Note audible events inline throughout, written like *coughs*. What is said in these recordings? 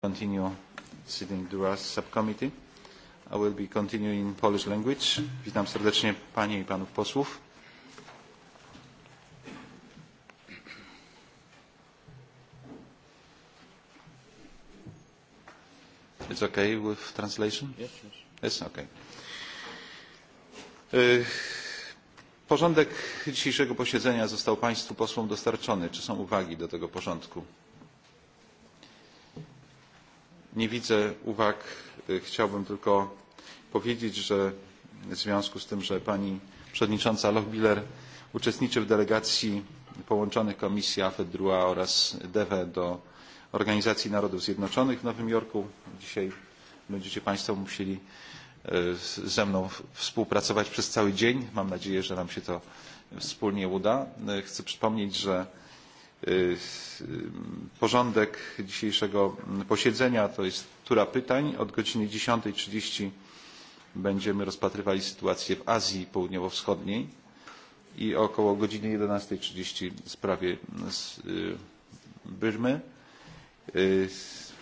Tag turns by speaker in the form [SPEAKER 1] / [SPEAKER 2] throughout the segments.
[SPEAKER 1] continue sitting Duras subcommittee. I will be continuing in Polish language. Witam serdecznie Panie i Panów posłów. It's okay with translation? Yes, yes. It's okay. Porządek dzisiejszego posiedzenia został Państwu posłom dostarczony. Czy są uwagi do tego porządku? nie widzę uwag chciałbym tylko powiedzieć że w związku z tym że pani przewodnicząca lochbihler uczestniczy w delegacji połączonych komisji afet drua oraz deve do organizacji narodów zjednoczonych w nowym jorku dzisiaj będziecie państwo musieli ze mną współpracować przez cały dzień mam nadzieję że nam się to wspólnie uda chcę przypomnieć że porządek dzisiejszego posiedzenia to jest tura pytań. Od godziny trzydzieści będziemy rozpatrywali sytuację w Azji Południowo-Wschodniej i około godziny trzydzieści w sprawie Birmy.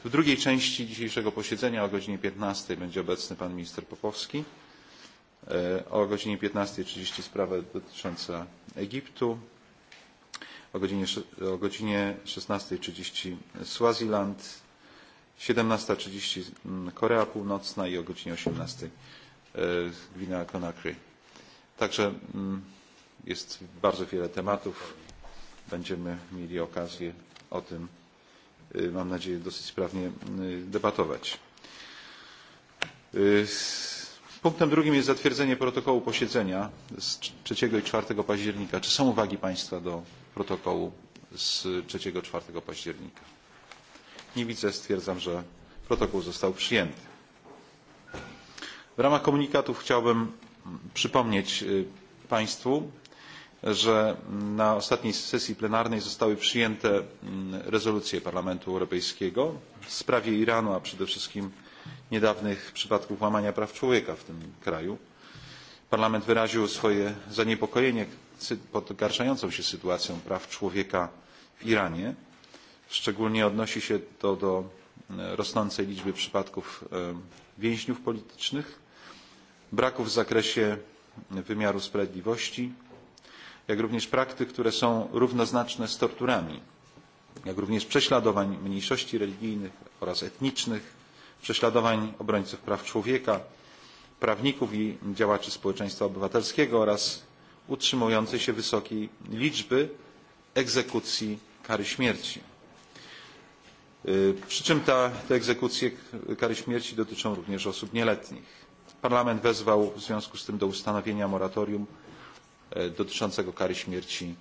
[SPEAKER 1] W drugiej części dzisiejszego posiedzenia o godzinie piętnaście będzie obecny pan minister Popowski. O godzinie trzydzieści sprawa dotycząca Egiptu, o godzinie, szesnaście trzydzieści swaziland siedemnaście trzydzieści mm, Korea Północna i o godzinie osiemnaście Gwinea Conakry. tak że mm, jest bardzo wiele tematów. Będziemy mieli okazję o tym, mam nadzieję, dosyć sprawnie debatować punktem drugim jest zatwierdzenie protokołu posiedzenia z trzy i cztery października. czy są uwagi państwa do protokołu z trzy i cztery października? nie widzę. stwierdzam że protokół został przyjęty. w ramach komunikatów chciałbym przypomnieć państwu że na ostatniej sesji plenarnej zostały przyjęte mm, rezolucje parlamentu europejskiego w sprawie iranu a przede wszystkim niedawnych przypadków łamania praw człowieka w tym kraju parlament wyraził swoje zaniepokojenie pogarszającą się sytuacją praw człowieka w iranie szczególnie odnosi się to do rosnącej liczby przypadków więźniów politycznych braków w zakresie wymiaru sprawiedliwości jak również praktyk które są równoznaczne z torturami jak również prześladowań mniejszości religijnych oraz etnicznych prześladowań obrońców praw człowieka, prawników i działaczy społeczeństwa obywatelskiego oraz utrzymującej się wysokiej liczby egzekucji kary śmierci. Przy czym ta, te egzekucje kary śmierci dotyczą również osób nieletnich. Parlament wezwał w związku z tym do ustanowienia moratorium dotyczącego kary śmierci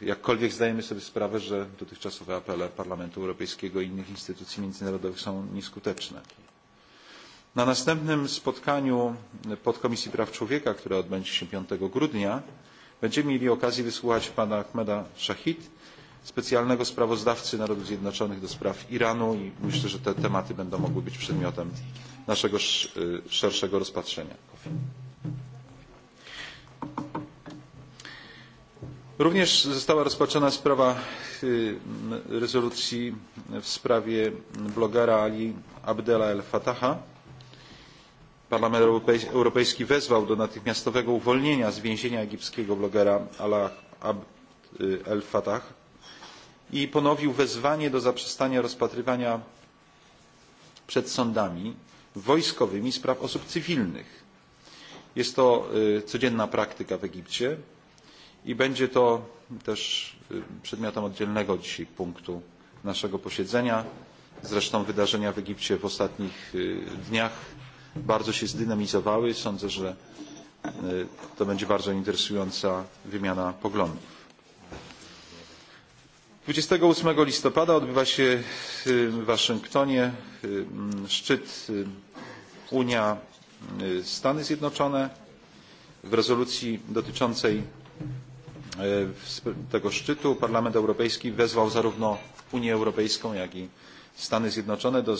[SPEAKER 1] jakkolwiek zdajemy sobie sprawę że dotychczasowe apele parlamentu europejskiego i innych instytucji międzynarodowych są nieskuteczne. na następnym spotkaniu podkomisji praw człowieka które odbędzie się pięć grudnia będziemy mieli okazję wysłuchać pana ahmeda shahid specjalnego sprawozdawcy narodów zjednoczonych do spraw iranu i myślę że te tematy będą mogły być przedmiotem naszego szerszego rozpatrzenia. Również została rozpatrzona sprawa rezolucji w sprawie blogera Ali Abdela El Fataha. Parlament Europejski wezwał do natychmiastowego uwolnienia z więzienia egipskiego blogera Ala Abd El Fatah i ponowił wezwanie do zaprzestania rozpatrywania przed sądami wojskowymi spraw osób cywilnych. Jest to codzienna praktyka w Egipcie i będzie to też przedmiotem oddzielnego dzisiaj punktu naszego posiedzenia. Zresztą wydarzenia w Egipcie w ostatnich dniach bardzo się zdynamizowały. Sądzę, że to będzie bardzo interesująca wymiana poglądów. 28 listopada odbywa się w Waszyngtonie szczyt Unia Stany Zjednoczone. W rezolucji dotyczącej z tego szczytu Parlament Europejski wezwał zarówno Unię Europejską, jak i Stany Zjednoczone do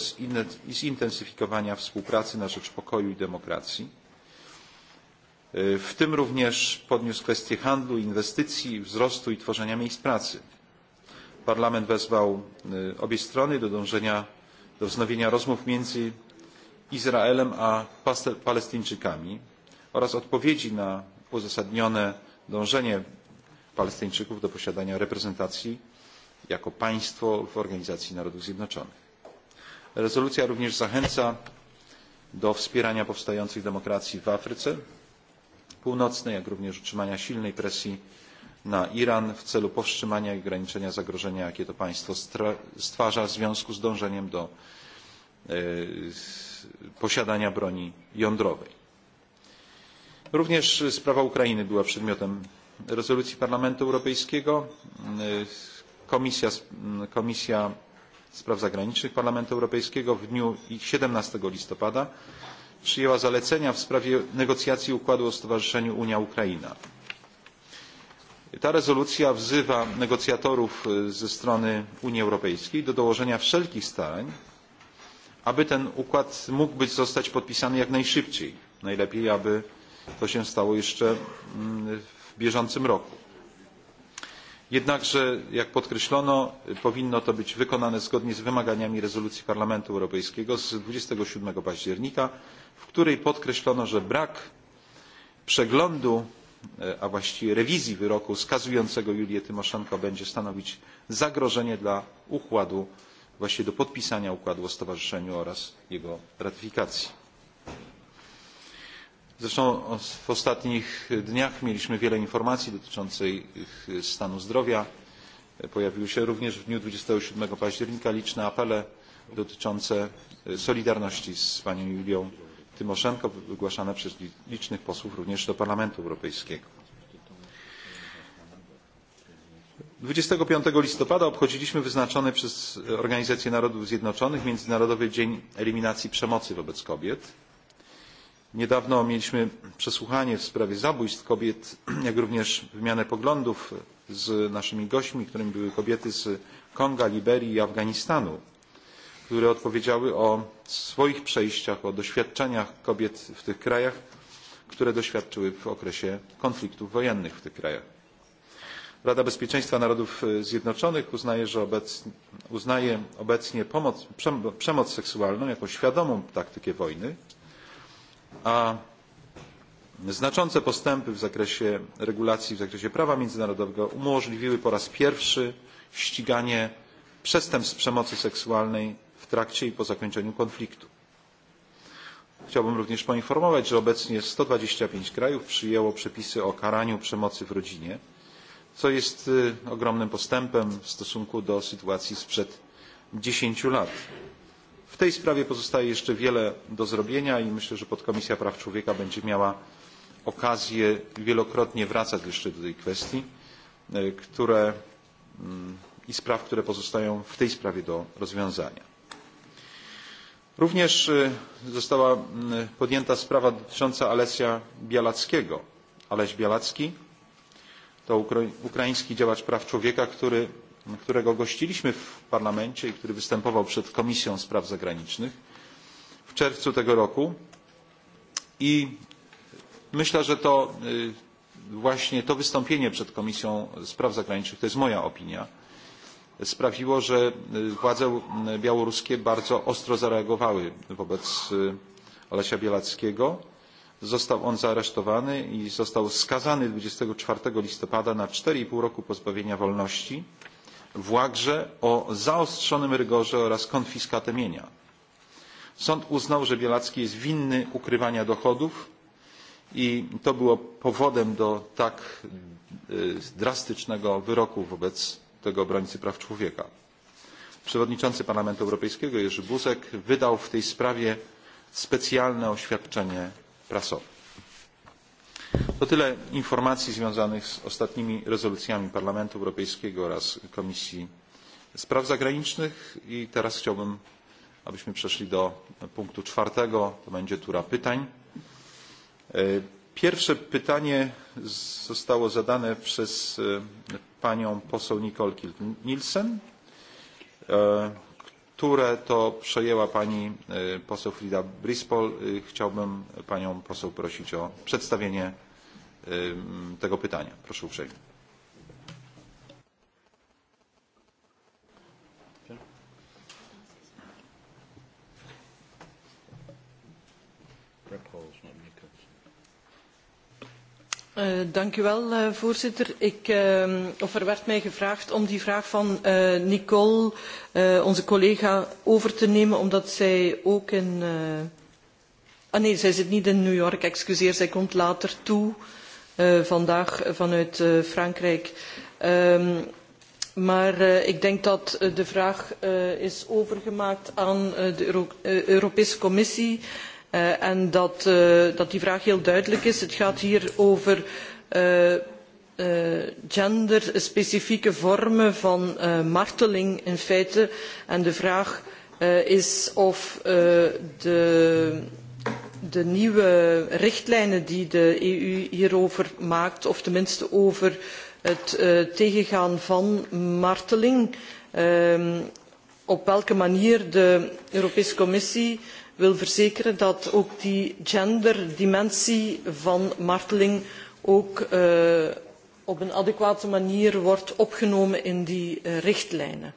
[SPEAKER 1] zintensyfikowania współpracy na rzecz pokoju i demokracji. W tym również podniósł kwestię handlu, inwestycji, wzrostu i tworzenia miejsc pracy. Parlament wezwał obie strony do dążenia do wznowienia rozmów między Izraelem a Palestyńczykami oraz odpowiedzi na uzasadnione dążenie Palestyńczyków do posiadania reprezentacji jako państwo w Organizacji Narodów Zjednoczonych. Rezolucja również zachęca do wspierania powstających demokracji w Afryce Północnej, jak również utrzymania silnej presji na Iran w celu powstrzymania i ograniczenia zagrożenia, jakie to państwo stwarza w związku z dążeniem do posiadania broni jądrowej. Również sprawa Ukrainy była przedmiotem rezolucji parlamentu europejskiego komisja, spraw zagranicznych parlamentu europejskiego w dniu siedemnaście listopada przyjęła zalecenia w sprawie negocjacji układu o stowarzyszeniu unia ukraina. ta rezolucja wzywa negocjatorów ze strony unii europejskiej do dołożenia wszelkich starań aby ten układ mógł zostać podpisany jak najszybciej najlepiej aby to się stało jeszcze mm, bieżącym roku. jednakże jak podkreślono powinno to być wykonane zgodnie z wymaganiami rezolucji parlamentu europejskiego z dwadzieścia siedem października w której podkreślono że brak przeglądu a właściwie rewizji wyroku skazującego julię tymoszenko będzie stanowić zagrożenie dla układu właściwie do podpisania układu o stowarzyszeniu oraz jego ratyfikacji zresztą w ostatnich dniach mieliśmy wiele informacji dotyczących stanu zdrowia pojawiły się również w dniu dwadzieścia siedem października liczne apele dotyczące solidarności z panią julią tymoszenko wygłaszane przez licznych posłów również do parlamentu europejskiego. dwadzieścia pięć listopada obchodziliśmy wyznaczony przez organizację narodów zjednoczonych międzynarodowy dzień eliminacji przemocy wobec kobiet niedawno mieliśmy przesłuchanie w sprawie zabójstw kobiet *clears throat* jak również wymianę poglądów z naszymi gośćmi którymi były kobiety z konga liberii i afganistanu które opowiedziały o swoich przejściach o doświadczeniach kobiet w tych krajach które doświadczyły w okresie konfliktów wojennych w tych krajach. rada bezpieczeństwa narodów zjednoczonych uznaje, że obecnie, uznaje obecnie pomoc, przemoc seksualną jako świadomą taktykę wojny a znaczące postępy w zakresie regulacji w zakresie prawa międzynarodowego umożliwiły po raz pierwszy ściganie przestępstw przemocy seksualnej w trakcie i po zakończeniu konfliktu. Chciałbym również poinformować, że obecnie 125 krajów przyjęło przepisy o karaniu przemocy w rodzinie, co jest ogromnym postępem w stosunku do sytuacji sprzed 10 lat w tej sprawie pozostaje jeszcze wiele do zrobienia i myślę że podkomisja praw człowieka będzie miała okazję wielokrotnie wracać jeszcze do tej kwestii mm, i spraw które pozostają w tej sprawie do rozwiązania. również została mm, podjęta sprawa dotycząca alesia białackiego. aleś białacki to ukraiński działacz praw człowieka który którego gościliśmy w parlamencie i który występował przed komisją spraw zagranicznych w czerwcu tego roku i myślę że to właśnie to wystąpienie przed komisją spraw zagranicznych to jest moja opinia sprawiło że władze białoruskie bardzo ostro zareagowały wobec Olesia Bielackiego. Został on zaaresztowany i został skazany 24 listopada na 4,5 roku pozbawienia wolności Włagrze o zaostrzonym rygorze oraz konfiskatę mienia. Sąd uznał, że Bielacki jest winny ukrywania dochodów i to było powodem do tak drastycznego wyroku wobec tego obrońcy praw człowieka. Przewodniczący Parlamentu Europejskiego Jerzy Buzek wydał w tej sprawie specjalne oświadczenie prasowe. To tyle informacji związanych z ostatnimi rezolucjami Parlamentu Europejskiego oraz Komisji Spraw Zagranicznych i teraz chciałbym, abyśmy przeszli do punktu czwartego. To będzie tura pytań. Pierwsze pytanie zostało zadane przez panią poseł Nicole Kiel-Nielsen które to przejęła pani poseł Frida Brispol. Chciałbym panią poseł prosić o przedstawienie tego pytania. Proszę uprzejmie.
[SPEAKER 2] Eh, eh, voorzitter. Eh, er werd mij gevraagd om die vraag van Nicole, onze collega, over te nemen, omdat zij ook in... Ah nee, zij zit niet in New York, excuseer, zij komt later toe, vandaag vanuit Frankrijk. Ehm, maar ik denk dat de vraag is overgemaakt aan de Europese Commissie en Eh, en eh, dat, die vraag heel duidelijk is. Het gaat hier over eh, genderspecifieke vormen van marteling in feite. En de vraag is of de, nieuwe richtlijnen die de EU hierover maakt, of tenminste over het tegengaan van marteling, ehm, op welke manier de Europese Commissie wil verzekeren dat ook die genderdimensie van marteling ook uh, op een adequate manier wordt opgenomen in die uh, richtlijnen.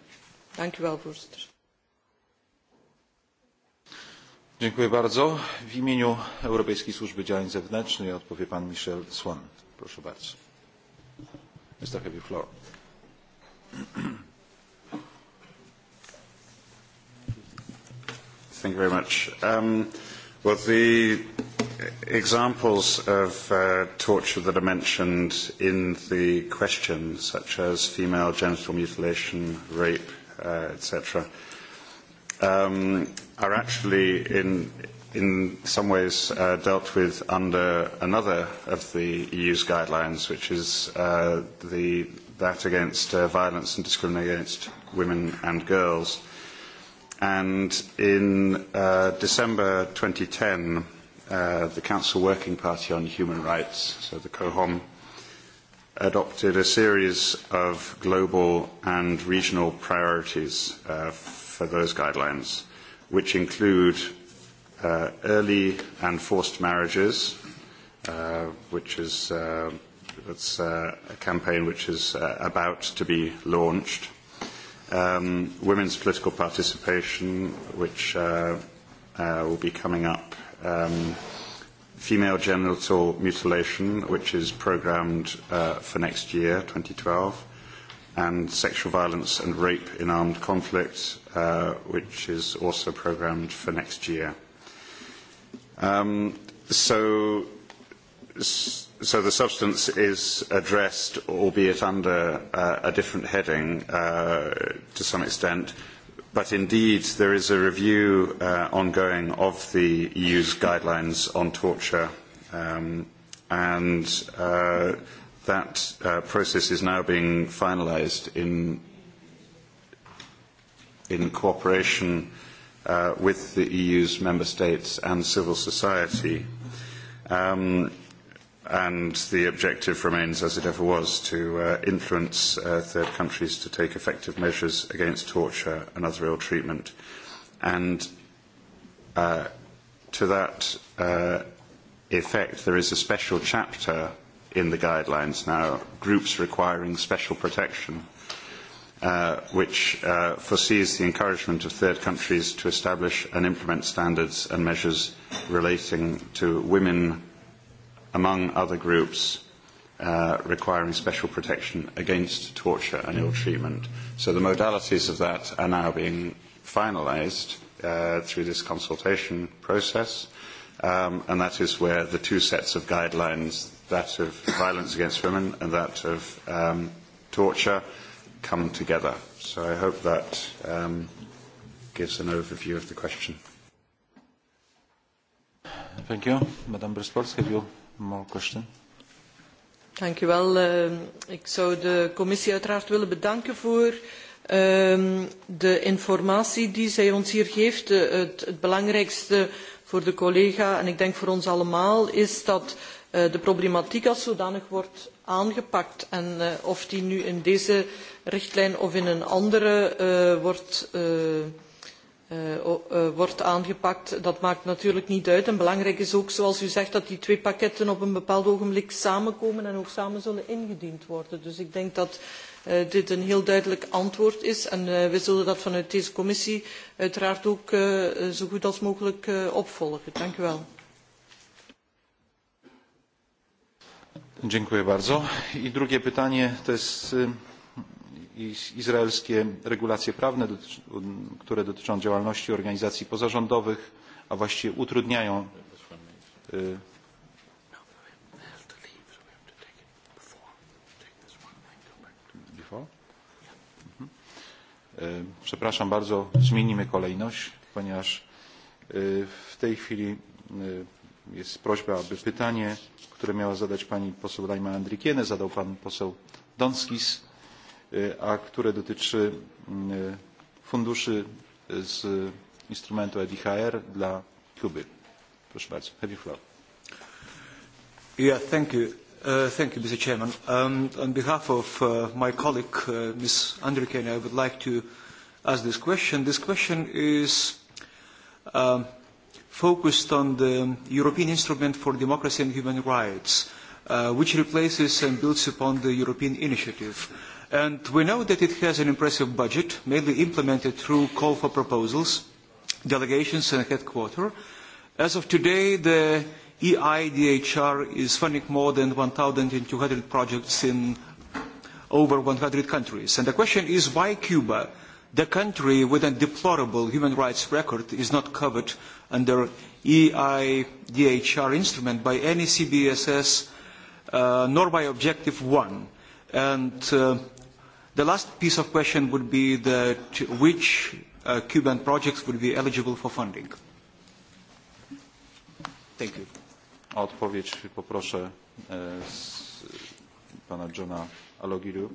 [SPEAKER 2] Dank u wel, voorzitter.
[SPEAKER 1] Dziękuję bardzo. W imieniu Europejskiej Służby Działań Zewnętrznych odpowie pan Michel Swan. Proszę bardzo. Mr. Heavy Floor.
[SPEAKER 3] Thank you very much. Um, well, the examples of uh, torture that are mentioned in the question, such as female genital mutilation, rape, uh, etc., um, are actually in in some ways uh, dealt with under another of the EU's guidelines, which is uh, the, that against uh, violence and discrimination against women and girls and in uh, December 2010, uh, the Council Working Party on Human Rights, so the COHOM, adopted a series of global and regional priorities uh, for those guidelines, which include uh, early and forced marriages, uh, which is uh, it's, uh, a campaign which is uh, about to be launched um, women's political participation, which uh, uh, will be coming up, um, female genital mutilation, which is programmed uh, for next year, 2012, and sexual violence and rape in armed conflict, uh, which is also programmed for next year. Um, so so the substance is addressed, albeit under uh, a different heading uh, to some extent. But indeed, there is a review uh, ongoing of the EU's guidelines on torture, um, and uh, that uh, process is now being finalised in in cooperation uh, with the EU's member states and civil society. Um, and the objective remains, as it ever was, to uh, influence uh, third countries to take effective measures against torture and other ill treatment. And uh, to that uh, effect, there is a special chapter in the guidelines now, groups requiring special protection, uh, which uh, foresees the encouragement of third countries to establish and implement standards and measures relating to women among other groups uh, requiring special protection against torture and ill treatment. So the modalities of that are now being finalised uh, through this consultation process, um, and that is where the two sets of guidelines, that of violence against women and that of um, torture, come together. So I hope that um, gives an overview of the question. Thank
[SPEAKER 1] you. Madam Brispolska, have you
[SPEAKER 2] Ehm, ik zou de commissie uiteraard willen bedanken voor ehm, de informatie die zij ons hier geeft. Eh, het, het belangrijkste voor de collega en ik denk voor ons allemaal is dat eh, de problematiek als zodanig wordt aangepakt. En eh, of die nu in deze richtlijn of in een andere wordt aangepakt Eh, eh, wordt aangepakt dat maakt natuurlijk niet uit en belangrijk is ook zoals u zegt dat die twee pakketten op een bepaald ogenblik samenkomen en ook samen zullen ingediend worden. dus ik denk dat Uh, dit een heel duidelijk antwoord is en uh, we zullen dat vanuit deze commissie uiteraard ook uh, zo goed als mogelijk opvolgen. Dank u wel.
[SPEAKER 1] Dziękuję bardzo. I drugie pytanie to jest izraelskie regulacje prawne, które dotyczą działalności organizacji pozarządowych, a właściwie utrudniają mhm. Przepraszam bardzo, zmienimy kolejność, ponieważ w tej chwili jest prośba, aby pytanie, które miała zadać pani poseł Lajma andrikien zadał pan poseł Donskis a które dotyczy funduszy z instrumentu EDHR dla Kuby. Proszę bardzo, have you floor.
[SPEAKER 4] Yeah, thank you. Uh, thank you, Mr. Chairman. Um, on behalf of uh, my colleague, uh, Ms. Andriken, I would like to ask this question. This question is um, focused on the European Instrument for Democracy and Human Rights, uh, which replaces and builds upon the European Initiative. Uh, And we know that it has an impressive budget, mainly implemented through call for proposals, delegations and headquarters. As of today, the EIDHR is funding more than 1,200 projects in over 100 countries. And the question is why Cuba, the country with a deplorable human rights record, is not covered under EIDHR instrument by any CBSS, uh, nor by Objective 1. And uh, The last piece of question would be that which uh, Cuban projects would be eligible for funding. Thank you.
[SPEAKER 1] O odpowiedź poproszę z, pana Johna Alogiru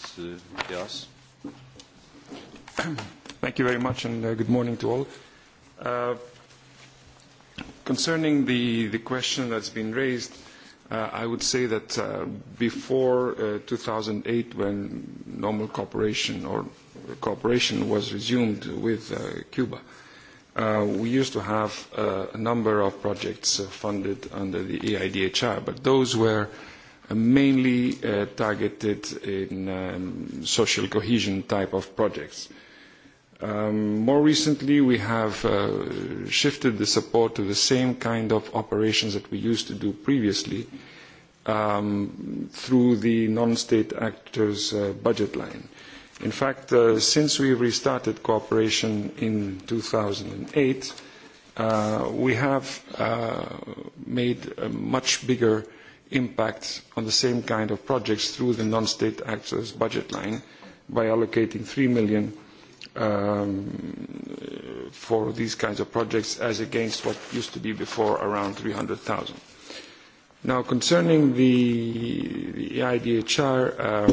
[SPEAKER 5] z IAS. Thank you very much and uh, good morning to all. Uh, concerning the, the question that's been raised, Uh, I would say that uh, before uh, 2008, when normal cooperation or cooperation was resumed with uh, Cuba, uh, we used to have uh, a number of projects funded under the EIDHR, but those were mainly targeted in um, social cohesion type of projects. Uh, Um, more recently, we have uh, shifted the support to the same kind of operations that we used to do previously um, through the non-state actors uh, budget line. In fact, uh, since we restarted cooperation in 2008, we have made a much bigger impact on the same kind of projects through the non-state actors budget line by allocating 3 million Um, for these kinds of projects as against what used to be before around 300,000. Now, concerning the, IDHR, EIDHR, uh,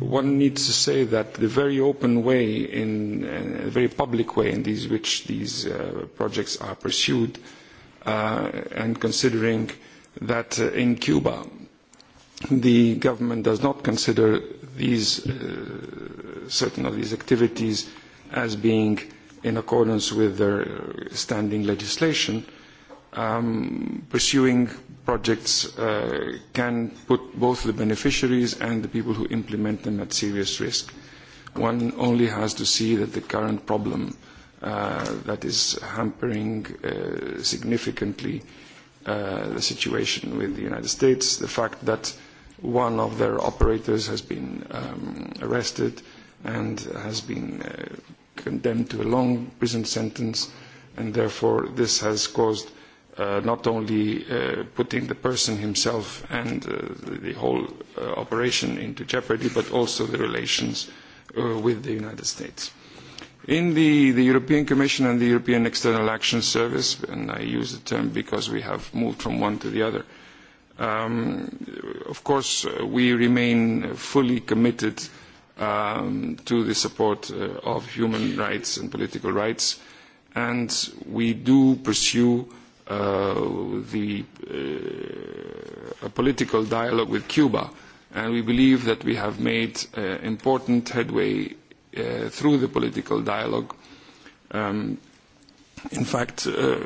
[SPEAKER 5] one needs to say that the very open way, in a uh, very public way in which these uh, projects are pursued, and considering that in Cuba the government does not consider these, certain of these activities as being in accordance with their standing legislation, um, pursuing projects uh, can put both the beneficiaries and the people who implement them at serious risk. One only has to see that the current problem uh, that is hampering uh, significantly uh, the situation with the United States, the fact that one of their operators has been um, arrested and has been uh, condemned to a long prison sentence, and therefore this has caused uh, not only uh, putting the person himself and uh, the whole uh, operation into jeopardy, but also the relations uh, with the United States. In the, the, European Commission and the European External Action Service, and I use the term because we have moved from one to the other, um, of course uh, we remain fully committed um, to the support uh, of human rights and political rights. And we do pursue uh, the, uh, a political dialogue with Cuba. And we believe that we have made important headway through the political dialogue um, in fact, uh,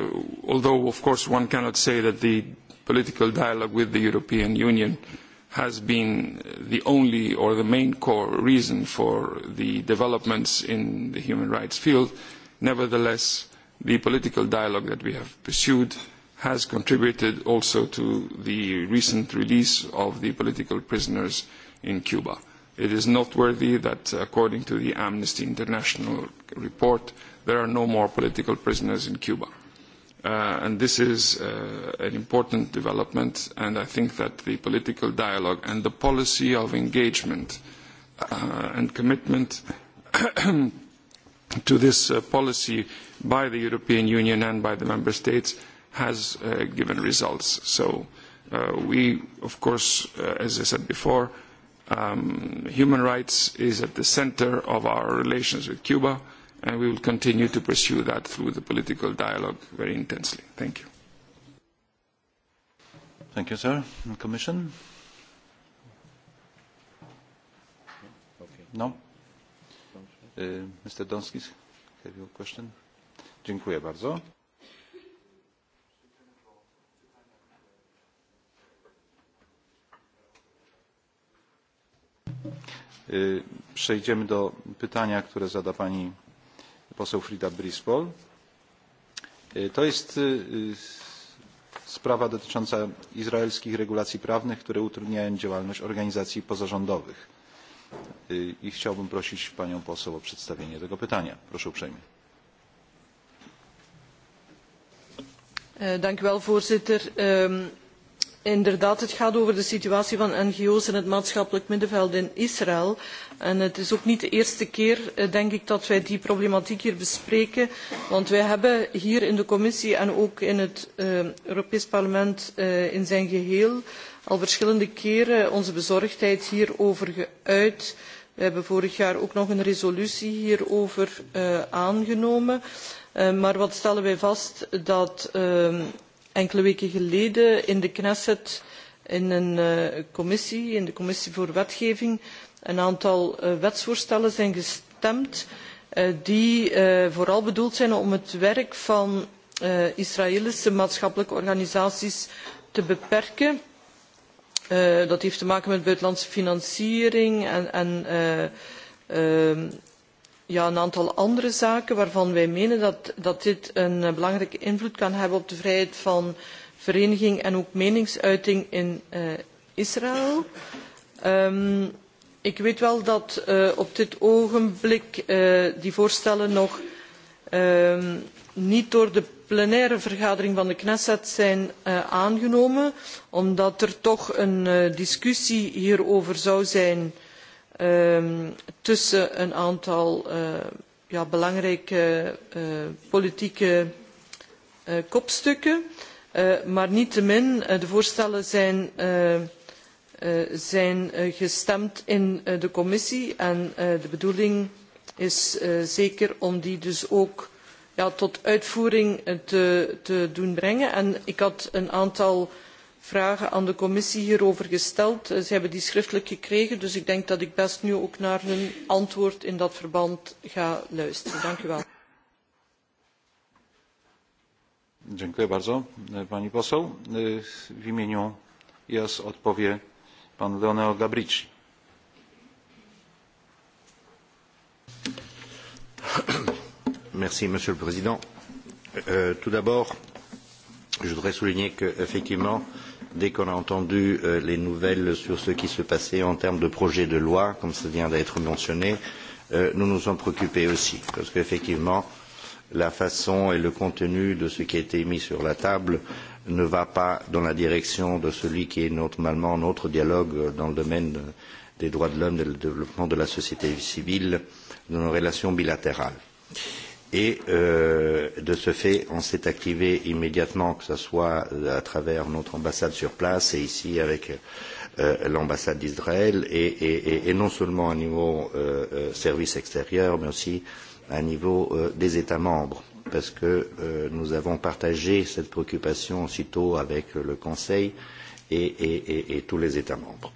[SPEAKER 5] although of course one cannot say that the political dialogue with the European Union has been the only or the main core reason for the developments in the human rights field, nevertheless, the political dialogue that we have pursued has contributed also to the recent release of the political prisoners in Cuba. It is noteworthy that, according to the Amnesty International report, there are no more political prisoners in Cuba. Uh, and this is uh, an important development, and I think that the political dialogue and the policy of engagement uh, and commitment *coughs* to this uh, policy by the European Union and by the Member States has uh, given results. So uh, we, of course, as I said before, um, human rights is at the centre of our relations with Cuba and we will continue to pursue that through the political dialogue very intensely. Thank you.
[SPEAKER 1] Thank you, sir. And commission? No? Uh, Mr. Donskis, have you a question? Dziękuję bardzo. Przejdziemy do pytania, które zada pani poseł Frida Brispol. To jest sprawa dotycząca izraelskich regulacji prawnych, które utrudniają działalność organizacji pozarządowych. I chciałbym prosić panią poseł o przedstawienie tego pytania. Proszę uprzejmie.
[SPEAKER 2] Dank u wel, voorzitter. Um, Inderdaad, het gaat over de situatie van NGO's in het maatschappelijk middenveld in Israël. En het is ook niet de eerste keer, eh, denk ik, dat wij die problematiek hier bespreken. Want wij hebben hier in de commissie en ook in het eh, Europees Parlement eh, in zijn geheel al verschillende keren onze bezorgdheid hierover geuit. We hebben vorig jaar ook nog een resolutie hierover aangenomen. maar wat stellen wij vast? Dat... Ehm, enkele weken geleden in de Knesset in een eh, commissie, in de commissie voor wetgeving, een aantal eh, wetsvoorstellen zijn gestemd eh, die vooral bedoeld zijn om het werk van Israëlische maatschappelijke organisaties te beperken. dat heeft te maken met buitenlandse financiering en, en uh, uh, een aantal andere zaken waarvan wij menen dat, dat dit een eh, belangrijke invloed kan hebben op de vrijheid van vereniging en ook meningsuiting in uh, Israël. Um, ik weet wel dat uh, op dit ogenblik uh, die voorstellen nog um, niet door de plenaire vergadering van de Knesset zijn uh, aangenomen, omdat er toch een uh, discussie hierover zou zijn Ehm, tussen een aantal uh, ja, belangrijke uh, politieke uh, kopstukken. maar niettemin, de voorstellen zijn, zijn gestemd in de commissie en de bedoeling is zeker om die dus ook ja, tot uitvoering te, te doen brengen. En ik had een aantal vragen aan de commissie hierover gesteld. Eh, ze hebben die schriftelijk gekregen, dus ik denk dat ik best nu ook naar hun antwoord in dat verband ga luisteren. Dank u wel.
[SPEAKER 1] Dziękuję bardzo pani poseł. W imieniu IAS odpowie pan Leonel Gabrici. *coughs*
[SPEAKER 6] Merci, monsieur le président euh, tout d'abord je voudrais souligner qu'effectivement dès qu'on a entendu euh, les nouvelles sur ce qui se passait en termes de projet de loi, comme ça vient d'être mentionné, euh, nous nous sommes préoccupés aussi, parce qu'effectivement, la façon et le contenu de ce qui a été mis sur la table ne va pas dans la direction de celui qui est normalement notre dialogue dans le domaine des droits de l'homme, et du développement de la société civile, de nos relations bilatérales. Et euh, de ce fait, on s'est activé immédiatement, que ce soit euh, à travers notre ambassade sur place et ici avec euh, l'ambassade d'Israël, et, et, et, et non seulement au niveau euh, euh, service extérieur, mais aussi à niveau euh, des États membres, parce que euh, nous avons partagé cette préoccupation aussitôt avec le Conseil et, et, et, et tous les États membres.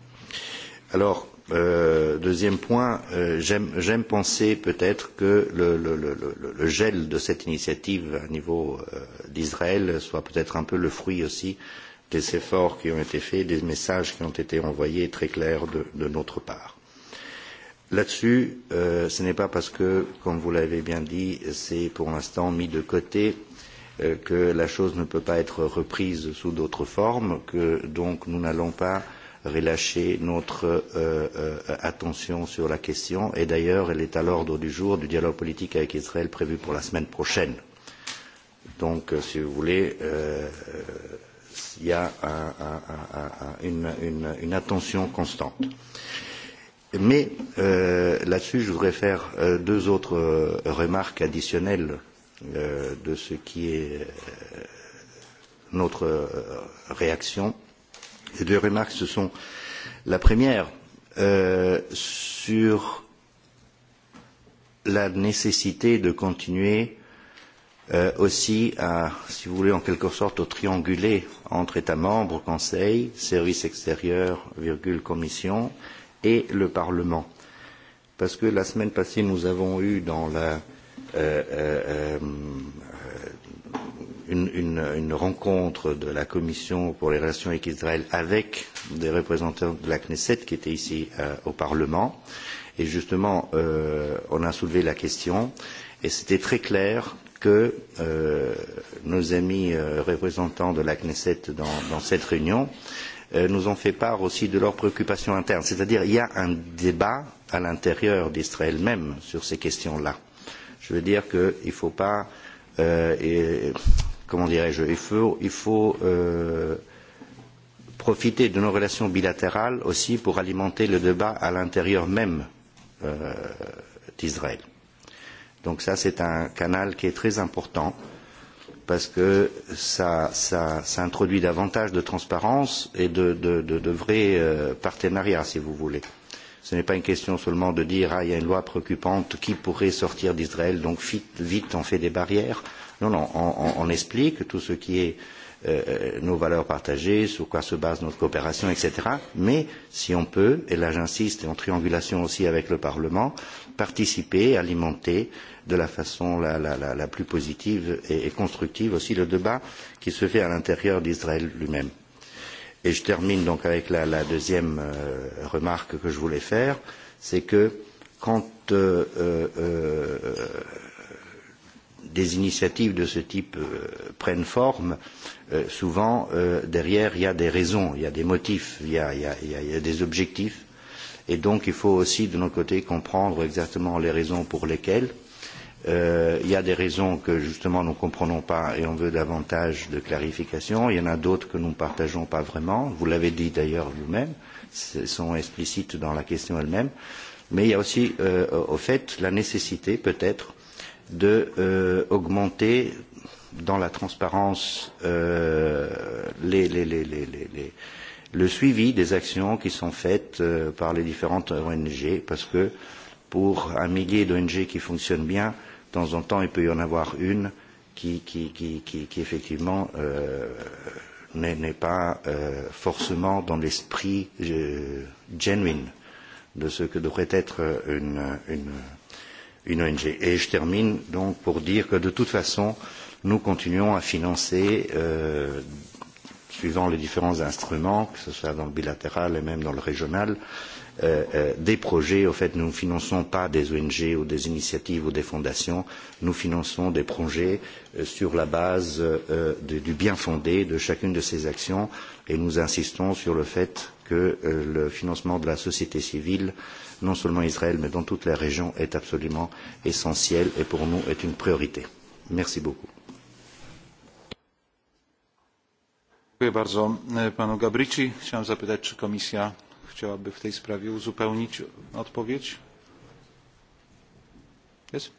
[SPEAKER 6] Alors, Euh, deuxième point, euh, j'aime penser peut-être que le, le, le, le, gel de cette initiative à niveau euh, d'Israël soit peut-être un peu le fruit aussi des efforts qui ont été faits, des messages qui ont été envoyés très clairs de, de notre part. Là-dessus, euh, ce n'est pas parce que, comme vous l'avez bien dit, c'est pour l'instant mis de côté euh, que la chose ne peut pas être reprise sous d'autres formes, que donc nous n'allons pas relâcher notre euh, euh, attention sur la question. Et d'ailleurs, elle est à l'ordre du jour du dialogue politique avec Israël prévu pour la semaine prochaine. Donc, euh, si vous voulez, euh, euh il y a un, un, un, une, une, une, attention constante. Mais euh, là-dessus, je voudrais faire euh, deux autres euh, remarques additionnelles euh, de ce qui est notre réaction Et deux remarques, ce sont la première euh, sur la nécessité de continuer euh, aussi à, si vous voulez, en quelque sorte, au trianguler entre États membres, Conseil, Service extérieur, virgule, Commission et le Parlement. Parce que la semaine passée, nous avons eu dans la euh, euh, euh une, une, une rencontre de la Commission pour les relations avec Israël avec des représentants de la Knesset qui étaient ici euh, au Parlement. Et justement, euh, on a soulevé la question et c'était très clair que euh, nos amis euh, représentants de la Knesset dans, dans cette réunion euh, nous ont fait part aussi de leurs préoccupations internes. C'est-à-dire qu'il y a un débat à l'intérieur d'Israël même sur ces questions-là. Je veux dire qu'il ne faut pas euh, et comment dirais-je, il faut, il faut euh, profiter de nos relations bilatérales aussi pour alimenter le débat à l'intérieur même euh, d'Israël. Donc ça, c'est un canal qui est très important parce que ça, ça, ça introduit davantage de transparence et de, de, de, de vrais euh, partenariats, si vous voulez. Ce n'est pas une question seulement de dire ah, il y a une loi préoccupante qui pourrait sortir d'Israël, donc vite, vite on fait des barrières. Euh, Non, non, on, on, on explique tout ce qui est euh, euh nos valeurs partagées, sur quoi se base notre coopération, etc. Mais si on peut, et là j'insiste, en triangulation aussi avec le Parlement, participer, alimenter de la façon la, la, la, la plus positive et, et constructive aussi le débat qui se fait à l'intérieur d'Israël lui-même. Et je termine donc avec la, la deuxième euh, remarque que je voulais faire, c'est que quand euh, euh, euh, des initiatives de ce type euh, prennent forme, euh, souvent euh, derrière il y a des raisons, il y a des motifs, il y a, il y a, y a des objectifs. Et donc il faut aussi de notre côté comprendre exactement les raisons pour lesquelles. Euh, il y a des raisons que justement nous ne comprenons pas et on veut davantage de clarification. Il y en a d'autres que nous ne partageons pas vraiment. Vous l'avez dit d'ailleurs vous-même, sont explicites dans la question elle-même. Mais il y a aussi euh, au fait la nécessité peut-être d'augmenter euh, dans la transparence euh, les, les, les, les, les, les, le suivi des actions qui sont faites euh, par les différentes ONG, parce que pour un millier d'ONG qui fonctionnent bien, de temps en temps, il peut y en avoir une qui, qui, qui, qui, qui effectivement euh, n'est pas euh, forcément dans l'esprit euh, genuine de ce que devrait être une, une, une ONG. Et je termine donc pour dire que de toute façon, nous continuons à financer, euh, suivant les différents instruments, que ce soit dans le bilatéral et même dans le régional, euh, euh, des projets. Au fait, nous ne finançons pas des ONG ou des initiatives ou des fondations, nous finançons des projets euh, sur la base euh, de, du bien fondé de chacune de ces actions et nous insistons sur le fait que euh, le financement de la société civile euh, non seulement Israël, mais dans toute la région, est absolument essentielle et pour nous est une priorité. Merci beaucoup.
[SPEAKER 1] Dziękuję bardzo panu Gabrici. Chciałem zapytać, czy komisja chciałaby w tej sprawie uzupełnić odpowiedź? Yes?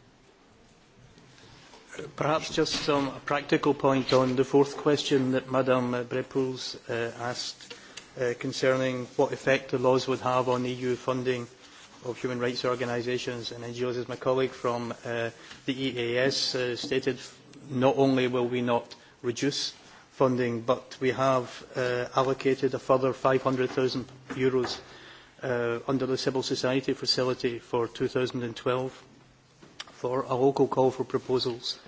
[SPEAKER 7] Perhaps just some practical point on the fourth question that Madame Brepoels uh, asked uh, concerning what effect the laws would have on EU funding of human rights organisations and NGOs, as my colleague from uh, the EAS uh, stated, not only will we not reduce funding, but we have uh, allocated a further €500,000 uh, under the Civil Society Facility for 2012 for a local call for proposals,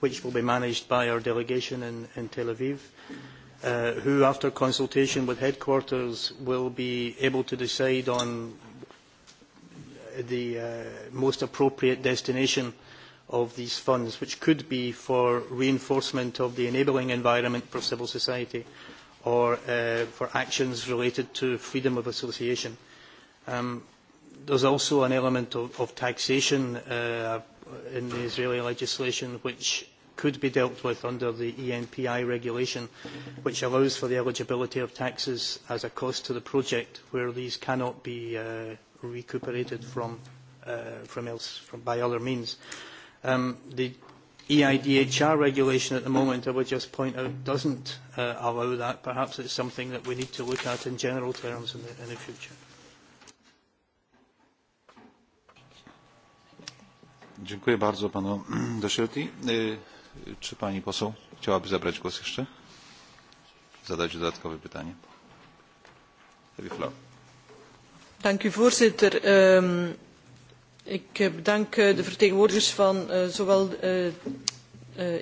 [SPEAKER 7] which will be managed by our delegation in, in Tel Aviv. Uh, who, after consultation with headquarters, will be able to decide on the uh, most appropriate destination of these funds, which could be for reinforcement of the enabling environment for civil society or uh, for actions related to freedom of association. Um, there's also an element of, of taxation uh, in the Israeli legislation which could be dealt with under the ENPI regulation, which allows for the eligibility of taxes as a cost to the project where these cannot be uh, recuperated from, uh, from else, from, by other means. Um, the EIDHR regulation at the moment, I would just point out, doesn't uh, allow that. Perhaps it's something that we need to look at in general terms in the, in the future.
[SPEAKER 1] Dziękuję bardzo panu *clears throat* Doszelty. Czy pani poseł chciałaby zabrać głos jeszcze? Zadać dodatkowe pytanie?
[SPEAKER 8] Have you floor
[SPEAKER 2] voorzitter. Ehm, ik eh, bedank eh, de vertegenwoordigers van eh, zowel de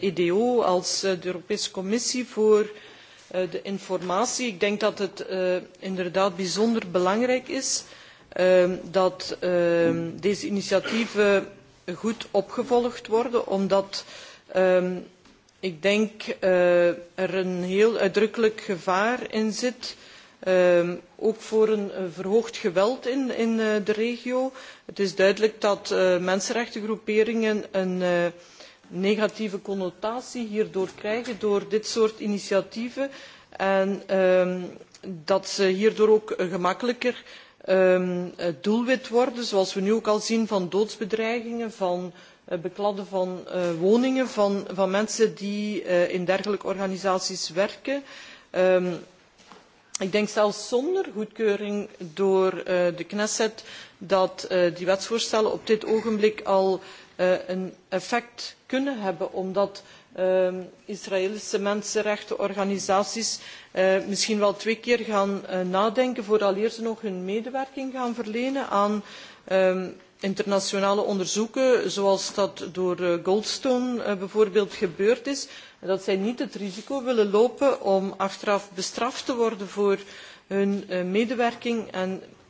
[SPEAKER 2] EDO als de Europese Commissie voor de informatie. Ik denk dat het inderdaad bijzonder belangrijk is ehm, dat ehm, deze initiatieven goed opgevolgd worden, omdat ik denk uh, er een heel uitdrukkelijk gevaar in zit Ehm, ook voor een eh, verhoogd geweld in, eh, de regio. het is duidelijk dat eh, mensenrechtengroeperingen een negatieve connotatie hierdoor krijgen door dit soort initiatieven en ehm, dat ze hierdoor ook gemakkelijker ehm, het doelwit worden zoals we nu ook al zien van doodsbedreigingen van het bekladden van woningen van mensen die in dergelijke organisaties werken ik denk zelfs zonder goedkeuring door eh, de Knesset dat eh, die wetsvoorstellen op dit ogenblik al eh, een effect kunnen hebben, omdat ehm, Israëlische mensenrechtenorganisaties misschien wel twee keer gaan nadenken vooraleer ze nog hun medewerking gaan verlenen aan um, internationale onderzoeken zoals dat door eh, goldstone eh, bijvoorbeeld gebeurd is dat zij niet het risico willen lopen om achteraf bestraft te worden voor hun eh, medewerking.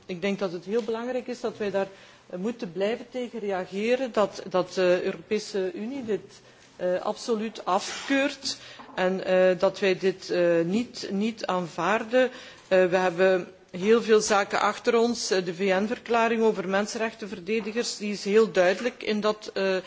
[SPEAKER 2] ik denk dat het heel belangrijk is dat wij daar moeten blijven tegen reageren dat, de Europese Unie dit absoluut afkeurt en dat wij dit niet, aanvaarden. we hebben heel veel zaken achter ons. Eh, de vn verklaring over mensenrechtenverdedigers die is heel duidelijk in dat eh, eh,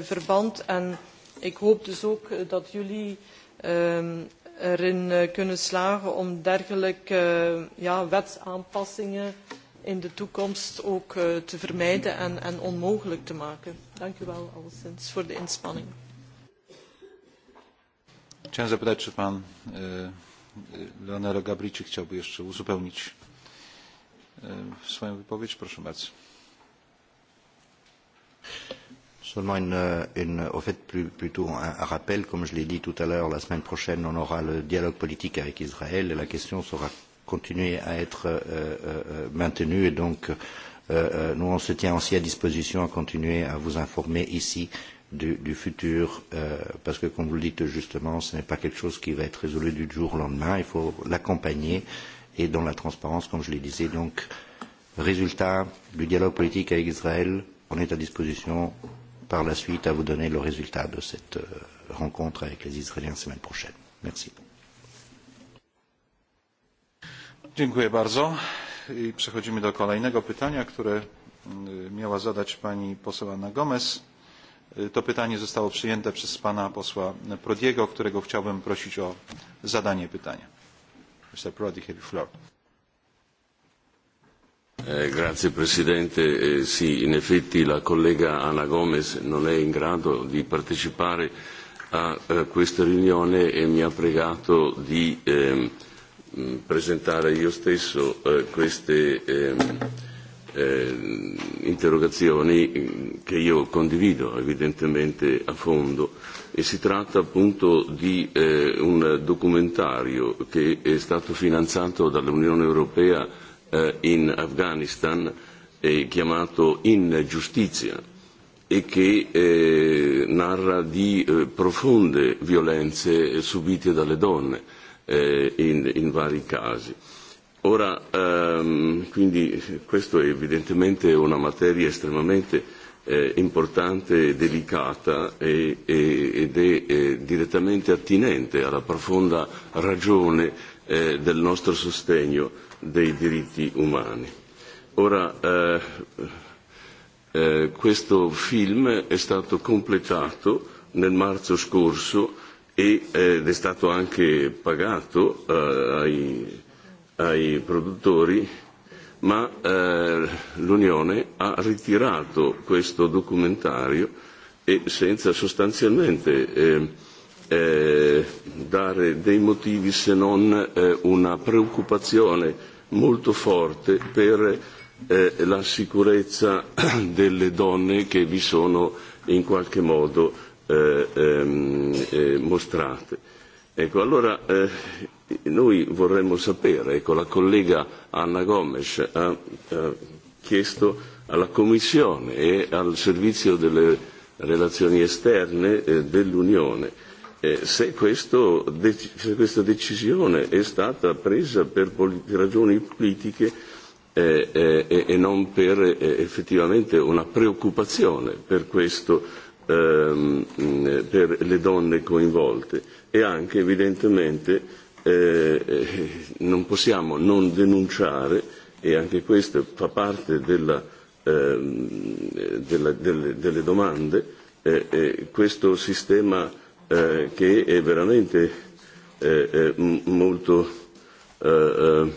[SPEAKER 2] verband en ik hoop dus ook dat jullie ehm, erin kunnen slagen om dergelijke ja, wetsaanpassingen in de toekomst ook te vermijden en, en onmogelijk te maken. Dank u wel alleszins voor de inspanning.
[SPEAKER 1] Chciałem zapytać, czy pan Leonardo Gabriczy chciałby jeszcze uzupełnić swoją wypowiedź. Proszę bardzo.
[SPEAKER 6] Seulement une, une, au fait, plus, plutôt un, un rappel, comme je l'ai dit tout à l'heure, la semaine prochaine, on aura le dialogue politique avec Israël et la question sera continuer à être euh, euh, euh, maintenue et donc euh, euh, nous on se tient aussi à disposition à continuer à vous informer ici du, du futur euh, parce que comme vous le dites justement ce n'est pas quelque chose qui va être résolu du jour au lendemain il faut l'accompagner et dans la transparence, comme je le disais. Donc, résultat du dialogue politique avec Israël, on est à disposition par la suite à vous donner le résultat de cette euh, rencontre avec les Israéliens la semaine prochaine. Merci.
[SPEAKER 1] Dziękuję bardzo. I przechodzimy do kolejnego pytania, które mm, miała zadać pani poseł Anna Gomez. To pytanie zostało przyjęte przez pana posła Prodiego, którego chciałbym prosić o zadanie pytania. Mr. Prodi, have the floor.
[SPEAKER 8] Eh, grazie Presidente, eh, sì, in effetti la collega Ana Gomez non è in grado di partecipare a, a eh, questa riunione e mi ha pregato di eh, presentare io stesso eh, queste eh, eh, interrogazioni mm, che io condivido evidentemente a fondo e si tratta appunto di eh, un documentario che è stato finanziato dall'Unione Europea eh, in Afghanistan eh, chiamato In Giustizia e che eh, narra di eh, profonde violenze subite dalle donne eh, in, in vari casi. Ora, ehm, quindi questo è evidentemente una materia estremamente eh, importante e delicata e, e, ed è eh, direttamente attinente alla profonda ragione eh, del nostro sostegno dei diritti umani. Ora, eh, eh, questo film è stato completato nel marzo scorso e, eh, ed è stato anche pagato eh, ai, ai produttori ma eh, l'Unione ha ritirato questo documentario e senza sostanzialmente eh, eh, dare dei motivi se non eh, una preoccupazione molto forte per eh, la sicurezza *clears throat* delle donne che vi sono in qualche modo eh, ehm, eh, mostrate. Ecco, allora eh, noi vorremmo sapere, ecco, la collega Anna Gomes ha eh, chiesto alla Commissione e al Servizio delle relazioni esterne eh, dell'Unione eh, se, questo, se questa decisione è stata presa per poli- ragioni politiche eh, eh, e non per eh, effettivamente una preoccupazione per questo ehm, per le donne coinvolte e anche evidentemente Eh, eh, non possiamo non denunciare, e anche questo fa parte della, eh, della, delle, delle domande, eh, eh, questo sistema eh, che è veramente eh, eh, molto, eh,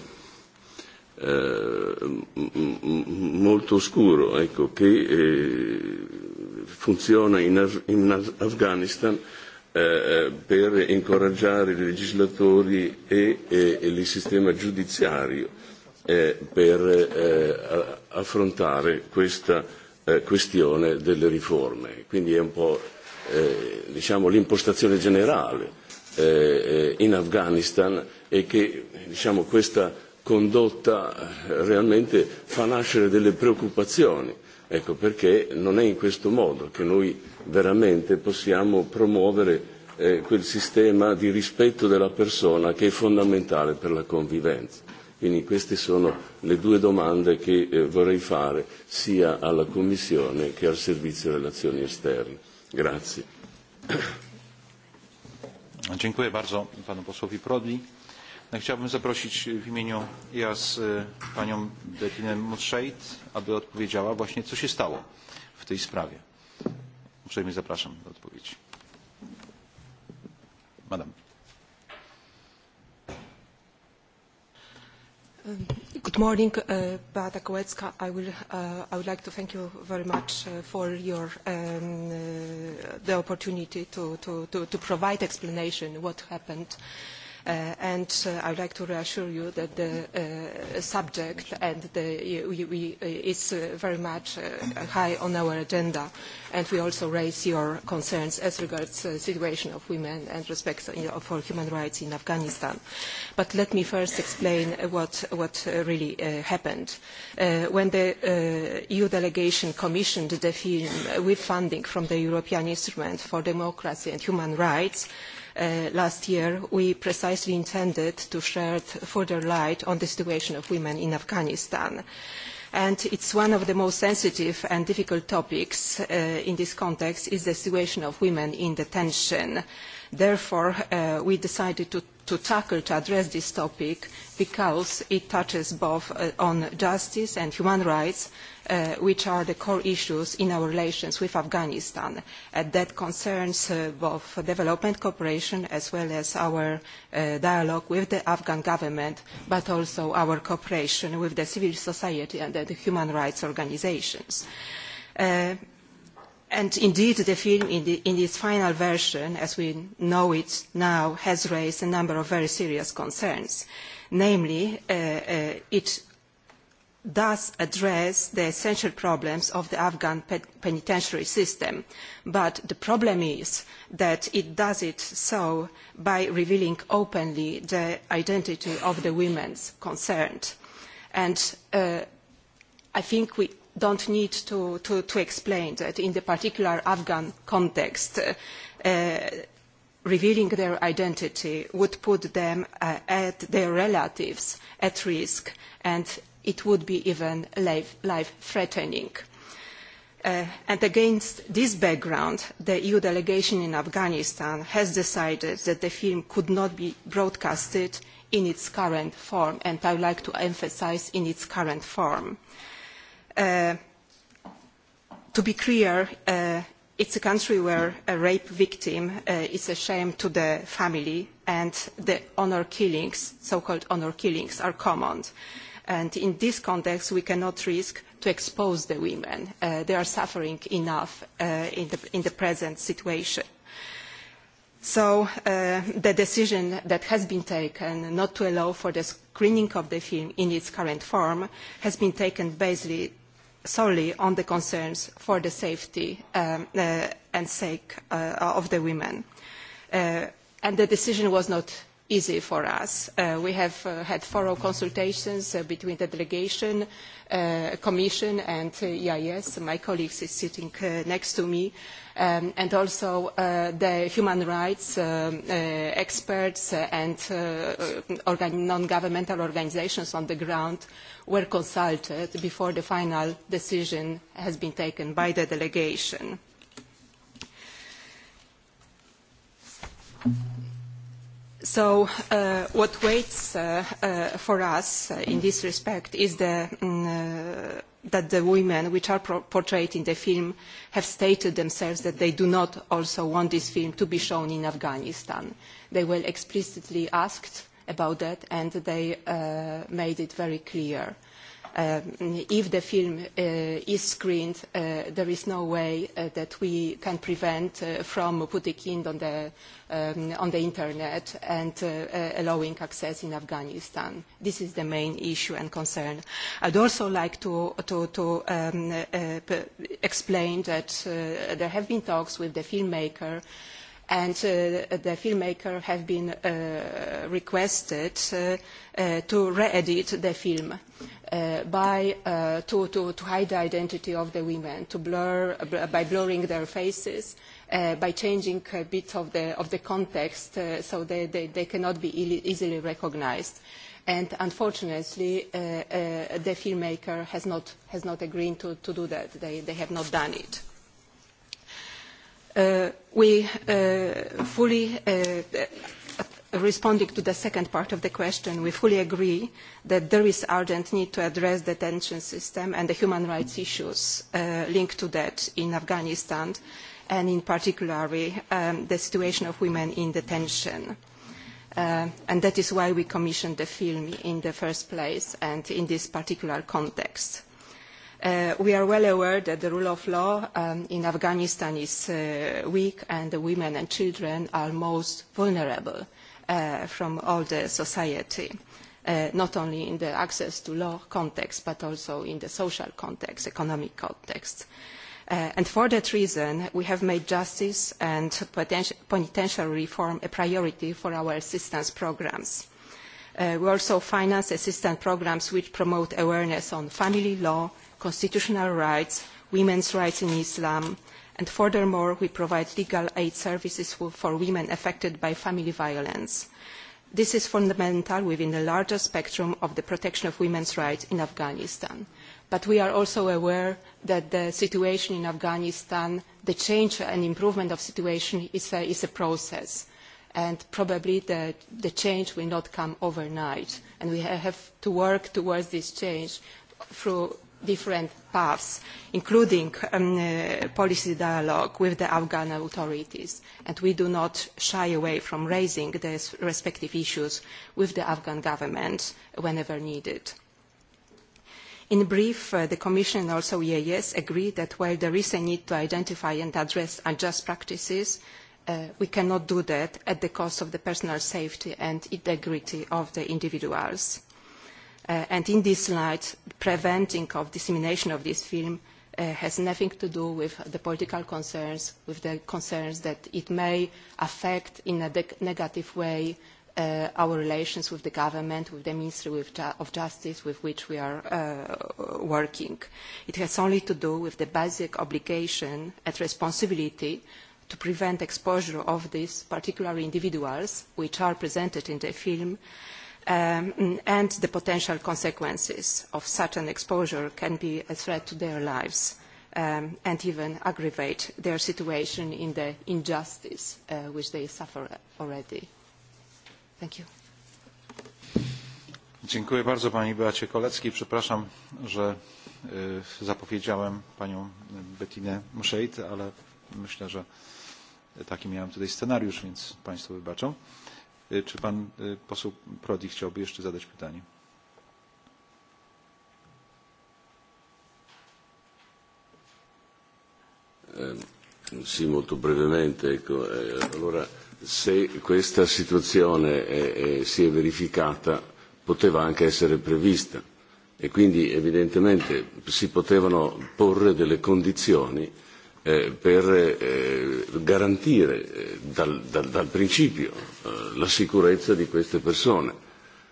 [SPEAKER 8] eh, molto oscuro, ecco, che eh, funziona in, Af- in Afghanistan Eh, eh, per incoraggiare i legislatori e, e, e il sistema giudiziario eh, per eh, affrontare questa eh, questione delle riforme. Quindi è un po' eh, diciamo, l'impostazione generale eh, eh in Afghanistan e che diciamo, questa condotta realmente fa nascere delle preoccupazioni Ecco perché non è in questo modo che noi veramente possiamo promuovere eh, quel sistema di rispetto della persona che è fondamentale per la convivenza. Quindi queste sono le due domande che eh, vorrei fare sia alla Commissione che al Servizio Relazioni Esterne. Grazie.
[SPEAKER 1] Dziękuję bardzo panu posłowi Prodi. Chciałbym zaprosić w imieniu IAS panią Bettinę Mutscheid, aby odpowiedziała właśnie, co się stało w tej sprawie. Uprzejmie zapraszam do odpowiedzi. Madam.
[SPEAKER 9] Good morning, uh, Beata Kołecka. I, will, uh, I would like to thank you very much uh, for your, um, uh, the opportunity to, to, to, to provide explanation what happened uh, Uh, and uh, I would like to reassure you that the uh, subject and the, we, we, is very much high on our agenda, and we also raise your concerns as regards the situation of women and respect for human rights in Afghanistan. But let me first explain what, what really happened. when the EU delegation commissioned the film with funding from the European Instrument for Democracy and Human Rights, Uh, last year, we precisely intended to shed further light on the situation of women in Afghanistan. And it's one of the most sensitive and difficult topics uh, in this context is the situation of women in detention. Therefore, uh, we decided to, to, tackle, to address this topic because it touches both uh, on justice and human rights, uh, which are the core issues in our relations with Afghanistan. And uh, that concerns uh, both development cooperation as well as our uh, dialogue with the Afghan government, but also our cooperation with the civil society and the human rights organisations. And indeed, the film in, the, in, its final version, as we know it now, has raised a number of very serious concerns. Namely, uh, uh, it does address the essential problems of the Afghan penitentiary system. But the problem is that it does it so by revealing openly the identity of the women concerned. And uh, I think we don't need to, to, to explain that in the particular Afghan context, uh, revealing their identity would put them uh, and their relatives at risk and it would be even life, threatening. Uh, and against this background, the EU delegation in Afghanistan has decided that the film could not be broadcasted in its current form, and I would like to emphasise in its current form. Uh, Uh, to be clear, uh, it's a country where a rape victim uh, is a shame to the family and the honor killings, so-called honor killings, are common. And in this context, we cannot risk to expose the women. Uh, they are suffering enough uh, in the, in, the, present situation. So uh, the decision that has been taken not to allow for the screening of the film in its current form has been taken basically solely on the concerns for the safety um, uh, and sake uh, of the women. Uh, and the decision was not easy for us. Uh, we have uh, had thorough consultations uh, between the delegation, uh, commission and uh, EIS. My colleague is sitting uh, next to me. Um, and also the human rights um, experts and organ non-governmental organisations on the ground were consulted before the final decision has been taken by the delegation. So uh, what waits uh, uh, for us uh, in this respect is the, mm, uh, that the women which are portrayed in the film have stated themselves that they do not also want this film to be shown in Afghanistan. They were explicitly asked about that and they uh, made it very clear Uh, if the film uh, is screened, uh, there is no way uh, that we can prevent uh, from putting it on the, um, on the internet and uh, allowing access in Afghanistan. This is the main issue and concern. I'd also like to, to, to um, explain that there have been talks with the filmmaker and uh, the filmmaker have been uh, requested uh, to re-edit the film by, to, to, to hide the identity of the women, to blur, by blurring their faces, Uh, by changing a bit of the, of the context uh, so they, they, they, cannot be easily recognised. And unfortunately, uh, the filmmaker has not, has not agreed to, to do that. They, they have not done it. Uh, we uh, fully uh, responding to the second part of the question, we fully agree that there is urgent need to address the detention system and the human rights issues uh, linked to that in Afghanistan, and in particular um, the situation of women in detention. Uh, and that is why we commissioned the film in the first place and in this particular context. Uh, we are well aware that the rule of law um, in Afghanistan is uh, weak and that women and children are most vulnerable uh, from all the society, not only in the access to law context, but also in the social context, economic context. and for that reason, we have made justice and penitentiary reform a priority for our assistance programs. we also finance assistance programs which promote awareness on family law, constitutional rights, women's rights in Islam, and furthermore, we provide legal aid services for women affected by family violence. This is fundamental within the larger spectrum of the protection of women's rights in Afghanistan. But we are also aware that the situation in Afghanistan, the change and improvement of situation is a, is a process. And probably the, the change will not come overnight. And we have to work towards this change through different paths, including um, uh, policy dialogue with the Afghan authorities. And we do not shy away from raising the respective issues with the Afghan government whenever needed. In brief, uh, the Commission and also EAS agree that while there is a need to identify and address unjust practices, uh, we cannot do that at the cost of the personal safety and integrity of the individuals. Uh, and in this light, preventing of dissemination of this film uh, has nothing to do with the political concerns, with the concerns that it may affect in a negative way uh, our relations with the government, with the Ministry with of Justice with which we are uh, working. It has only to do with the basic obligation and responsibility to prevent exposure of these particular individuals which are presented in the film um, and the potential consequences of such an exposure can be a threat to their lives um, and even aggravate their situation in the injustice uh, which they suffer already. Thank you.
[SPEAKER 1] Dziękuję bardzo Pani Beacie Koleckiej. Przepraszam, że y, zapowiedziałem Panią Bettinę Mszejt, ale myślę, że taki miałem tutaj scenariusz, więc Państwo wybaczą. Czy pan poseł Prodi chciałby jeszcze zadać pytanie?
[SPEAKER 8] Ehm, sì, molto brevemente. Ecco, eh, allora, se questa situazione è, è, si è verificata, poteva anche essere prevista e quindi evidentemente si potevano porre delle condizioni Eh, per eh, garantire eh, dal, dal, dal principio la sicurezza di queste persone.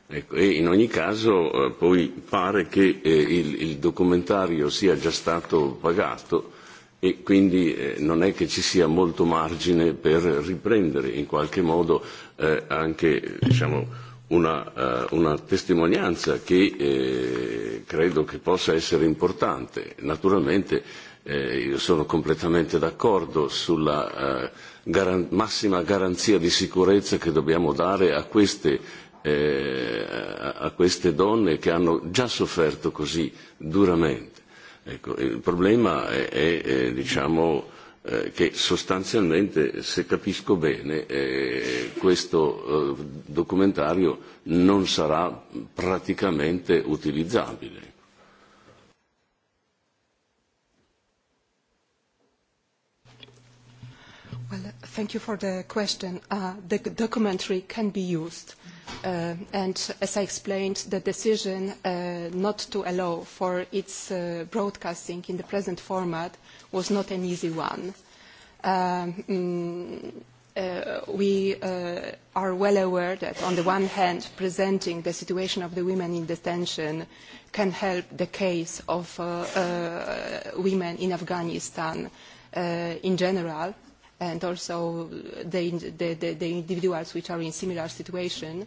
[SPEAKER 8] Ecco, e in ogni caso eh, poi pare che eh, il, il documentario sia già stato pagato e quindi eh, non è che ci sia molto margine per riprendere in qualche modo eh, anche diciamo, una, uh, una testimonianza che eh, credo che possa essere importante. Naturalmente Eh, io sono completamente d'accordo sulla eh, garan- massima garanzia di sicurezza che dobbiamo dare a queste, eh, a queste donne che hanno già sofferto così duramente. Ecco, il problema è, è, è diciamo, eh, che sostanzialmente, se capisco bene, eh, questo eh, documentario non sarà praticamente utilizzabile
[SPEAKER 9] Thank you for the question. Uh, the documentary can be used. Uh, and as I explained, the decision uh, not to allow for its uh, broadcasting in the present format was not an easy one. Um, mm, uh, we uh, are well aware that, on the one hand, presenting the situation of the women in detention can help the case of women in Afghanistan in general, and also the, the, the, the individuals which are in similar situation.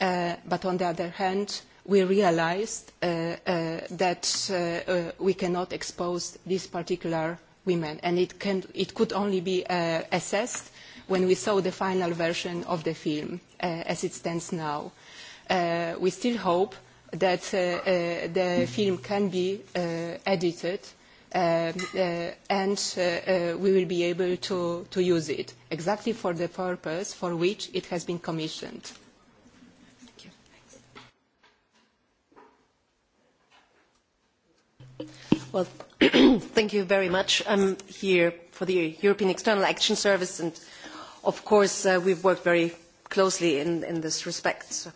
[SPEAKER 9] Uh, but on the other hand, we realized uh, uh, that uh, uh, we cannot expose these particular women, and it, can, it could only be uh, assessed when we saw the final version of the film as it stands now. we still hope that the film can be edited Uh, uh, and uh, uh, we will be able to, to use it exactly for the purpose for which it has been commissioned. Well, *clears throat* thank you
[SPEAKER 10] very much. I'm here for the European External Action Service, and of course uh, we've worked very closely in, in this respect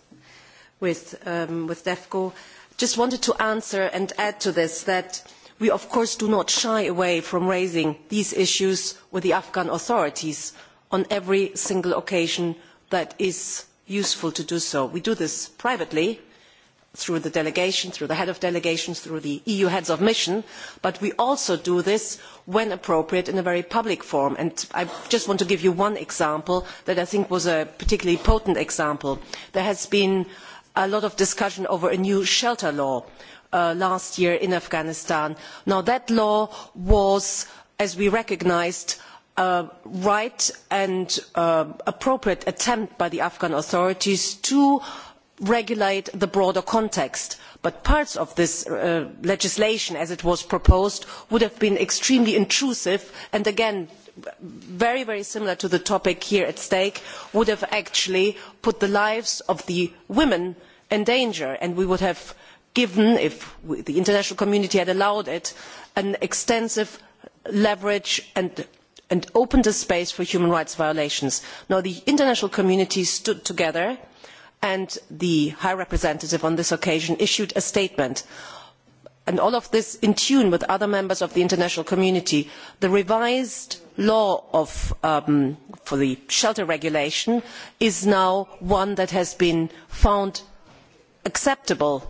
[SPEAKER 10] with, um, with DEFCO. Just wanted to answer and add to this that we of course do not shy away from raising these issues with the afghan authorities on every single occasion that is useful to do so. we do this privately through the delegation through the head of delegations through the eu heads of mission but we also do this when appropriate in a very public forum and i just want to give you one example that i think was a particularly potent example. there has been a lot of discussion over a new shelter law. Uh, last year in Afghanistan. Now that law was, as we recognised, a right and uh, appropriate attempt by the Afghan authorities to regulate the broader context but parts of this uh, legislation as it was proposed would have been extremely intrusive and again very very similar to the topic here at stake would have actually put the lives of the women in danger and we would have given if the international community had allowed it an extensive leverage and, opened a space for human rights violations. Now, the international community stood together and the high representative on this occasion issued a statement and all of this in tune with other members of the international community. The revised law um, for the shelter regulation is now one that has been found acceptable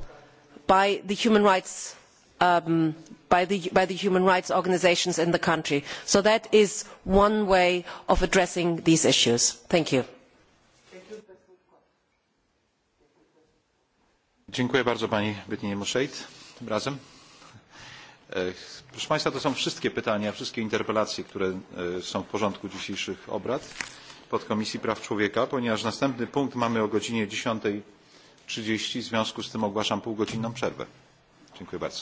[SPEAKER 10] by the human rights um, organisations in the country. so that is one way of addressing these issues. thank you.
[SPEAKER 1] Dziękuję bardzo pani Bytnie Muszejt. Tym razem. Proszę Państwa, to są wszystkie pytania, wszystkie interpelacje, które są w porządku dzisiejszych obrad podkomisji praw człowieka, ponieważ następny punkt mamy o godzinie 10 trzydzieści w związku z tym ogłaszam półgodzinną przerwę. dziękuję bardzo.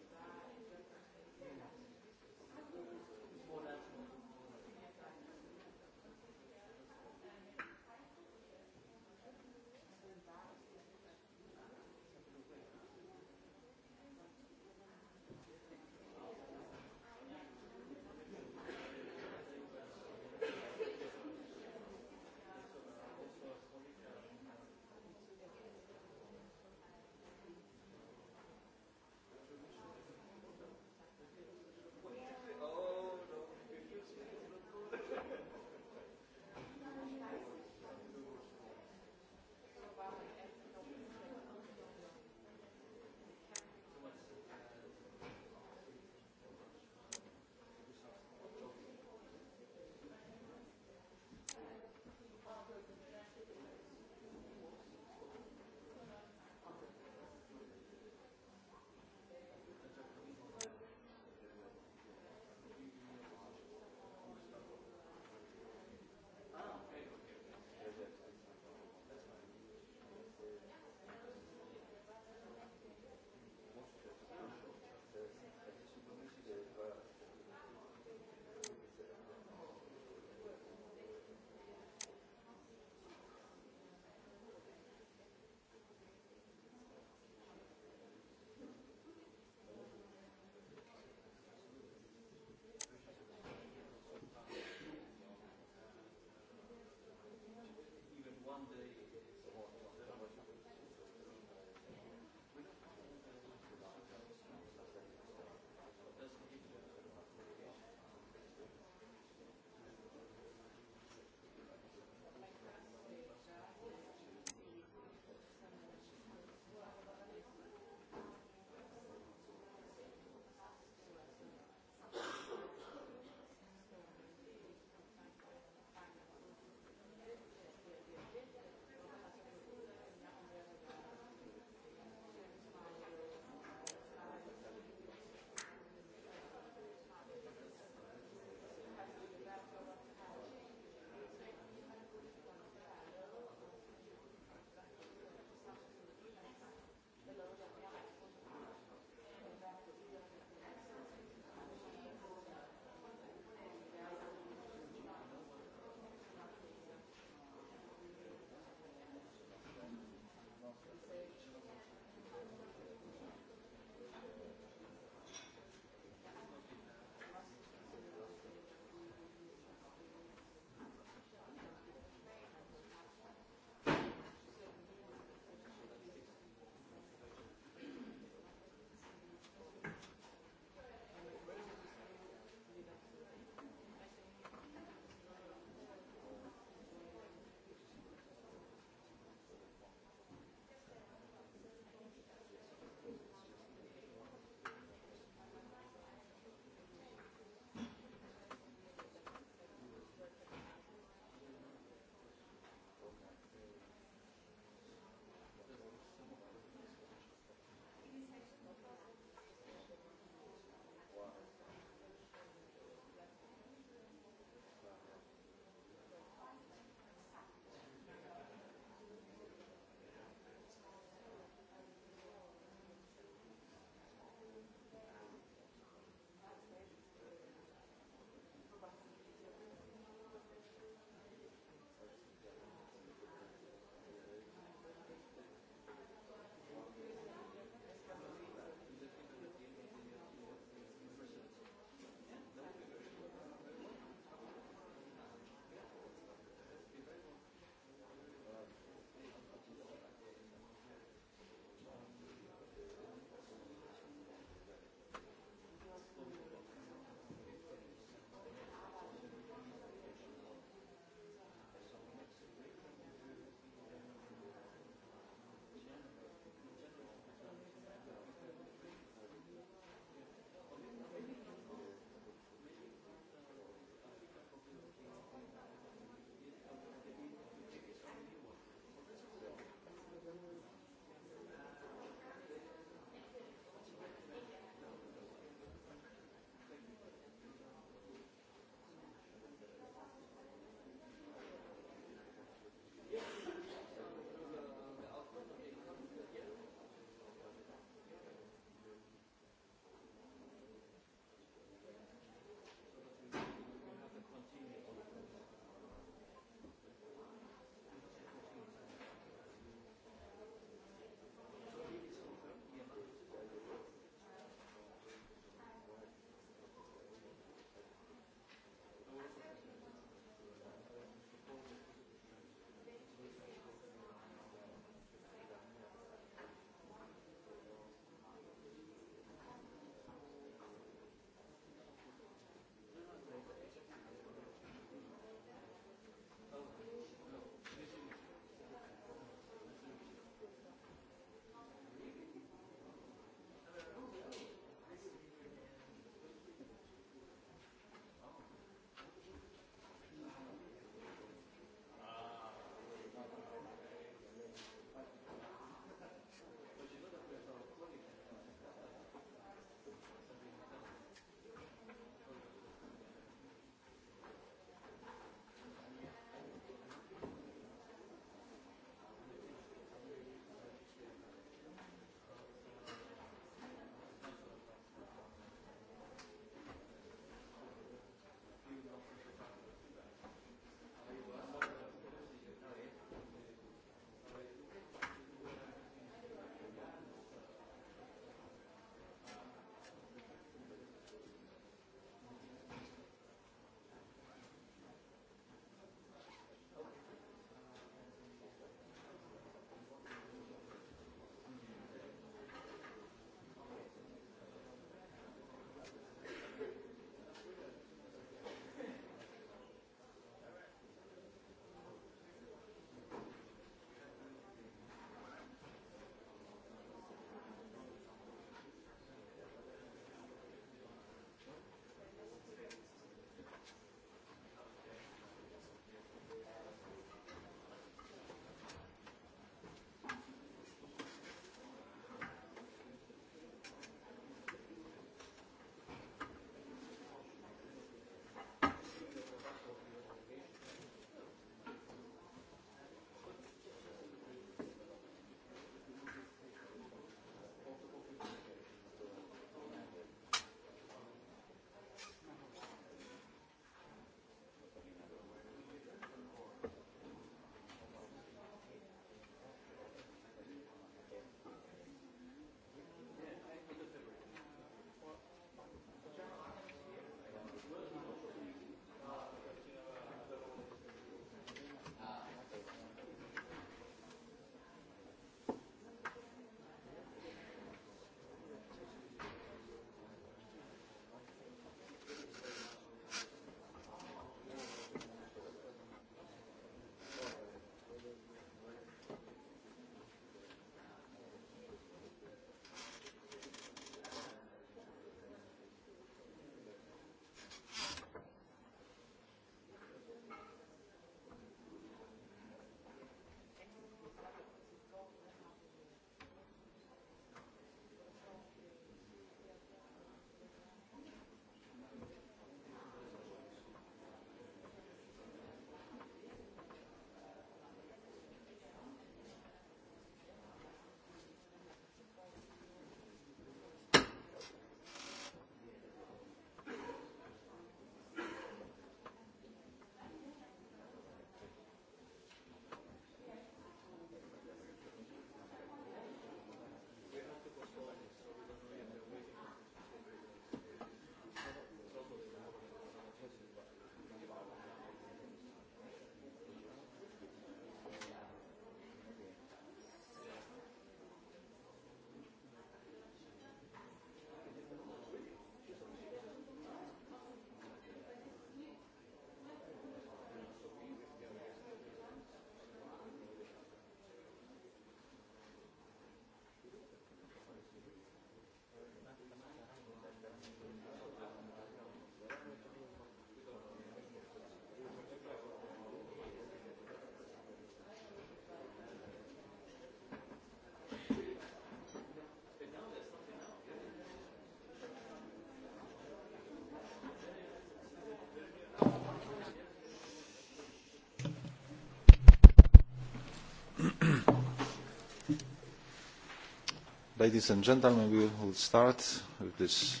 [SPEAKER 1] Ladies and gentlemen, we will start with this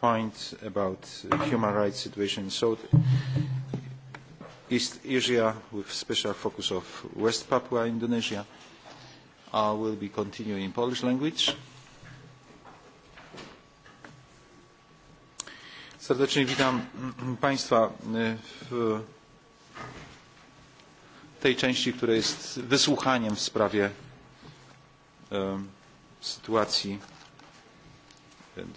[SPEAKER 1] point about the human rights situation in South East Asia with special focus of West Papua, Indonesia. I uh, will be continuing in Polish language. Serdecznie witam *clears throat* Państwa w tej części, która jest wysłuchaniem w sprawie sytuacji It's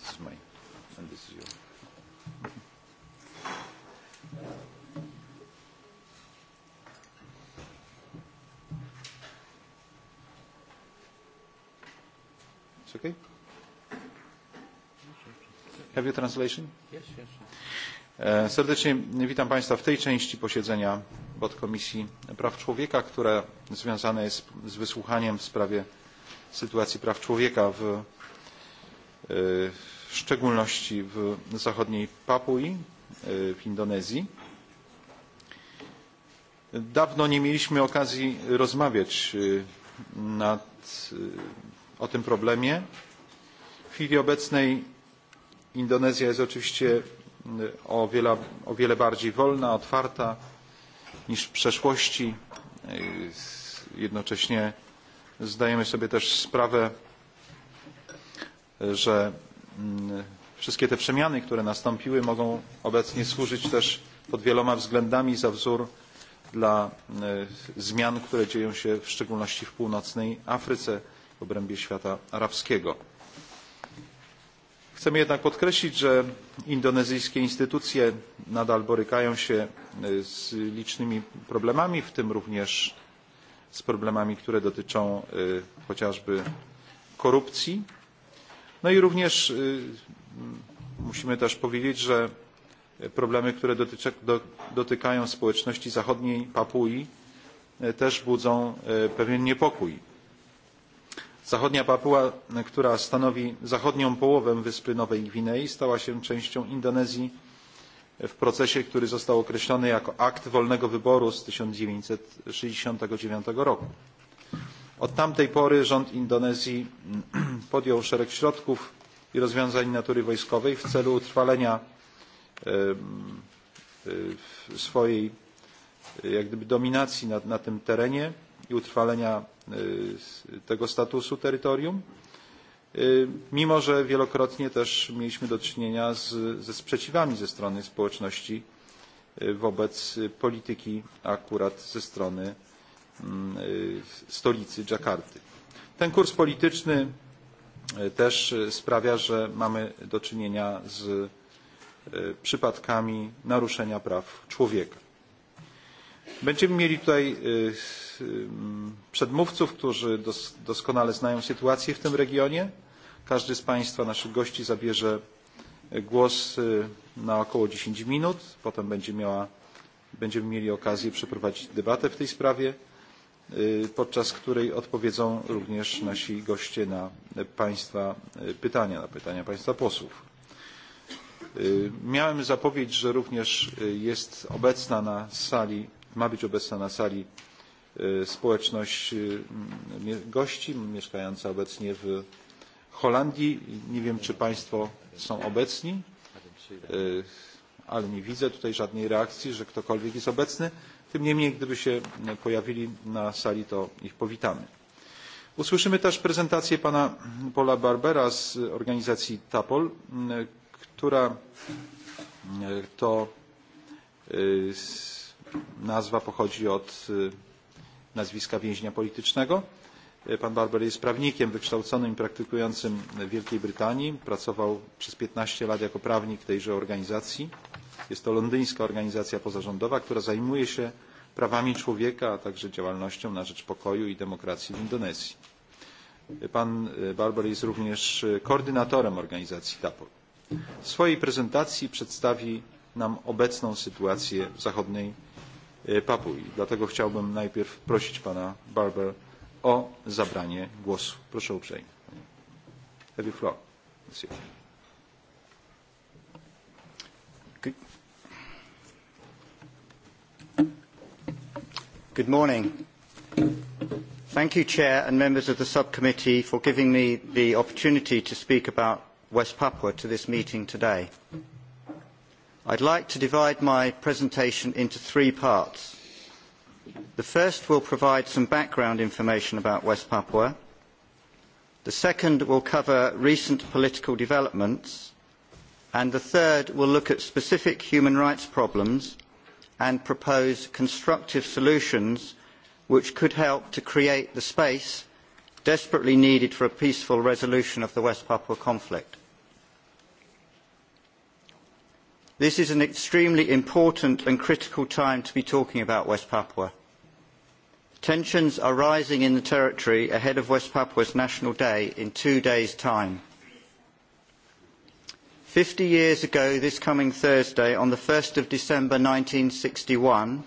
[SPEAKER 1] okay? Have you translation? Yes, yes, Serdecznie witam Państwa w tej części posiedzenia podkomisji praw człowieka, która związana jest z wysłuchaniem w sprawie sytuacji praw człowieka w szczególności w zachodniej Papui w Indonezji. Dawno nie mieliśmy okazji rozmawiać nad, o tym problemie. W chwili obecnej Indonezja jest oczywiście o wiele, o wiele bardziej wolna, otwarta niż w przeszłości. Jednocześnie Zdajemy sobie też sprawę, że mm, wszystkie te przemiany, które nastąpiły, mogą obecnie służyć też pod wieloma względami za wzór dla zmian, które dzieją się w szczególności w północnej Afryce w obrębie świata arabskiego. Chcemy jednak podkreślić, że indonezyjskie instytucje nadal borykają się z licznymi problemami, w tym również z problemami, które dotyczą chociażby korupcji. No i również musimy też powiedzieć, że problemy, które dotykają społeczności zachodniej Papui też budzą pewien niepokój. Zachodnia Papua, która stanowi zachodnią połowę wyspy Nowej Gwinei, stała się częścią Indonezji w procesie który został określony jako akt wolnego wyboru z tysiąc dziewięćset sześćdziesiąt dziewięć roku. od tamtej pory rząd indonezji *clears throat* podjął szereg środków i rozwiązań natury wojskowej w celu utrwalenia swojej jak gdyby dominacji na, na tym terenie i utrwalenia tego statusu terytorium mimo że wielokrotnie też mieliśmy do czynienia ze sprzeciwami ze strony społeczności wobec polityki akurat ze strony mm, stolicy Dżakarty. Ten kurs polityczny też sprawia, że mamy do czynienia z przypadkami naruszenia praw człowieka. Będziemy mieli tutaj mm, przedmówców, którzy doskonale znają sytuację w tym regionie Każdy z Państwa, naszych gości, zabierze głos na około 10 minut. Potem będzie miała, będziemy mieli okazję przeprowadzić debatę w tej sprawie, podczas której odpowiedzą również nasi goście na Państwa pytania, na pytania Państwa posłów. Miałem zapowiedź, że również jest obecna na sali, ma być obecna na sali społeczność gości mieszkająca obecnie w Holandii. Nie wiem, czy Państwo są obecni, ale nie widzę tutaj żadnej reakcji, że ktokolwiek jest obecny. Tym niemniej, gdyby się pojawili na sali, to ich powitamy. Usłyszymy też prezentację pana Paula Barbera z organizacji TAPOL, która to nazwa pochodzi od nazwiska więźnia politycznego Pan Barber jest prawnikiem wykształconym i praktykującym w Wielkiej Brytanii. Pracował przez 15 lat jako prawnik tejże organizacji. Jest to londyńska organizacja pozarządowa, która zajmuje się prawami człowieka, a także działalnością na rzecz pokoju i demokracji w Indonezji. Pan Barber jest również koordynatorem organizacji TAPOL. W swojej prezentacji przedstawi nam obecną sytuację w zachodniej Papui. Dlatego chciałbym najpierw prosić pana Barber o zabranie głosu. Proszę uprzejmie. Have you floor.
[SPEAKER 11] Good morning. Thank you, Chair, and members of the subcommittee for giving me the opportunity to speak about West Papua to this meeting today. I'd like to divide my presentation into three parts. The first will provide some background information about West Papua. The second will cover recent political developments. And the third will look at specific human rights problems and propose constructive solutions which could help to create the space desperately needed for a peaceful resolution of the West Papua conflict. this is an extremely important and critical time to be talking about west papua. tensions are rising in the territory ahead of west papua's national day in two days' time. fifty years ago this coming thursday on one december one thousand nine hundred and sixty one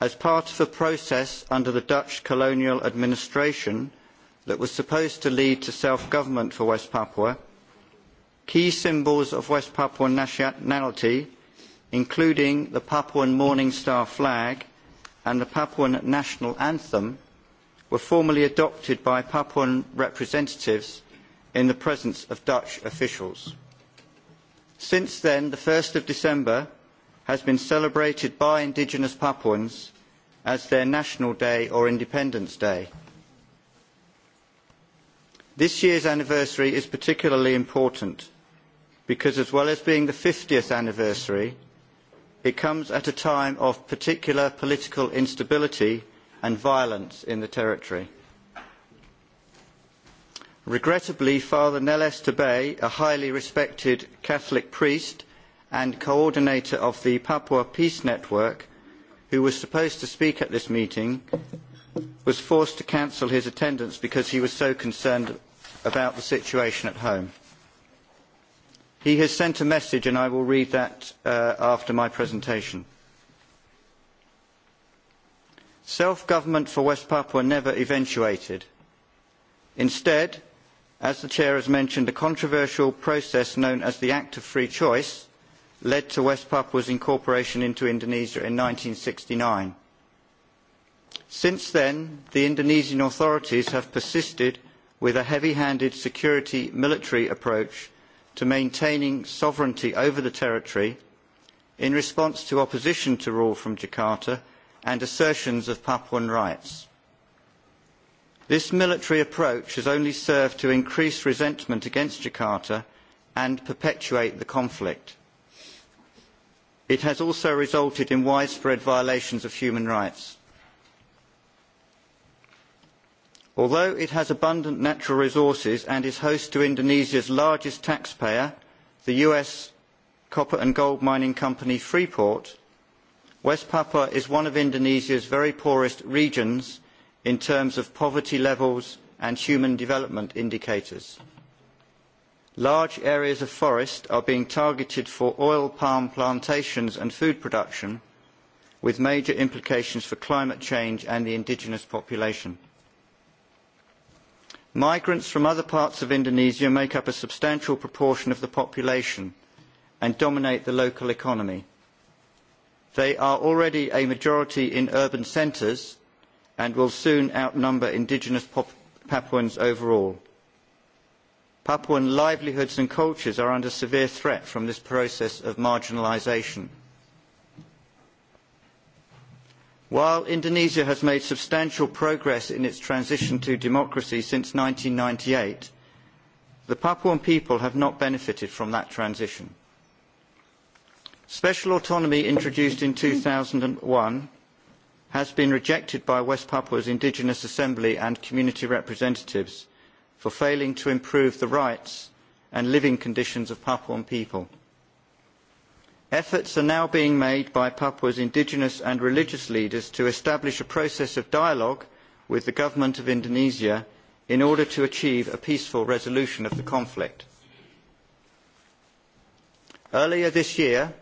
[SPEAKER 11] as part of a process under the dutch colonial administration that was supposed to lead to self government for west papua key symbols of west papuan nationality including the papuan morning star flag and the papuan national anthem were formally adopted by papuan representatives in the presence of dutch officials. since then one december has been celebrated by indigenous papuans as their national day or independence day. this year's anniversary is particularly important because as well as being the fiftieth anniversary it comes at a time of particular political instability and violence in the territory. regrettably father neles Tabay, a highly respected catholic priest and coordinator of the papua peace network who was supposed to speak at this meeting was forced to cancel his attendance because he was so concerned about the situation at home. He has sent a message, and I will read that uh, after my presentation. Self-government for West Papua never eventuated. Instead, as the Chair has mentioned, a controversial process known as the Act of Free Choice led to West Papua's incorporation into Indonesia in 1969. Since then, the Indonesian authorities have persisted with a heavy-handed security military approach to maintaining sovereignty over the territory in response to opposition to rule from jakarta and assertions of papuan rights. this military approach has only served to increase resentment against jakarta and perpetuate the conflict. it has also resulted in widespread violations of human rights. although it has abundant natural resources and is host to indonesia's largest taxpayer the us copper and gold mining company freeport west papua is one of indonesia's very poorest regions in terms of poverty levels and human development indicators. large areas of forest are being targeted for oil palm plantations and food production with major implications for climate change and the indigenous population migrants from other parts of indonesia make up a substantial proportion of the population and dominate the local economy. they are already a majority in urban centres and will soon outnumber indigenous papuans overall. papuan livelihoods and cultures are under severe threat from this process of marginalisation. While Indonesia has made substantial progress in its transition to democracy since 1998, the Papuan people have not benefited from that transition. Special autonomy introduced in 2001 has been rejected by West Papua's Indigenous Assembly and community representatives for failing to improve the rights and living conditions of Papuan people efforts are now being made by papua's indigenous and religious leaders to establish a process of dialogue with the government of indonesia in order to achieve a peaceful resolution of the conflict. earlier this year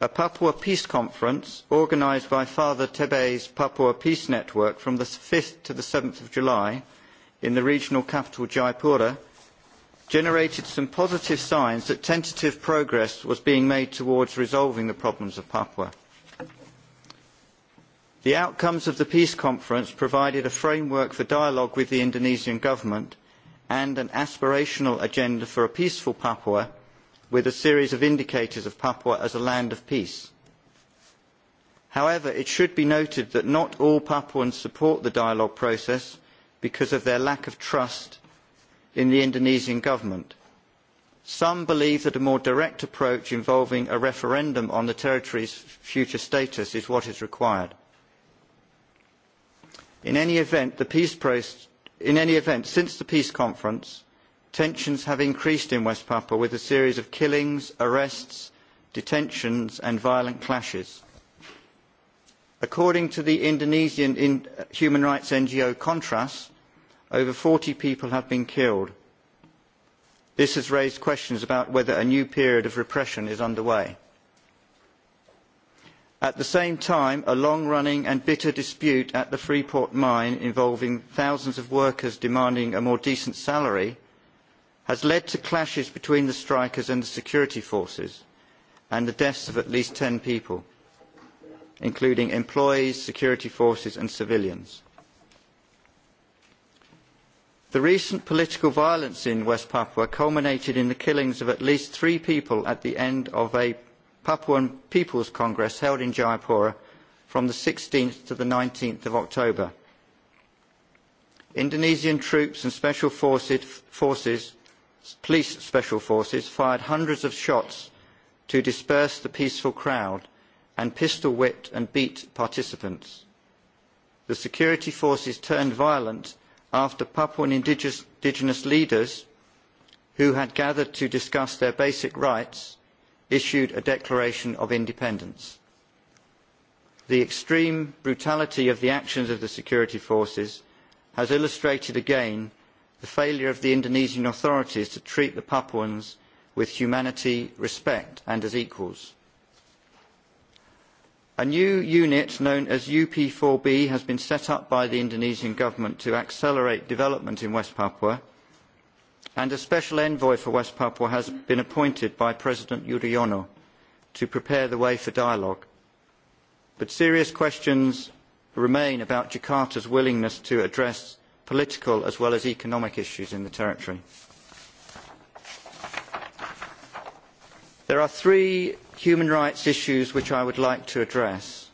[SPEAKER 11] a papua peace conference organised by father tebe's papua peace network from five to seven july in the regional capital jayapura generated some positive signs that tentative progress was being made towards resolving the problems of Papua. The outcomes of the peace conference provided a framework for dialogue with the Indonesian government and an aspirational agenda for a peaceful Papua with a series of indicators of Papua as a land of peace. However, it should be noted that not all Papuans support the dialogue process because of their lack of trust in the Indonesian government. Some believe that a more direct approach involving a referendum on the territory's future status is what is required. In any event, since the peace conference, tensions have increased in West Papua with a series of killings, arrests, detentions and violent clashes. According to the Indonesian human rights NGO Contras, over forty people have been killed. this has raised questions about whether a new period of repression is under way. at the same time a long running and bitter dispute at the freeport mine involving thousands of workers demanding a more decent salary has led to clashes between the strikers and the security forces and the deaths of at least ten people including employees security forces and civilians the recent political violence in west papua culminated in the killings of at least three people at the end of a papuan people's congress held in jayapura from sixteen to nineteen october. indonesian troops and special forces, forces, police special forces fired hundreds of shots to disperse the peaceful crowd and pistol whipped and beat participants. the security forces turned violent after Papuan indigenous, indigenous leaders who had gathered to discuss their basic rights issued a declaration of independence. The extreme brutality of the actions of the security forces has illustrated again the failure of the Indonesian authorities to treat the Papuans with humanity, respect and as equals a new unit known as up four b has been set up by the indonesian government to accelerate development in west papua and a special envoy for west papua has been appointed by president yudhoyono to prepare the way for dialogue but serious questions remain about jakarta's willingness to address political as well as economic issues in the territory. there are three human rights issues which i would like to address.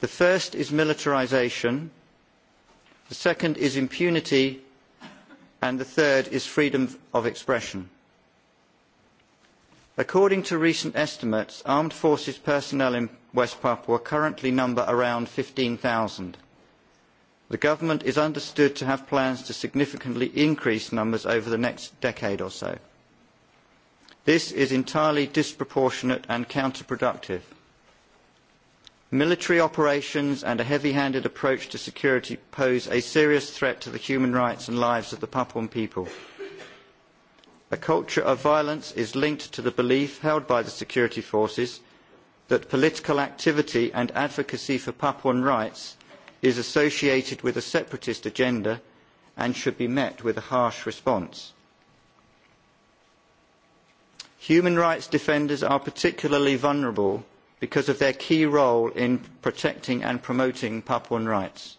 [SPEAKER 11] the first is militarisation the second is impunity and the third is freedom of expression. according to recent estimates armed forces personnel in west papua currently number around 15000. the government is understood to have plans to significantly increase numbers over the next decade or so this is entirely disproportionate and counterproductive. military operations and a heavy handed approach to security pose a serious threat to the human rights and lives of the papuan people. a culture of violence is linked to the belief held by the security forces that political activity and advocacy for papuan rights is associated with a separatist agenda and should be met with a harsh response human rights defenders are particularly vulnerable because of their key role in protecting and promoting papuan rights.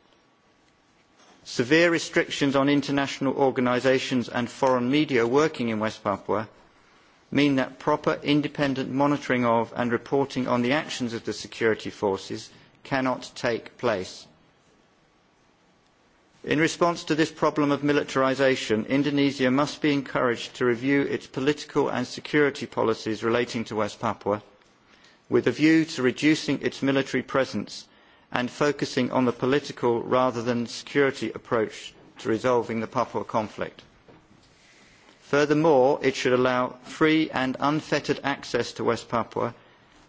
[SPEAKER 11] severe restrictions on international organisations and foreign media working in west papua mean that proper independent monitoring of and reporting on the actions of the security forces cannot take place in response to this problem of militarisation indonesia must be encouraged to review its political and security policies relating to west papua with a view to reducing its military presence and focusing on the political rather than security approach to resolving the papua conflict. furthermore it should allow free and unfettered access to west papua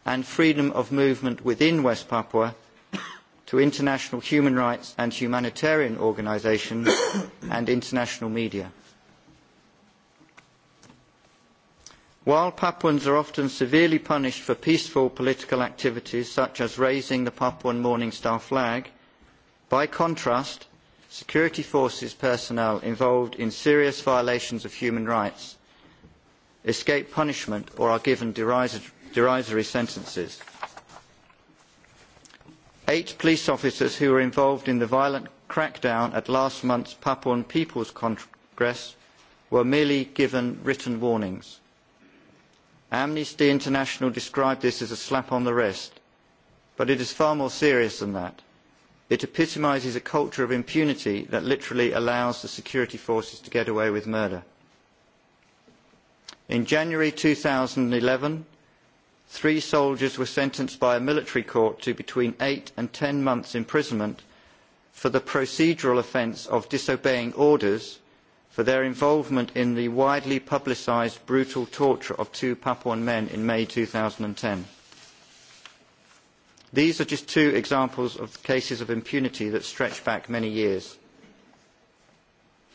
[SPEAKER 11] and freedom of movement within west papua to international human rights and humanitarian organisations *coughs* and international media. While Papuans are often severely punished for peaceful political activities such as raising the Papuan Morning Star flag, by contrast, security forces personnel involved in serious violations of human rights escape punishment or are given derisory sentences eight police officers who were involved in the violent crackdown at last month's papuan people's congress were merely given written warnings. amnesty international described this as a slap on the wrist but it is far more serious than that. it epitomises a culture of impunity that literally allows the security forces to get away with murder. in january two thousand and eleven three soldiers were sentenced by a military court to between eight and ten months' imprisonment for the procedural offence of disobeying orders for their involvement in the widely publicised brutal torture of two Papuan men in May 2010. These are just two examples of cases of impunity that stretch back many years.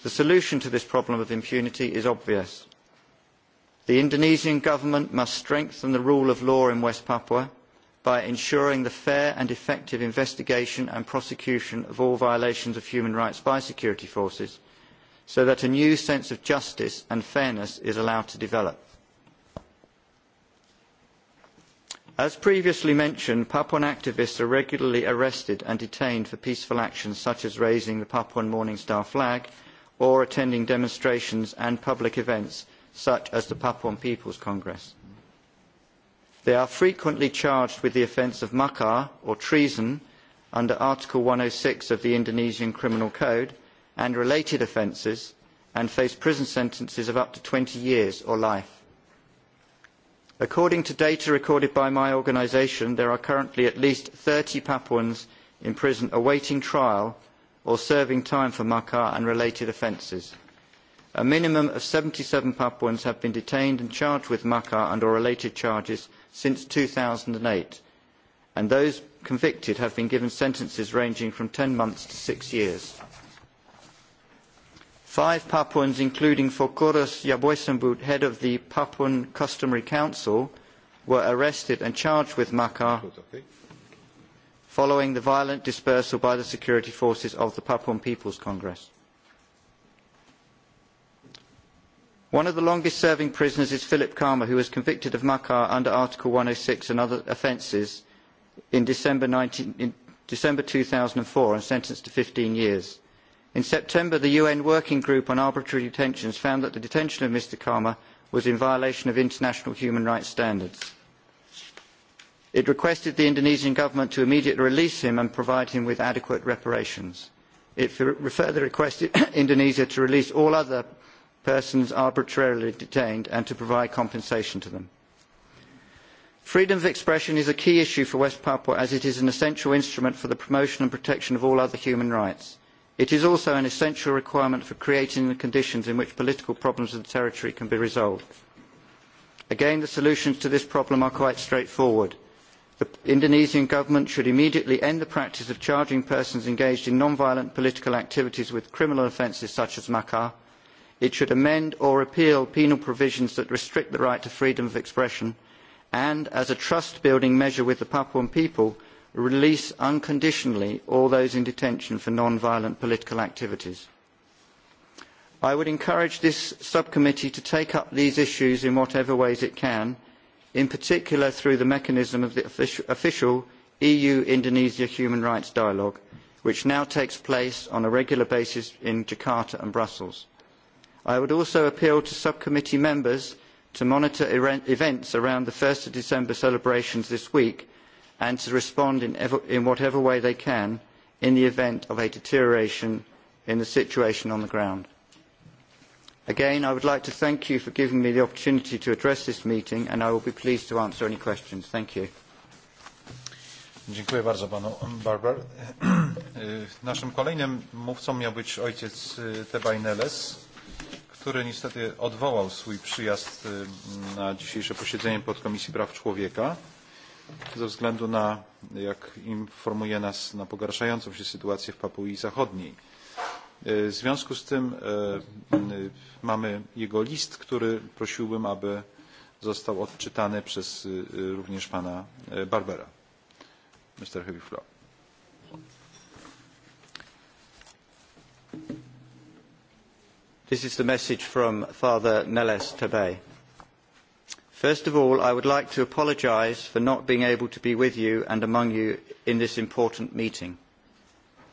[SPEAKER 11] The solution to this problem of impunity is obvious the indonesian government must strengthen the rule of law in west papua by ensuring the fair and effective investigation and prosecution of all violations of human rights by security forces so that a new sense of justice and fairness is allowed to develop. as previously mentioned papuan activists are regularly arrested and detained for peaceful actions such as raising the papuan morning star flag or attending demonstrations and public events such as the Papuan People's Congress. They are frequently charged with the offence of makar, or treason, under Article 106 of the Indonesian Criminal Code and related offences and face prison sentences of up to 20 years or life. According to data recorded by my organisation, there are currently at least 30 Papuans in prison awaiting trial or serving time for makar and related offences a minimum of seventy seven papuans have been detained and charged with makar and or related charges since two thousand and eight and those convicted have been given sentences ranging from ten months to six years. five papuans including fokoros yaboisanboot head of the papuan customary council were arrested and charged with makar following the violent dispersal by the security forces of the papuan people's congress. one of the longest serving prisoners is philip khama who was convicted of makar under article one hundred oh and six and other offences in december, two thousand and 2004 and sentenced to 15 years. in september the un working group on arbitrary detentions found that the detention of mr khama was in violation of international human rights standards. it requested the indonesian government to immediately release him and provide him with adequate reparations. it further requested *coughs* indonesia to release all other persons arbitrarily detained and to provide compensation to them. Freedom of expression is a key issue for West Papua as it is an essential instrument for the promotion and protection of all other human rights. It is also an essential requirement for creating the conditions in which political problems of the territory can be resolved. Again, the solutions to this problem are quite straightforward. The Indonesian government should immediately end the practice of charging persons engaged in non-violent political activities with criminal offences such as makar, it should amend or repeal penal provisions that restrict the right to freedom of expression and as a trust building measure with the papuan people release unconditionally all those in detention for non violent political activities. i would encourage this subcommittee to take up these issues in whatever ways it can in particular through the mechanism of the official eu indonesia human rights dialogue which now takes place on a regular basis in jakarta and brussels i would also appeal to subcommittee members to monitor events around the one december celebrations this week and to respond in, whatever way they can in the event of a deterioration in the situation on the ground. again i would like to thank you for giving me the opportunity
[SPEAKER 1] to address this meeting and i will be pleased to answer any questions. thank you. Dziękuję bardzo panu mm, Barber. *clears throat* Naszym kolejnym mówcą miał być ojciec Tebajneles który niestety odwołał swój przyjazd na dzisiejsze posiedzenie podkomisji praw człowieka ze względu na, jak informuje nas, na pogarszającą się sytuację w Papui Zachodniej. W związku z tym mamy jego list, który prosiłbym, aby został odczytany przez również pana Barbera. Mr. Heavy Floor.
[SPEAKER 11] This is the message from Father Neles Tabe. First of all, I would like to apologise for not being able to be with you and among you in this important meeting.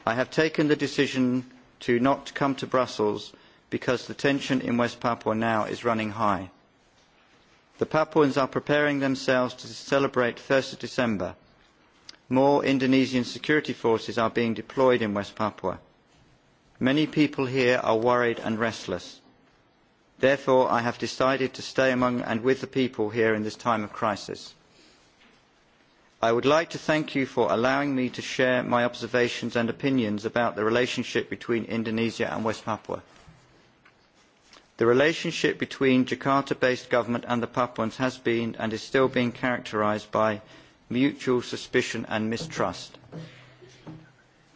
[SPEAKER 11] I have taken the decision to not come to Brussels because the tension in West Papua now is running high. The Papuans are preparing themselves to celebrate 1 December. More Indonesian security forces are being deployed in West Papua many people here are worried and restless. therefore i have decided to stay among and with the people here in this time of crisis. i would like to thank you for allowing me to share my observations and opinions about the relationship between indonesia and west papua. the relationship between jakarta based government and the papuans has been and is still being characterised by mutual suspicion and mistrust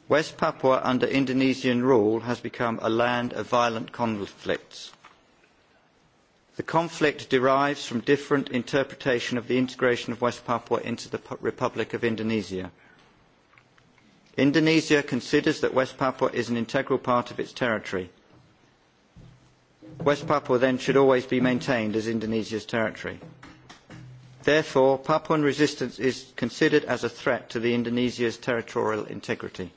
[SPEAKER 11] West Papua under Indonesian rule has become a land of violent conflicts. The conflict derives from different interpretation of the integration of West Papua into the Republic of Indonesia. Indonesia considers that West Papua is an integral part of its territory. West Papua then should always be maintained as Indonesia's territory. Therefore, Papuan resistance is considered as a threat to the Indonesia's territorial integrity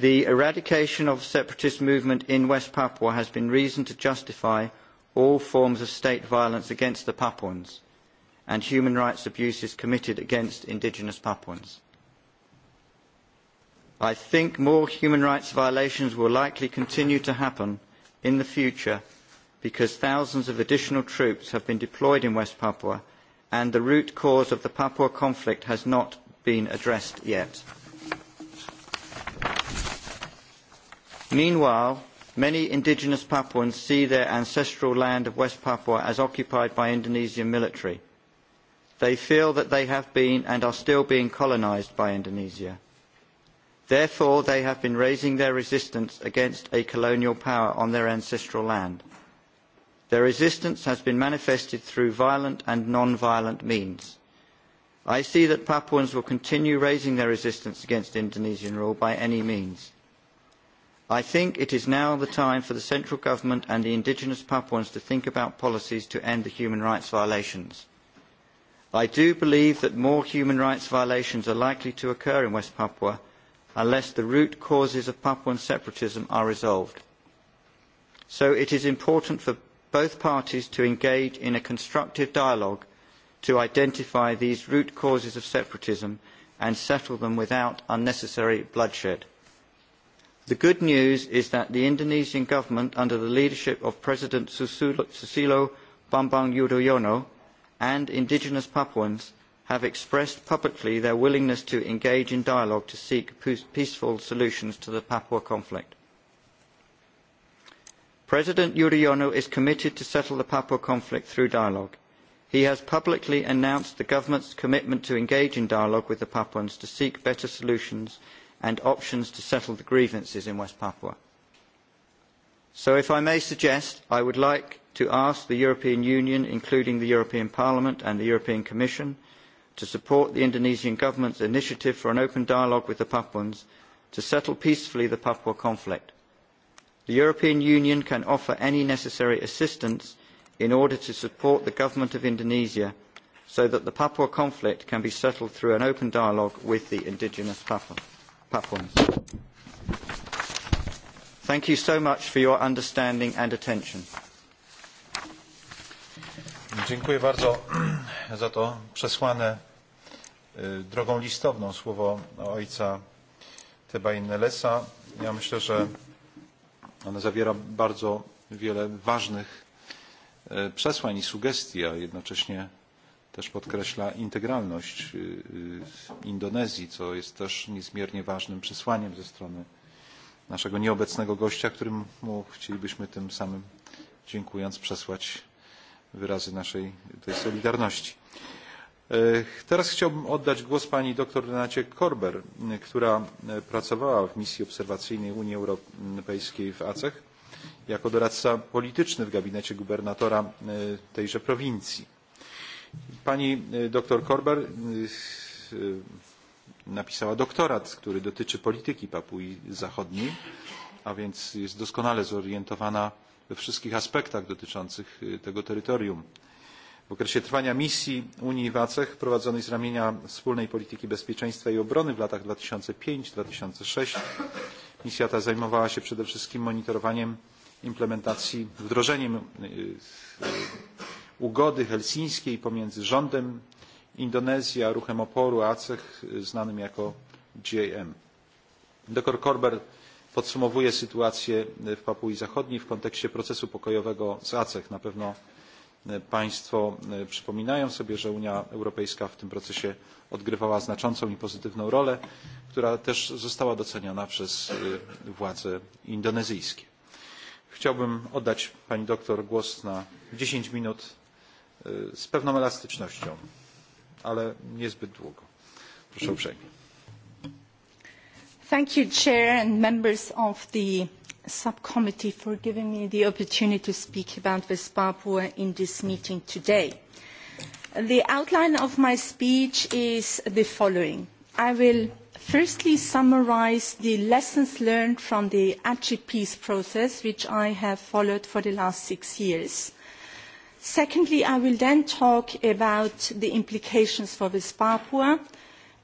[SPEAKER 11] the eradication of the separatist movement in west papua has been reason to justify all forms of state violence against the papuans and human rights abuses committed against indigenous papuans. i think more human rights violations will likely continue to happen in the future because thousands of additional troops have been deployed in west papua and the root cause of the papua conflict has not been addressed yet. Meanwhile, many indigenous Papuans see their ancestral land of West Papua as occupied by Indonesian military. They feel that they have been and are still being colonised by Indonesia. Therefore, they have been raising their resistance against a colonial power on their ancestral land. Their resistance has been manifested through violent and non-violent means. I see that Papuans will continue raising their resistance against Indonesian rule by any means I think it is now the time for the central government and the indigenous Papuans to think about policies to end the human rights violations. I do believe that more human rights violations are likely to occur in West Papua unless the root causes of Papuan separatism are resolved. So it is important for both parties to engage in a constructive dialogue to identify these root causes of separatism and settle them without unnecessary bloodshed. The good news is that the Indonesian government, under the leadership of President Susilo Bambang Yudhoyono and indigenous Papuans, have expressed publicly their willingness to engage in dialogue to seek peaceful solutions to the Papua conflict. President Yudhoyono is committed to settle the Papua conflict through dialogue. He has publicly announced the government's commitment to engage in dialogue with the Papuans to seek better solutions and options to settle the grievances in west papua. so if i may suggest i would like to ask the european union including the european parliament and the european commission to support the indonesian government's initiative for an open dialogue with the papuans to settle peacefully the papua conflict. the european union can offer any necessary assistance in order to support the government of indonesia so that the papua conflict can be settled through an open dialogue with the indigenous papuans. Papuans. Thank you so much for your understanding and attention.
[SPEAKER 1] Dziękuję bardzo za to przesłane drogą listowną słowo ojca Teba Innelesa. Ja myślę, że ono zawiera bardzo wiele ważnych przesłań i sugestii, a jednocześnie też podkreśla integralność Indonezji, co jest też niezmiernie ważnym przesłaniem ze strony naszego nieobecnego gościa, któremu chcielibyśmy tym samym dziękując przesłać wyrazy naszej tej solidarności. Teraz chciałbym oddać głos pani dr Renacie Korber, która pracowała w misji obserwacyjnej Unii Europejskiej w ACEH jako doradca polityczny w gabinecie gubernatora tejże prowincji Pani dr Korber napisała doktorat, który dotyczy polityki Papui Zachodniej, a więc jest doskonale zorientowana we wszystkich aspektach dotyczących tego terytorium. W okresie trwania misji Unii w ACEH prowadzonej z ramienia wspólnej polityki bezpieczeństwa i obrony w latach 2005-2006 misja ta zajmowała się przede wszystkim monitorowaniem implementacji, wdrożeniem ugody helsińskiej pomiędzy rządem Indonezji a ruchem oporu ACEH znanym jako GAM. Dr Korber podsumowuje sytuację w Papui Zachodniej w kontekście procesu pokojowego z ACEH. Na pewno Państwo przypominają sobie, że Unia Europejska w tym procesie odgrywała znaczącą i pozytywną rolę, która też została doceniona przez władze indonezyjskie. Chciałbym oddać Pani doktor głos na 10 minut z pewną elastycznością, ale niezbyt długo. Proszę uprzejmie.
[SPEAKER 12] Thank you, Chair and members of the subcommittee for giving me the opportunity to speak about West Papua in this meeting today. The outline of my speech is the following. I will firstly summarise the lessons learned from the ACHI peace process, which I have followed for the last six years. Secondly, I will then talk about the implications for West Papua.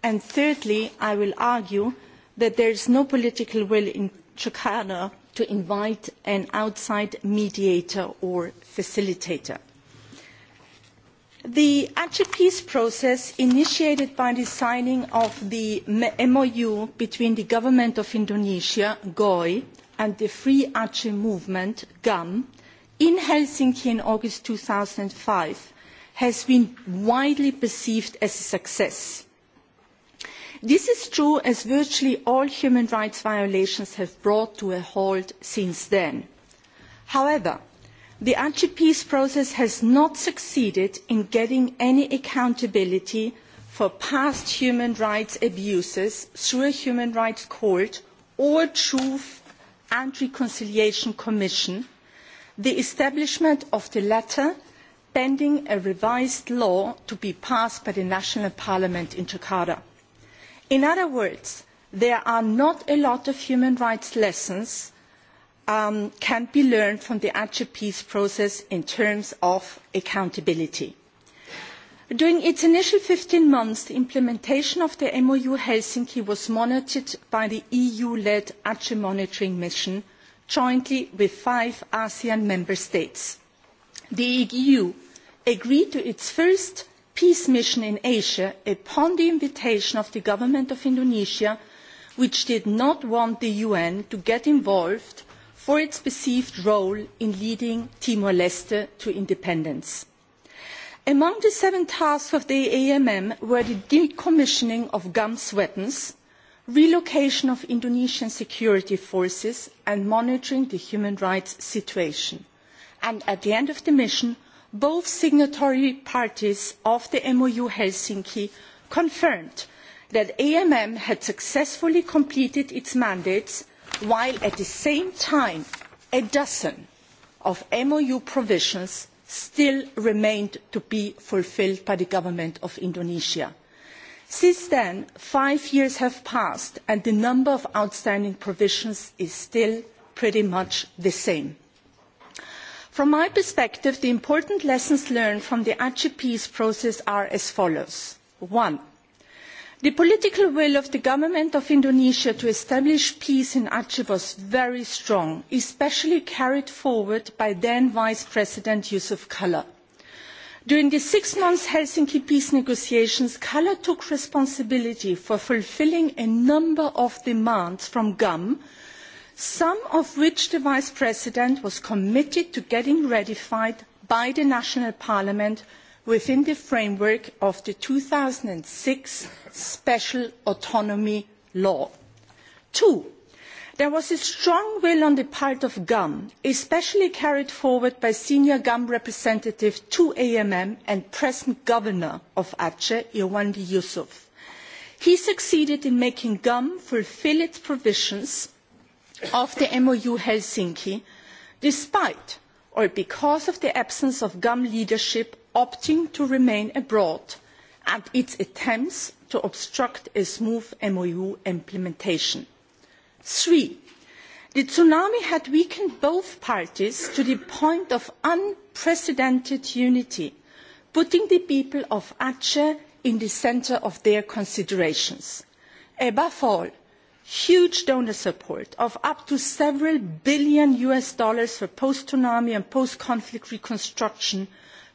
[SPEAKER 12] And thirdly, I will argue that there is no political will in Jakarta to invite an outside mediator or facilitator. The Aceh peace process initiated by the signing of the MOU between the government of Indonesia, GOI, and the Free Aceh Movement, GAM, in Helsinki in August 2005 has been widely perceived as a success. This is true as virtually all human rights violations have brought to a halt since then. However, the RGP's process has not succeeded in getting any accountability for past human rights abuses through a human rights court or truth and reconciliation commission the establishment of the latter pending a revised law to be passed by the national parliament in Jakarta. In other words, there are not a lot of human rights lessons um, can be learned from the Aceh process in terms of accountability. During its initial 15 months, the implementation of the MOU Helsinki was monitored by the EU-led Aceh monitoring mission jointly with five ASEAN member states. The EU agreed to its first peace mission in Asia upon the invitation of the government of Indonesia, which did not want the UN to get involved for its perceived role in leading Timor-Leste to independence. Among the seven tasks of the AMM were the decommissioning of GAMS weapons, relocation of Indonesian security forces and monitoring the human rights situation. And at the end of the mission, both signatory parties of the MOU Helsinki confirmed that AMM had successfully completed its mandates while at the same time a dozen of MOU provisions still remained to be fulfilled by the government of Indonesia Since then, five years have passed and the number of outstanding provisions is still pretty much the same. From my perspective, the important lessons learned from the IGP's process are as follows. One, the political will of the government of Indonesia to establish peace in Aceh was very strong, especially carried forward by then Vice President Yusuf Kala during the six month helsinki peace negotiations kala took responsibility for fulfilling a number of demands from gum some of which the vice president was committed to getting ratified by the national parliament within the framework of the two thousand and six special autonomy law. two There was a strong will on the part of GUM, especially carried forward by senior GUM representative to AMM and present governor of Aceh, Irwandi Yusuf. He succeeded in making GUM fulfil its provisions of the MOU Helsinki, despite or because of the absence of GUM leadership opting to remain abroad and its attempts to obstruct a smooth MOU implementation three the tsunami had weakened both parties to the point of unprecedented unity putting the people of aceh in the centre of their considerations. above all huge donor support of up to several billion us dollars for post tsunami and post conflict reconstruction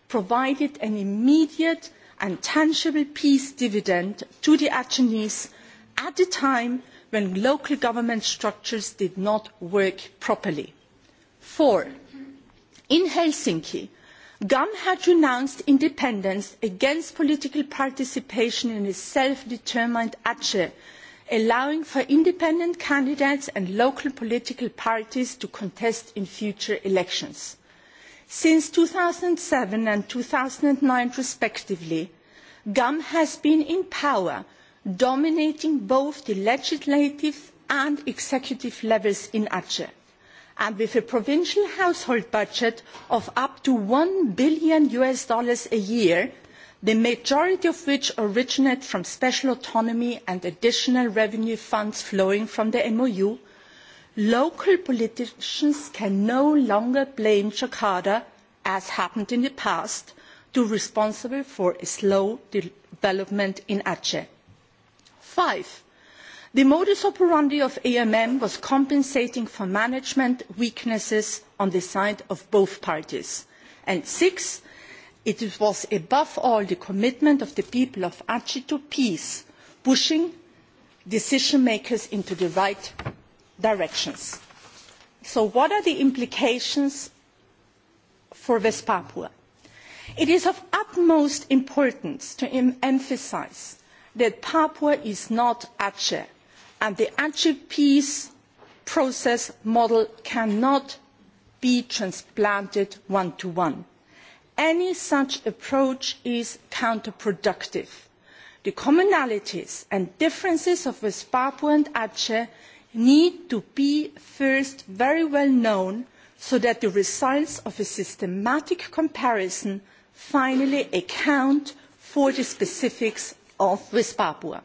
[SPEAKER 12] provided an immediate and tangible peace dividend to the achenese at a time when local government structures did not work properly. Four, in Helsinki, GAM had renounced independence against political participation in a self-determined ACE, allowing for independent candidates and local political parties to contest in future elections. Since 2007 and 2009 respectively, GAM has been in power dominating both the legislative and executive levels in aceh and with a provincial household budget of up to 1 billion US dollars a year, the majority of which originate from special autonomy and additional revenue funds flowing from the MOU, local politicians can no longer blame Jakarta, as happened in the past, to responsible for a slow development in Aceh five the modus operandi of amm was compensating for management weaknesses on the side of both parties and six it was above all the commitment of the people of aceh to peace pushing decision makers into the right directions. so what are the implications for west papua? it is of utmost importance to emphasise that Papua is not Aceh, and the Aceh peace process model cannot be transplanted one-to-one. Any such approach is counterproductive. The commonalities and differences of West Papua and Aceh need to be first very well known so that the results of a systematic comparison finally account for the specifics of West Papua.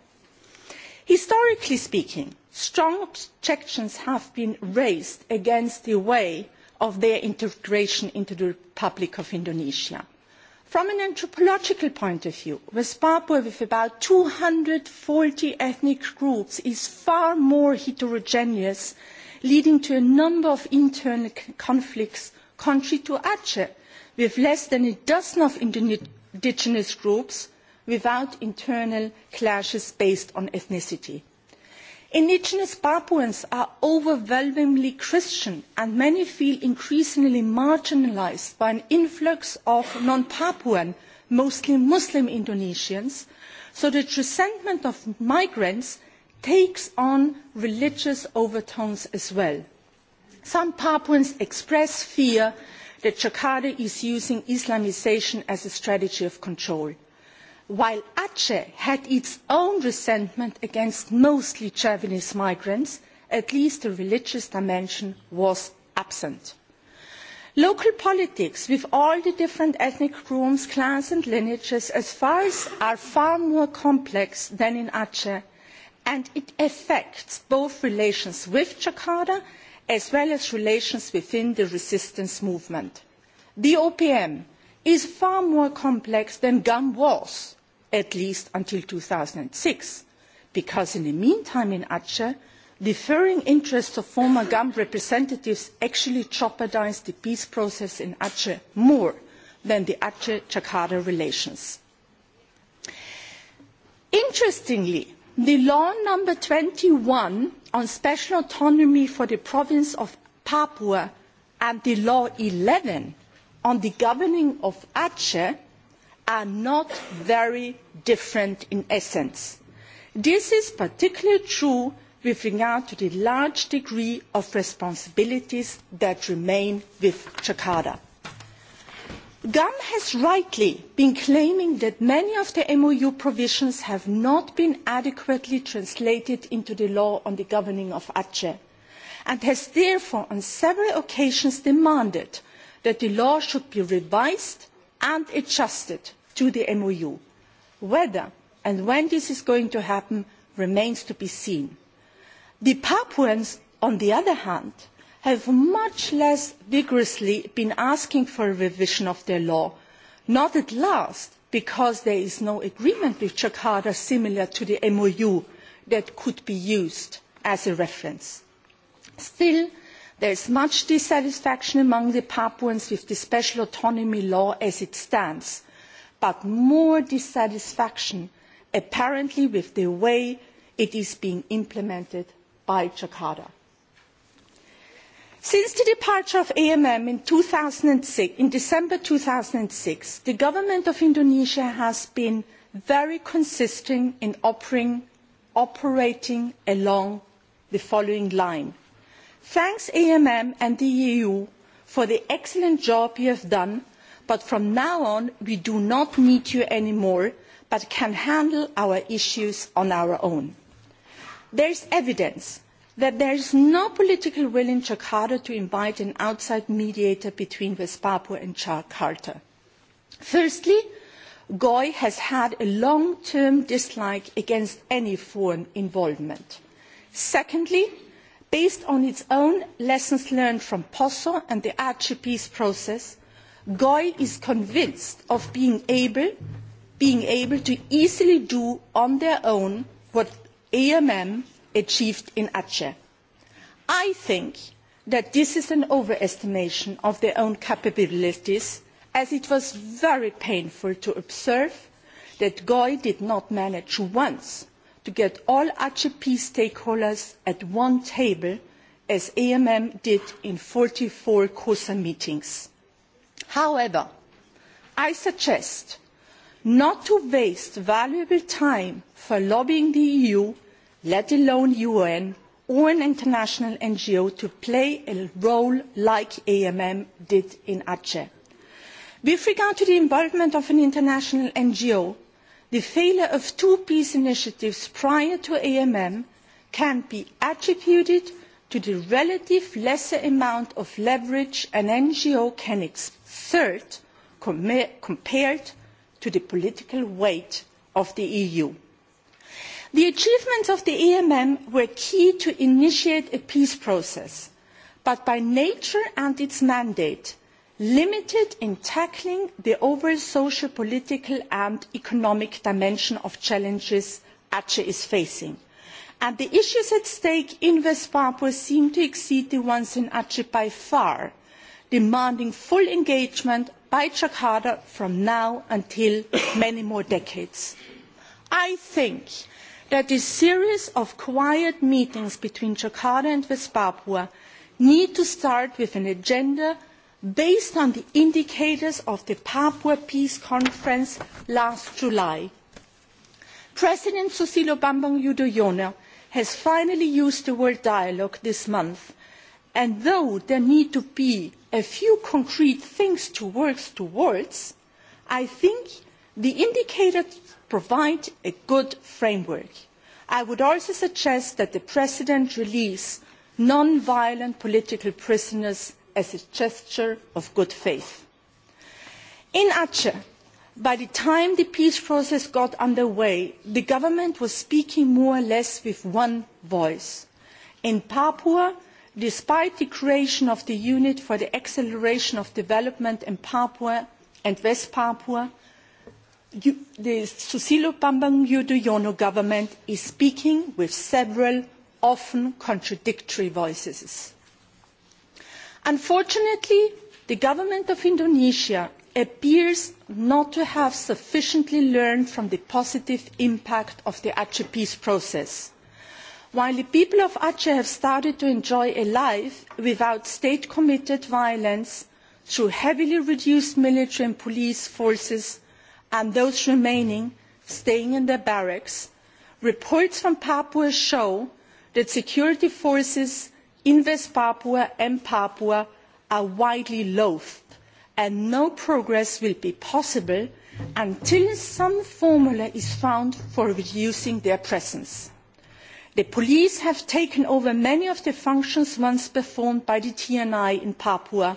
[SPEAKER 12] Historically speaking, strong objections have been raised against the way of their integration into the Republic of Indonesia. From an anthropological point of view, West Papua with about 240 ethnic groups is far more heterogeneous, leading to a number of internal conflicts contrary to Aceh, with less than a dozen of indigenous groups without internal clashes based on ethnicity. Indigenous Papuans are overwhelmingly Christian and many feel increasingly marginalised by an influx of non-Papuan, mostly Muslim Indonesians, so the resentment of migrants takes on religious overtones as well. Some Papuans express fear that Jakarta is using Islamisation as a strategy of control while aceh had its own resentment against mostly Javanese migrants, at least the religious dimension was absent. Local politics with all the different ethnic groups, clans and lineages as far as are far more complex than in Aceh and it affects both relations with Jakarta as well as relations within the resistance movement. The OPM is far more complex than GUM was at least until 2006, because in the meantime in Aceh, deferring interests of former GAM representatives actually jeopardized the peace process in Aceh more than the Aceh-Jakarta relations. Interestingly, the law number 21 on special autonomy for the province of Papua and the law 11 on the governing of Aceh are not very different in essence. This is particularly true with regard to the large degree of responsibilities that remain with Jakarta. GUM has rightly been claiming that many of the MOU provisions have not been adequately translated into the law on the governing of Aceh and has therefore on several occasions demanded that the law should be revised and adjusted to the MOU. Whether and when this is going to happen remains to be seen. The Papuans, on the other hand, have much less vigorously been asking for a revision of their law, not at last because there is no agreement with Jakarta similar to the MOU that could be used as a reference. Still, there is much dissatisfaction among the Papuans with the special autonomy law as it stands, but more dissatisfaction apparently with the way it is being implemented by Jakarta. Since the departure of AMM in, 2006, in December 2006, the government of Indonesia has been very consistent in operating, operating along the following line. Thanks AMM and the EU for the excellent job you have done but from now on we do not need you anymore but can handle our issues on our own. There is evidence that there is no political will in Jakarta to invite an outside mediator between West Papua and Jakarta. Firstly, Goy has had a long-term dislike against any foreign involvement. Secondly, based on its own lessons learned from POSO and the RGP's process, GOI is convinced of being able, being able to easily do on their own what AMM achieved in Aceh. I think that this is an overestimation of their own capabilities as it was very painful to observe that GOI did not manage once to get all HGP stakeholders at one table as AMM did in 44 COSA meetings however i suggest not to waste valuable time for lobbying the eu let alone un or an international ngo to play a role like amm did in aceh. with regard to the involvement of an international ngo the failure of two peace initiatives prior to amm can be attributed to the relative lesser amount of leverage an ngo can exert. Third, compared to the political weight of the EU. The achievements of the EMM were key to initiate a peace process, but by nature and its mandate, limited in tackling the overall social, political and economic dimension of challenges Aceh is facing. And the issues at stake in West Papua seem to exceed the ones in Aceh by far, demanding full engagement by jakarta from now until many more decades. i think that this series of quiet meetings between jakarta and west papua need to start with an agenda based on the indicators of the papua peace conference last july. president susilo bambang yudhoyono has finally used the word dialogue this month and though there need to be a few concrete things to work towards, I think the indicators provide a good framework. I would also suggest that the President release non-violent political prisoners as a gesture of good faith. In Aceh, by the time the peace process got underway, the government was speaking more or less with one voice. In Papua, despite the creation of the unit for the acceleration of development in papua and west papua the susilo bambang yudhoyono government is speaking with several often contradictory voices. unfortunately the government of indonesia appears not to have sufficiently learned from the positive impact of the aceh peace process While the people of Aceh have started to enjoy a life without state-committed violence through heavily reduced military and police forces and those remaining staying in their barracks, reports from Papua show that security forces in West Papua and Papua are widely loathed and no progress will be possible until some formula is found for reducing their presence the police have taken over many of the functions once performed by the tni in papua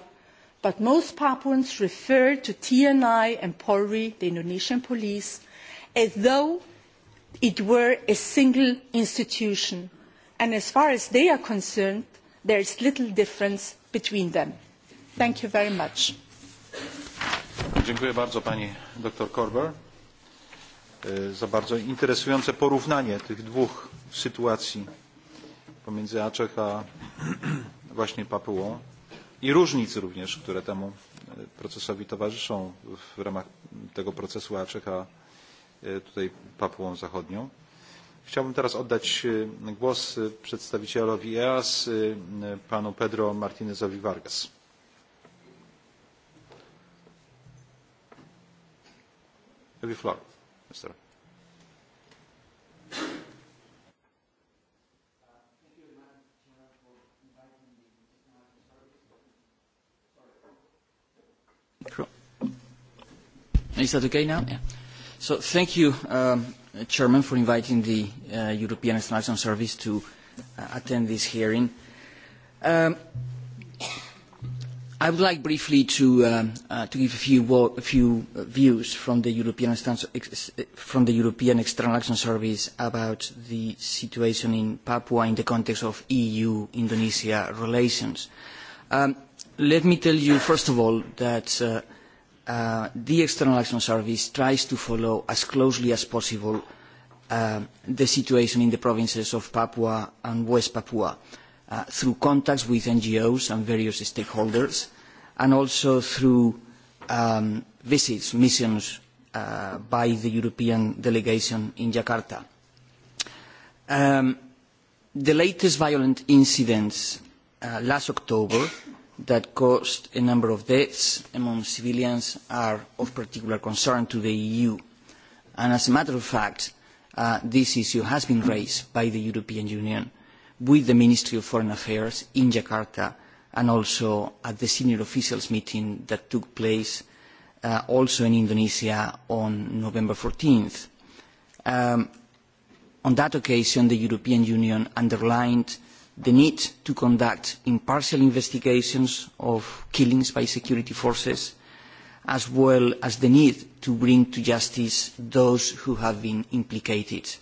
[SPEAKER 12] but most papuans refer to tni and polri the indonesian police as though it were a single institution and as far as they are concerned there is little difference between them. thank you very much.
[SPEAKER 1] dziękuję bardzo pani dr korber za bardzo interesujące porównanie tych dwóch sytuacji pomiędzy ACEH a *clears throat* właśnie papuą i różnic również, które temu procesowi towarzyszą w ramach tego procesu ACEH a tutaj papuą Zachodnią. Chciałbym teraz oddać głos przedstawicielowi EAS, panu Pedro Martinezowi vargasowi.
[SPEAKER 13] micro. Is that okay now? Yeah. So thank you, um, Chairman, for inviting the uh, European External Service to uh, attend this hearing. Um, I would like briefly to, um, uh, to give a few, a few uh, views from the, European, from the European External Action Service about the situation in Papua in the context of EU-Indonesia relations. Um, let me tell you, first of all, that uh, uh, the External Action Service tries to follow as closely as possible uh, the situation in the provinces of Papua and West Papua uh, through contacts with NGOs and various stakeholders, and also through um, visits, missions uh, by the European delegation in Jakarta. Um, the latest violent incidents uh, last October that caused a number of deaths among civilians are of particular concern to the EU. And as a matter of fact, uh, this issue has been raised by the European Union with the Ministry of Foreign Affairs in Jakarta and also at the senior officials meeting that took place uh, also in Indonesia on November 14th. Um, on that occasion, the European Union underlined the need to conduct impartial investigations of killings by security forces, as well as the need to bring to justice those who have been implicated.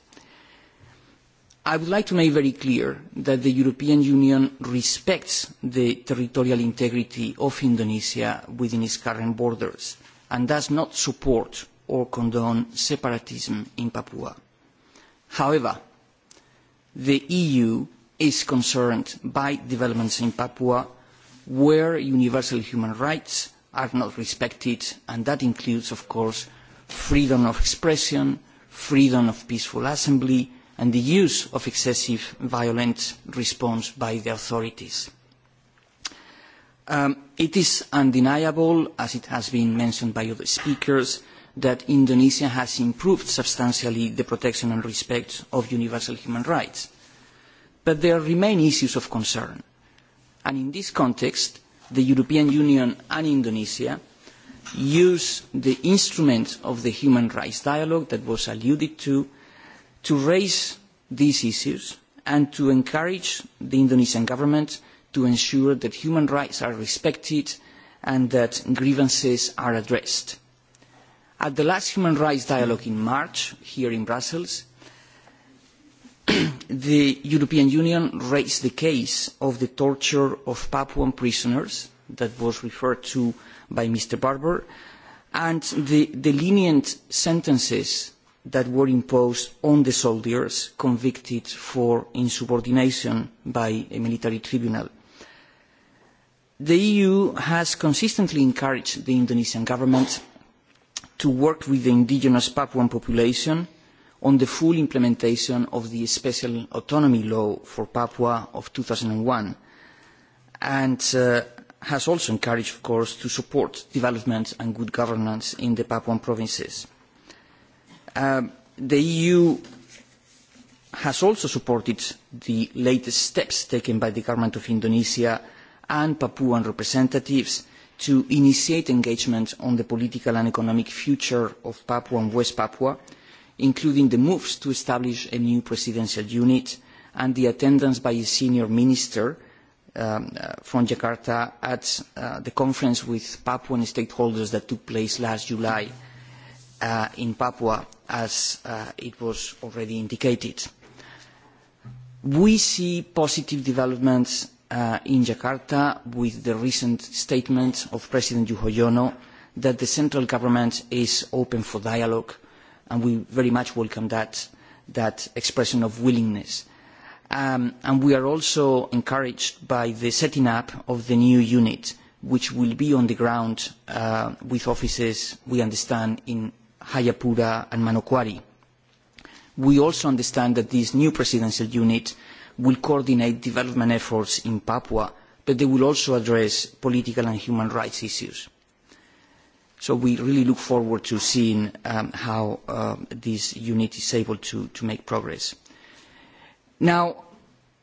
[SPEAKER 13] I would like to make very clear that the European Union respects the territorial integrity of Indonesia within its current borders and does not support or condone separatism in Papua. However, the EU is concerned by developments in Papua where universal human rights are not respected, and that includes, of course, freedom of expression, freedom of peaceful assembly, and the use of excessive violent response by the authorities. Um, it is undeniable, as it has been mentioned by other speakers, that Indonesia has improved substantially the protection and respect of universal human rights but there remain issues of concern. And in this context, the European Union and Indonesia use the instrument of the human rights dialogue that was alluded to to raise these issues and to encourage the Indonesian government to ensure that human rights are respected and that grievances are addressed. At the last human rights dialogue in March, here in Brussels, *clears throat* the European Union raised the case of the torture of Papuan prisoners that was referred to by Mr. Barber and the, the lenient sentences that were imposed on the soldiers convicted for insubordination by a military tribunal. The EU has consistently encouraged the Indonesian government to work with the indigenous Papuan population on the full implementation of the Special Autonomy Law for Papua of 2001 and uh, has also encouraged, of course, to support development and good governance in the Papuan provinces. Uh, the EU has also supported the latest steps taken by the government of Indonesia and Papuan representatives to initiate engagement on the political and economic future of Papua and West Papua, including the moves to establish a new presidential unit and the attendance by a senior minister um, uh, from Jakarta at uh, the conference with Papuan stakeholders that took place last July uh, in Papua, as uh, it was already indicated. We see positive developments uh, in Jakarta with the recent statement of President Yuhoyono that the central government is open for dialogue and we very much welcome that, that expression of willingness. Um, and we are also encouraged by the setting up of the new unit, which will be on the ground uh, with offices, we understand, in Hayapura and Manokwari. We also understand that this new presidential unit will coordinate development efforts in Papua, but they will also address political and human rights issues. So we really look forward to seeing um, how uh, this unit is able to, to make progress. Now,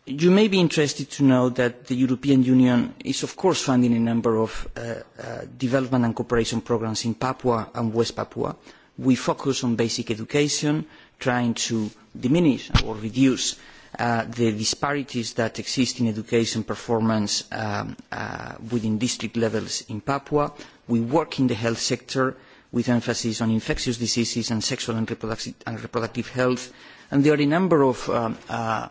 [SPEAKER 13] you may be interested to know that the European Union is of course funding a number of uh, uh, development and cooperation programs in Papua and West Papua. We focus on basic education, trying to diminish or reduce Uh, the disparities that exist in education performance um, uh, within district levels in Papua. We work in the health sector with emphasis on infectious diseases and sexual and, reproducti and reproductive health. And there are a number of um, uh,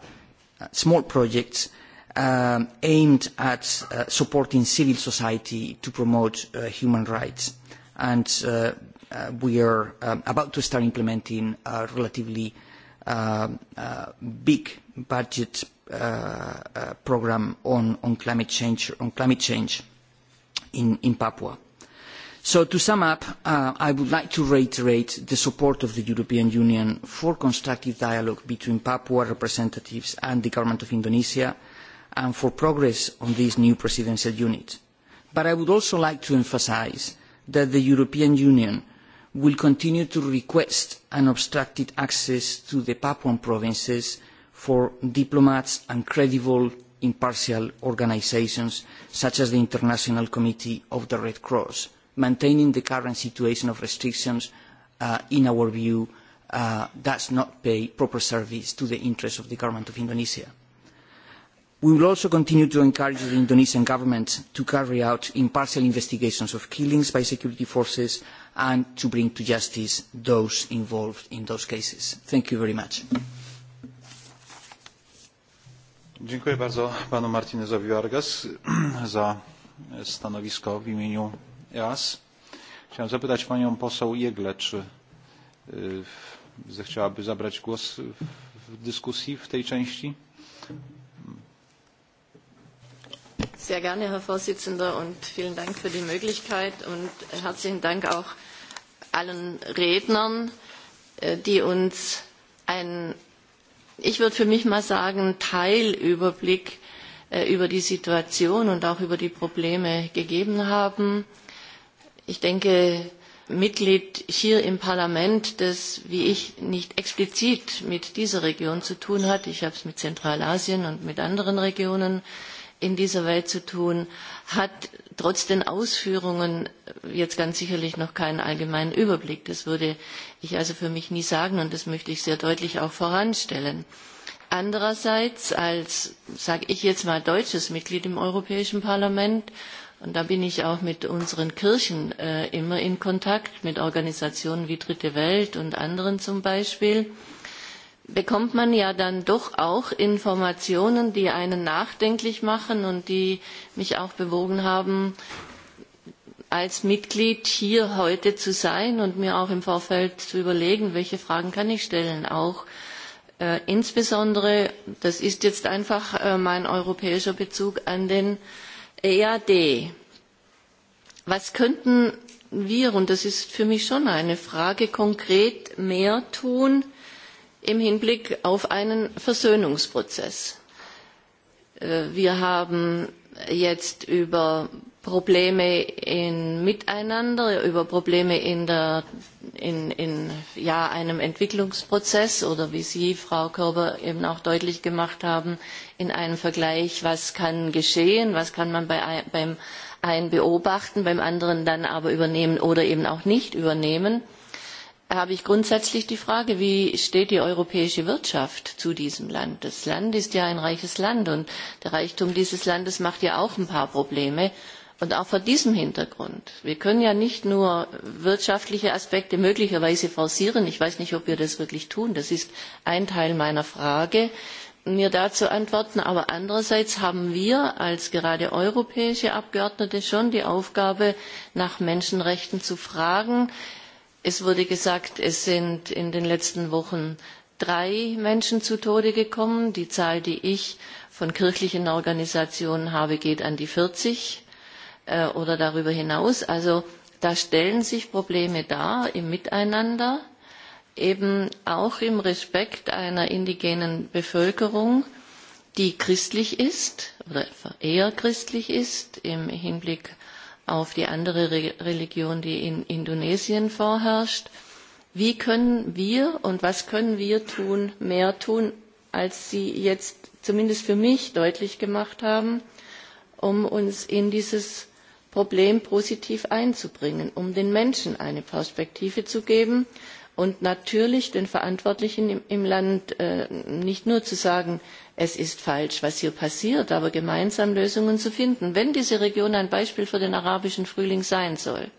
[SPEAKER 13] small projects um, aimed at uh, supporting civil society to promote uh, human rights. And we are um, about to start implementing relatively Uh, uh, big budget uh, uh, program on, on climate change, on climate change in, in Papua. So to sum up, uh, I would like to reiterate the support of the European Union for constructive dialogue between Papua representatives and the government of Indonesia and for progress on this new presidential unit. But I would also like to emphasise that the European Union will continue to request unobstructed access to the Papuan provinces for diplomats and credible impartial organisations such as the International Committee of the Red Cross, maintaining the current situation of restrictions, uh, in our view, uh, does not pay proper service to the interests of the government of Indonesia. We will also continue to encourage the Indonesian government to carry out impartial investigations of killings by security forces and to bring to justice those involved in those cases. Thank you very much.
[SPEAKER 1] Dziękuję bardzo panu Martinezowi Vargas za stanowisko w imieniu EAS. Chciałem zapytać panią poseł Jegle, czy zechciałaby zabrać głos w dyskusji w tej części?
[SPEAKER 14] Sehr gerne, Herr Vorsitzender, und vielen Dank für die Möglichkeit und herzlichen Dank auch allen Rednern, äh, die uns einen, ich würde für mich mal sagen, Teilüberblick äh, über die Situation und auch über die Probleme gegeben haben. Ich denke, Mitglied hier im Parlament, das, wie ich, nicht explizit mit dieser Region zu tun hat, ich habe es mit Zentralasien und mit anderen Regionen äh, in dieser Welt zu tun, hat trotz den Ausführungen jetzt ganz sicherlich noch keinen allgemeinen Überblick. Das würde ich also für mich nie sagen und das möchte ich sehr deutlich auch voranstellen. Andererseits als, sage ich jetzt mal, deutsches Mitglied im Europäischen Parlament, und da bin ich auch mit unseren Kirchen äh, immer in Kontakt, mit Organisationen wie Dritte Welt und anderen zum Beispiel, äh, bekommt man ja dann doch auch Informationen, die einen nachdenklich machen und die mich auch bewogen haben, als Mitglied hier heute zu sein und mir auch im Vorfeld zu überlegen, welche Fragen kann ich stellen. Auch äh, insbesondere, das ist jetzt einfach äh, mein europäischer Bezug an den EAD. Was könnten wir, und das ist für mich schon eine Frage, konkret mehr tun, im Hinblick auf einen Versöhnungsprozess. Äh, wir haben jetzt über Probleme im Miteinander, über Probleme in, der, in, in ja, einem Entwicklungsprozess oder wie Sie, Frau Körber, eben auch deutlich gemacht haben, in einem Vergleich, was kann geschehen, was kann man bei, beim einen beobachten, beim anderen dann aber übernehmen oder eben auch nicht übernehmen. Da habe ich grundsätzlich die Frage, wie steht die europäische Wirtschaft zu diesem Land? Das Land ist ja ein reiches Land und der Reichtum dieses Landes macht ja auch ein paar Probleme. Und auch vor diesem Hintergrund. Wir können ja nicht nur wirtschaftliche Aspekte möglicherweise forcieren. Ich weiß nicht, ob wir das wirklich tun. Das ist ein Teil meiner Frage, mir dazu antworten. Aber andererseits haben wir als gerade europäische Abgeordnete schon die Aufgabe, nach Menschenrechten zu fragen Es wurde gesagt, es sind in den letzten Wochen drei Menschen zu Tode gekommen. Die Zahl, die ich von kirchlichen Organisationen habe, geht an die 40 äh, oder darüber hinaus. Also da stellen sich Probleme dar im Miteinander, eben auch im Respekt einer indigenen Bevölkerung, die christlich ist oder eher christlich ist im Hinblick auf die andere Re Religion, die in Indonesien vorherrscht. Wie können wir und was können wir tun, mehr tun, als Sie jetzt zumindest für mich deutlich gemacht haben, um uns in dieses Problem positiv einzubringen, um den Menschen eine Perspektive zu geben, und natürlich den Verantwortlichen im, Land äh, nicht nur zu sagen, es ist falsch, was hier passiert, aber gemeinsam Lösungen zu finden. Wenn diese Region ein Beispiel für den arabischen Frühling sein soll,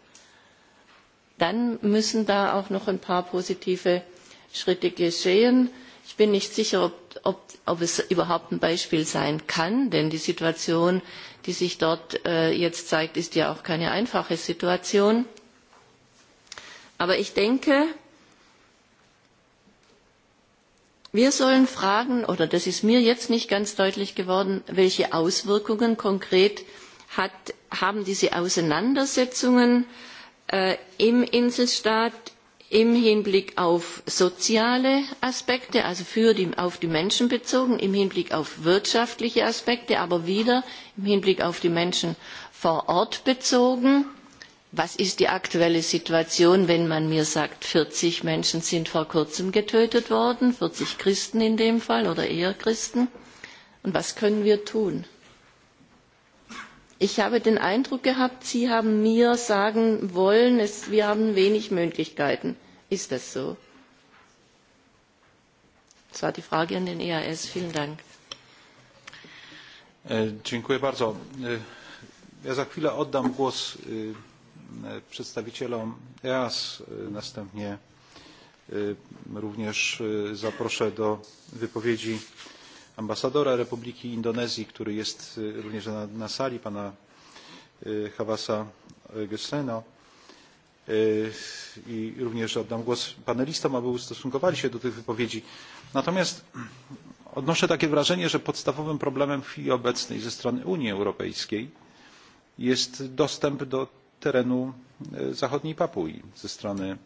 [SPEAKER 14] dann müssen da auch noch ein paar positive Schritte geschehen. Ich bin nicht sicher, ob, es überhaupt ein Beispiel sein kann, denn die Situation, die sich dort äh, jetzt zeigt, ist ja auch keine einfache Situation. Aber ich denke, wir sollen fragen oder das ist mir jetzt nicht ganz deutlich geworden welche auswirkungen konkret hat, haben diese auseinandersetzungen äh, im inselstaat im hinblick auf soziale aspekte also für die, auf die menschen bezogen im hinblick auf wirtschaftliche aspekte aber wieder im hinblick auf die menschen vor ort bezogen was ist die aktuelle Situation, wenn man mir sagt, 40 Menschen sind vor kurzem getötet worden, 40 Christen in dem Fall oder eher Christen? Und was können wir tun? Ich habe den Eindruck gehabt, Sie haben mir sagen wollen, es, wir haben wenig Möglichkeiten. Ist das so? Das war die Frage an den EAS. Vielen Dank.
[SPEAKER 1] Äh, dziękuję bardzo. Ja za chwilę oddam głos przedstawicielom EAS. Następnie również zaproszę do wypowiedzi ambasadora Republiki Indonezji, który jest również na, na sali, pana Hawasa Gesseno i również oddam głos panelistom, aby ustosunkowali się do tych wypowiedzi. Natomiast mm, odnoszę takie wrażenie, że podstawowym problemem w chwili obecnej ze strony Unii Europejskiej jest dostęp do terenu zachodniej Papui ze strony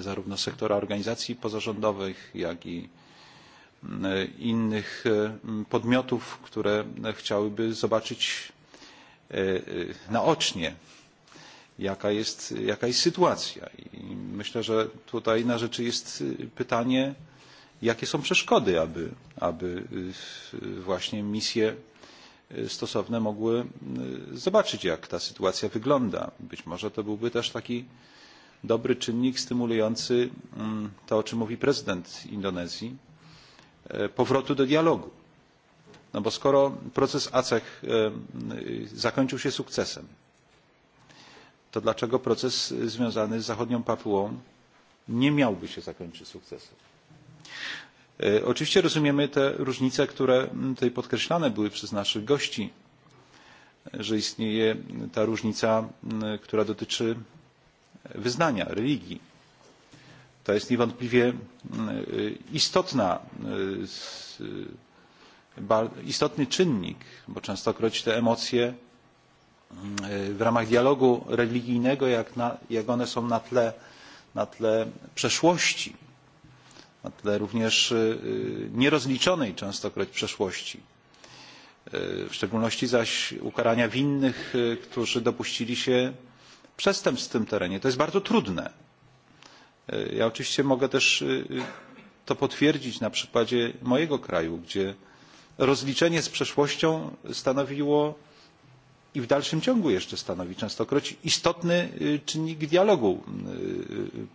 [SPEAKER 1] zarówno sektora organizacji pozarządowych, jak i innych podmiotów, które chciałyby zobaczyć naocznie, jaka jest, jaka jest sytuacja. I myślę, że tutaj na rzeczy jest pytanie, jakie są przeszkody, aby, aby właśnie misje stosowne mogły zobaczyć jak ta sytuacja wygląda. być może to byłby też taki dobry czynnik stymulujący mm, to o czym mówi prezydent indonezji powrotu do dialogu. No bo skoro proces aceh zakończył się sukcesem to dlaczego proces związany z zachodnią papułą nie miałby się zakończyć sukcesem? Oczywiście rozumiemy te różnice, które mm, tutaj podkreślane były przez naszych gości, że istnieje ta różnica, mm, która dotyczy wyznania, religii. To jest niewątpliwie mm, istotny czynnik, bo częstokroć te emocje w ramach dialogu religijnego, jak, one są na tle przeszłości, na tle również nierozliczonej częstokroć przeszłości w szczególności zaś ukarania winnych którzy dopuścili się przestępstw w tym terenie. to jest bardzo trudne. ja oczywiście mogę też to potwierdzić na przykładzie mojego kraju gdzie rozliczenie z przeszłością stanowiło i w dalszym ciągu jeszcze stanowi częstokroć istotny czynnik dialogu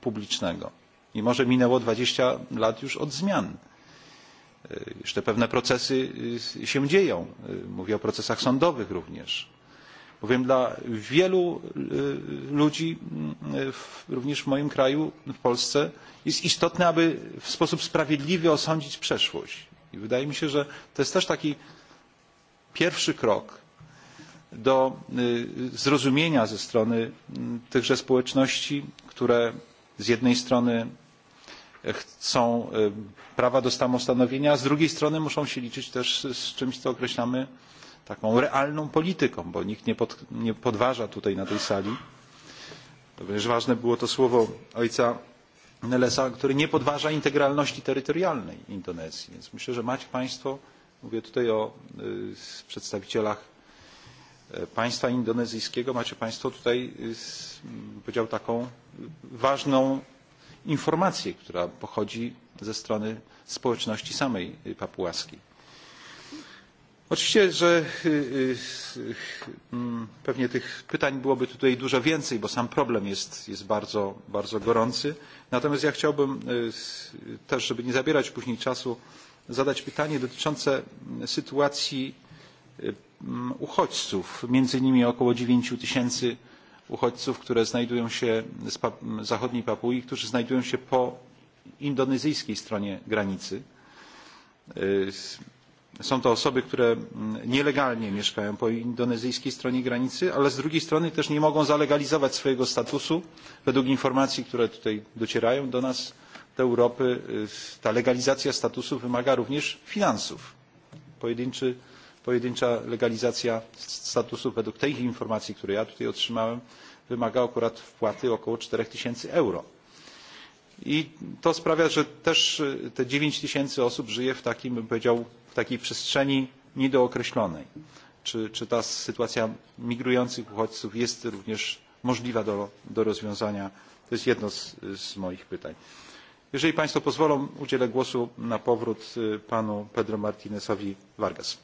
[SPEAKER 1] publicznego I może minęło 20 lat już od zmian. Jeszcze pewne procesy się dzieją. Mówię o procesach sądowych również. Bowiem dla wielu ludzi, mm, również w moim kraju, w Polsce, jest istotne, aby w sposób sprawiedliwy osądzić przeszłość. I wydaje mi się, że to jest też taki pierwszy krok do zrozumienia ze strony tychże społeczności, które z jednej strony chcą prawa do samostanowienia a z drugiej strony muszą się liczyć też z czymś co określamy taką realną polityką bo nikt nie, podważa tutaj na tej sali również ważne było to słowo ojca Nelesa, który nie podważa integralności terytorialnej Indonezji. Więc myślę, że macie Państwo, mówię tutaj o przedstawicielach państwa indonezyjskiego, macie Państwo tutaj, powiedziałbym taką ważną informację, która pochodzi ze strony społeczności samej papułaskiej. Oczywiście, że mm, pewnie tych pytań byłoby tutaj dużo więcej, bo sam problem jest, jest bardzo, bardzo gorący. Natomiast ja chciałbym też, żeby nie zabierać później czasu, zadać pytanie dotyczące sytuacji uchodźców, między innymi około 9 tysięcy 000 uchodźców, które znajdują się z zachodniej Papui, którzy znajdują się po indonezyjskiej stronie granicy. Są to osoby, które nielegalnie mieszkają po indonezyjskiej stronie granicy, ale z drugiej strony też nie mogą zalegalizować swojego statusu. Według informacji, które tutaj docierają do nas, do Europy, ta legalizacja statusu wymaga również finansów. Pojedynczy pojedyncza legalizacja statusu według tej informacji którą ja tutaj otrzymałem wymaga akurat wpłaty około cztery tysięcy euro i to sprawia że też te dziewięć tysięcy osób żyje w takim bym powiedział w takiej przestrzeni niedookreślonej czy, czy ta sytuacja migrujących uchodźców jest również możliwa do, do rozwiązania to jest jedno z, z moich pytań. jeżeli państwo pozwolą udzielę głosu na powrót panu pedro martinezowi vargasowi.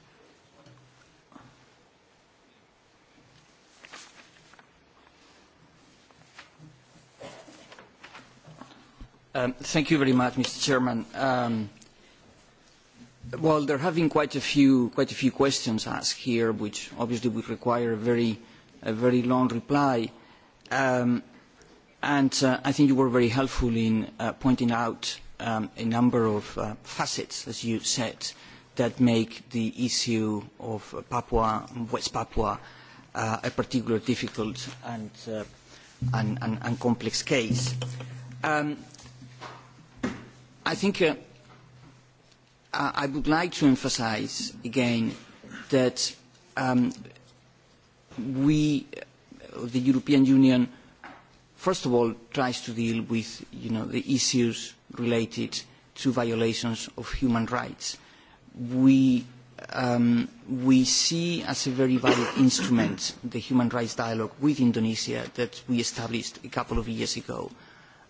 [SPEAKER 13] Um, thank you very much, Mr. Chairman. Um, well, there have been quite a few quite a few questions asked here, which obviously would require a very a very long reply. Um, and uh, I think you were very helpful in uh, pointing out um, a number of uh, facets, as you said, that make the issue of Papua, West Papua, uh, a particular difficult and, uh, and, and, and complex case. Um, I think uh, I would like to emphasize again that um, we, uh, the European Union, first of all, tries to deal with you know, the issues related to violations of human rights. We, um, we see as a very valid instrument the human rights dialogue with Indonesia that we established a couple of years ago,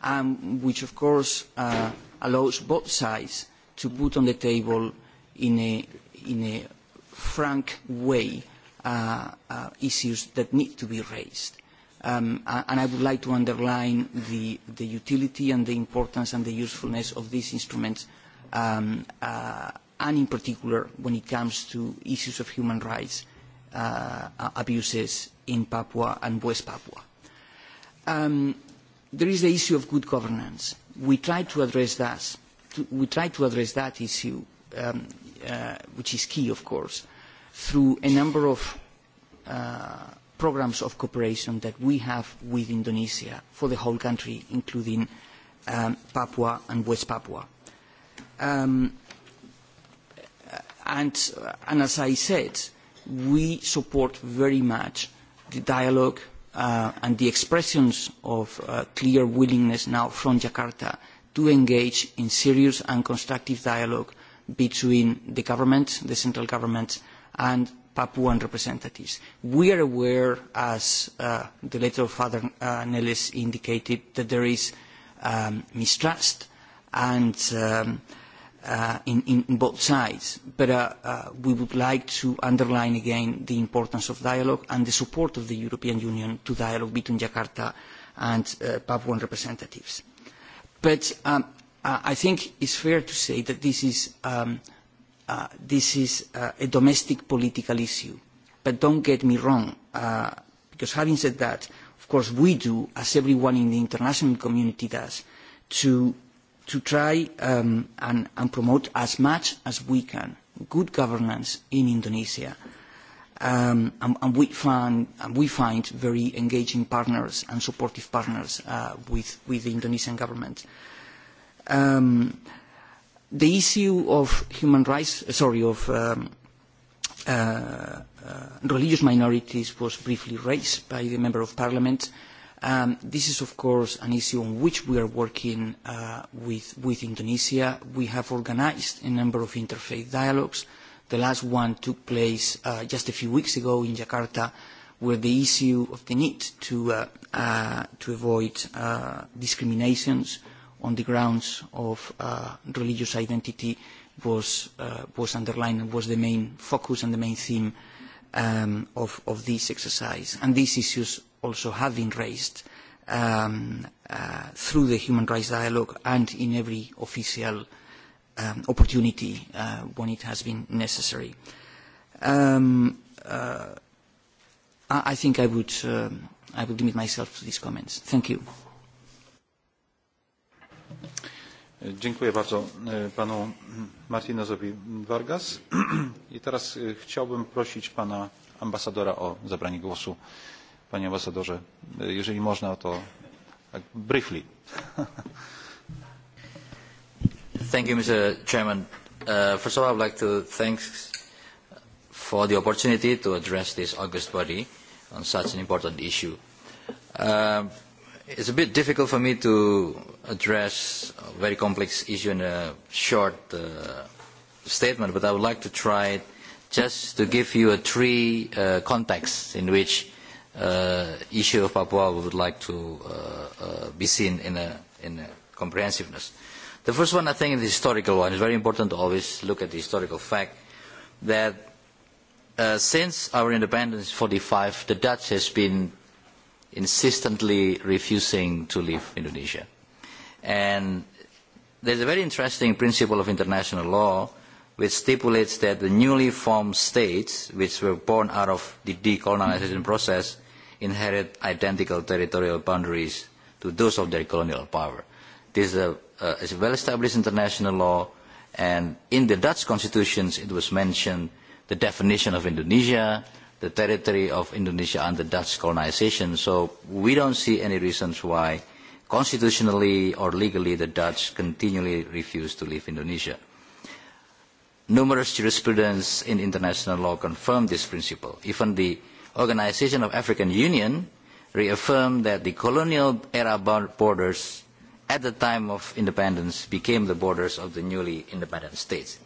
[SPEAKER 13] um, which of course uh, allows both sides to put on the table in a, in a frank way uh, uh, issues that need to be raised. Um, and I would like to underline the, the, utility and the importance and the usefulness of these instruments, um, uh, and in particular when it comes to issues of human rights uh, abuses in Papua and West Papua. Um, there is the issue of good governance we try to address that. To, we try to address that issue, um, uh, which is key, of course, through a number of uh, programs of cooperation that we have with Indonesia for the whole country, including um, Papua and West Papua. Um, uh, and, uh, and as I said, we support very much the dialogue uh, and the expressions of uh, clear willingness now from Jakarta to engage in serious and constructive dialogue between the government, the central government, and Papuan representatives. We are aware, as uh, the letter of Father uh, Nellis indicated, that there is um, mistrust and um, uh, in, in both sides. But uh, uh, we would like to underline again the importance of dialogue and the support of the European Union to dialogue between Jakarta and uh, Papuan representatives. But um, I think it's fair to say that this is, um, uh, this is uh, a domestic political issue. But don't get me wrong, uh, because having said that, of course we do, as everyone in the international community does, to to try um, and, and, promote as much as we can good governance in Indonesia. Um, and, and, we find, and, we find, very engaging partners and supportive partners uh, with, with, the Indonesian government. Um, the issue of human rights, uh, sorry, of um, uh, uh, religious minorities was briefly raised by the Member of Parliament. Uh, Um, this is, of course, an issue on which we are working uh, with, with Indonesia. We have organized a number of interfaith dialogues. The last one took place uh, just a few weeks ago in Jakarta, where the issue of the need to, uh, uh, to avoid uh, discriminations on the grounds of uh, religious identity was, uh, was underlined and was the main focus and the main theme um, of, of this exercise. And these issues also have been raised um, uh, through the human rights dialogue and in every official um, opportunity uh, when it has been necessary. Um, uh, I, I think I would, um, I would limit myself to these comments. Thank you.
[SPEAKER 1] Dziękuję bardzo panu Martinezowi Vargas. *clears throat* I teraz chciałbym prosić pana ambasadora o zabranie głosu panie ambasadorze jeżeli można to tak briefly. thank you mr chairman uh, first of all i like
[SPEAKER 15] to thank for the opportunity to address this august body on such an important issue uh, it's a bit difficult for me to address a very complex issue in a short uh, statement but i would like to try just to give you a three uh, contexts in which uh, issue of Papua we would like to uh, uh, be seen in a, in a comprehensiveness. The first one, I think, is the historical one. It's very important to always look at the historical fact that uh, since our independence in 45, the Dutch has been insistently refusing to leave Indonesia. And there's a very interesting principle of international law which stipulates that the newly formed states, which were born out of the decolonization process, inherit identical territorial boundaries to those of their colonial power. This is a, uh, is a well-established international law, and in the Dutch constitutions it was mentioned the definition of Indonesia, the territory of Indonesia under Dutch colonization, so we don't see any reasons why constitutionally or legally the Dutch continually refuse to leave Indonesia. Numerous jurisprudence in international law confirm this principle. Even the Organization of African Union reaffirmed that the colonial era borders at the time of independence became the borders of the newly independent states.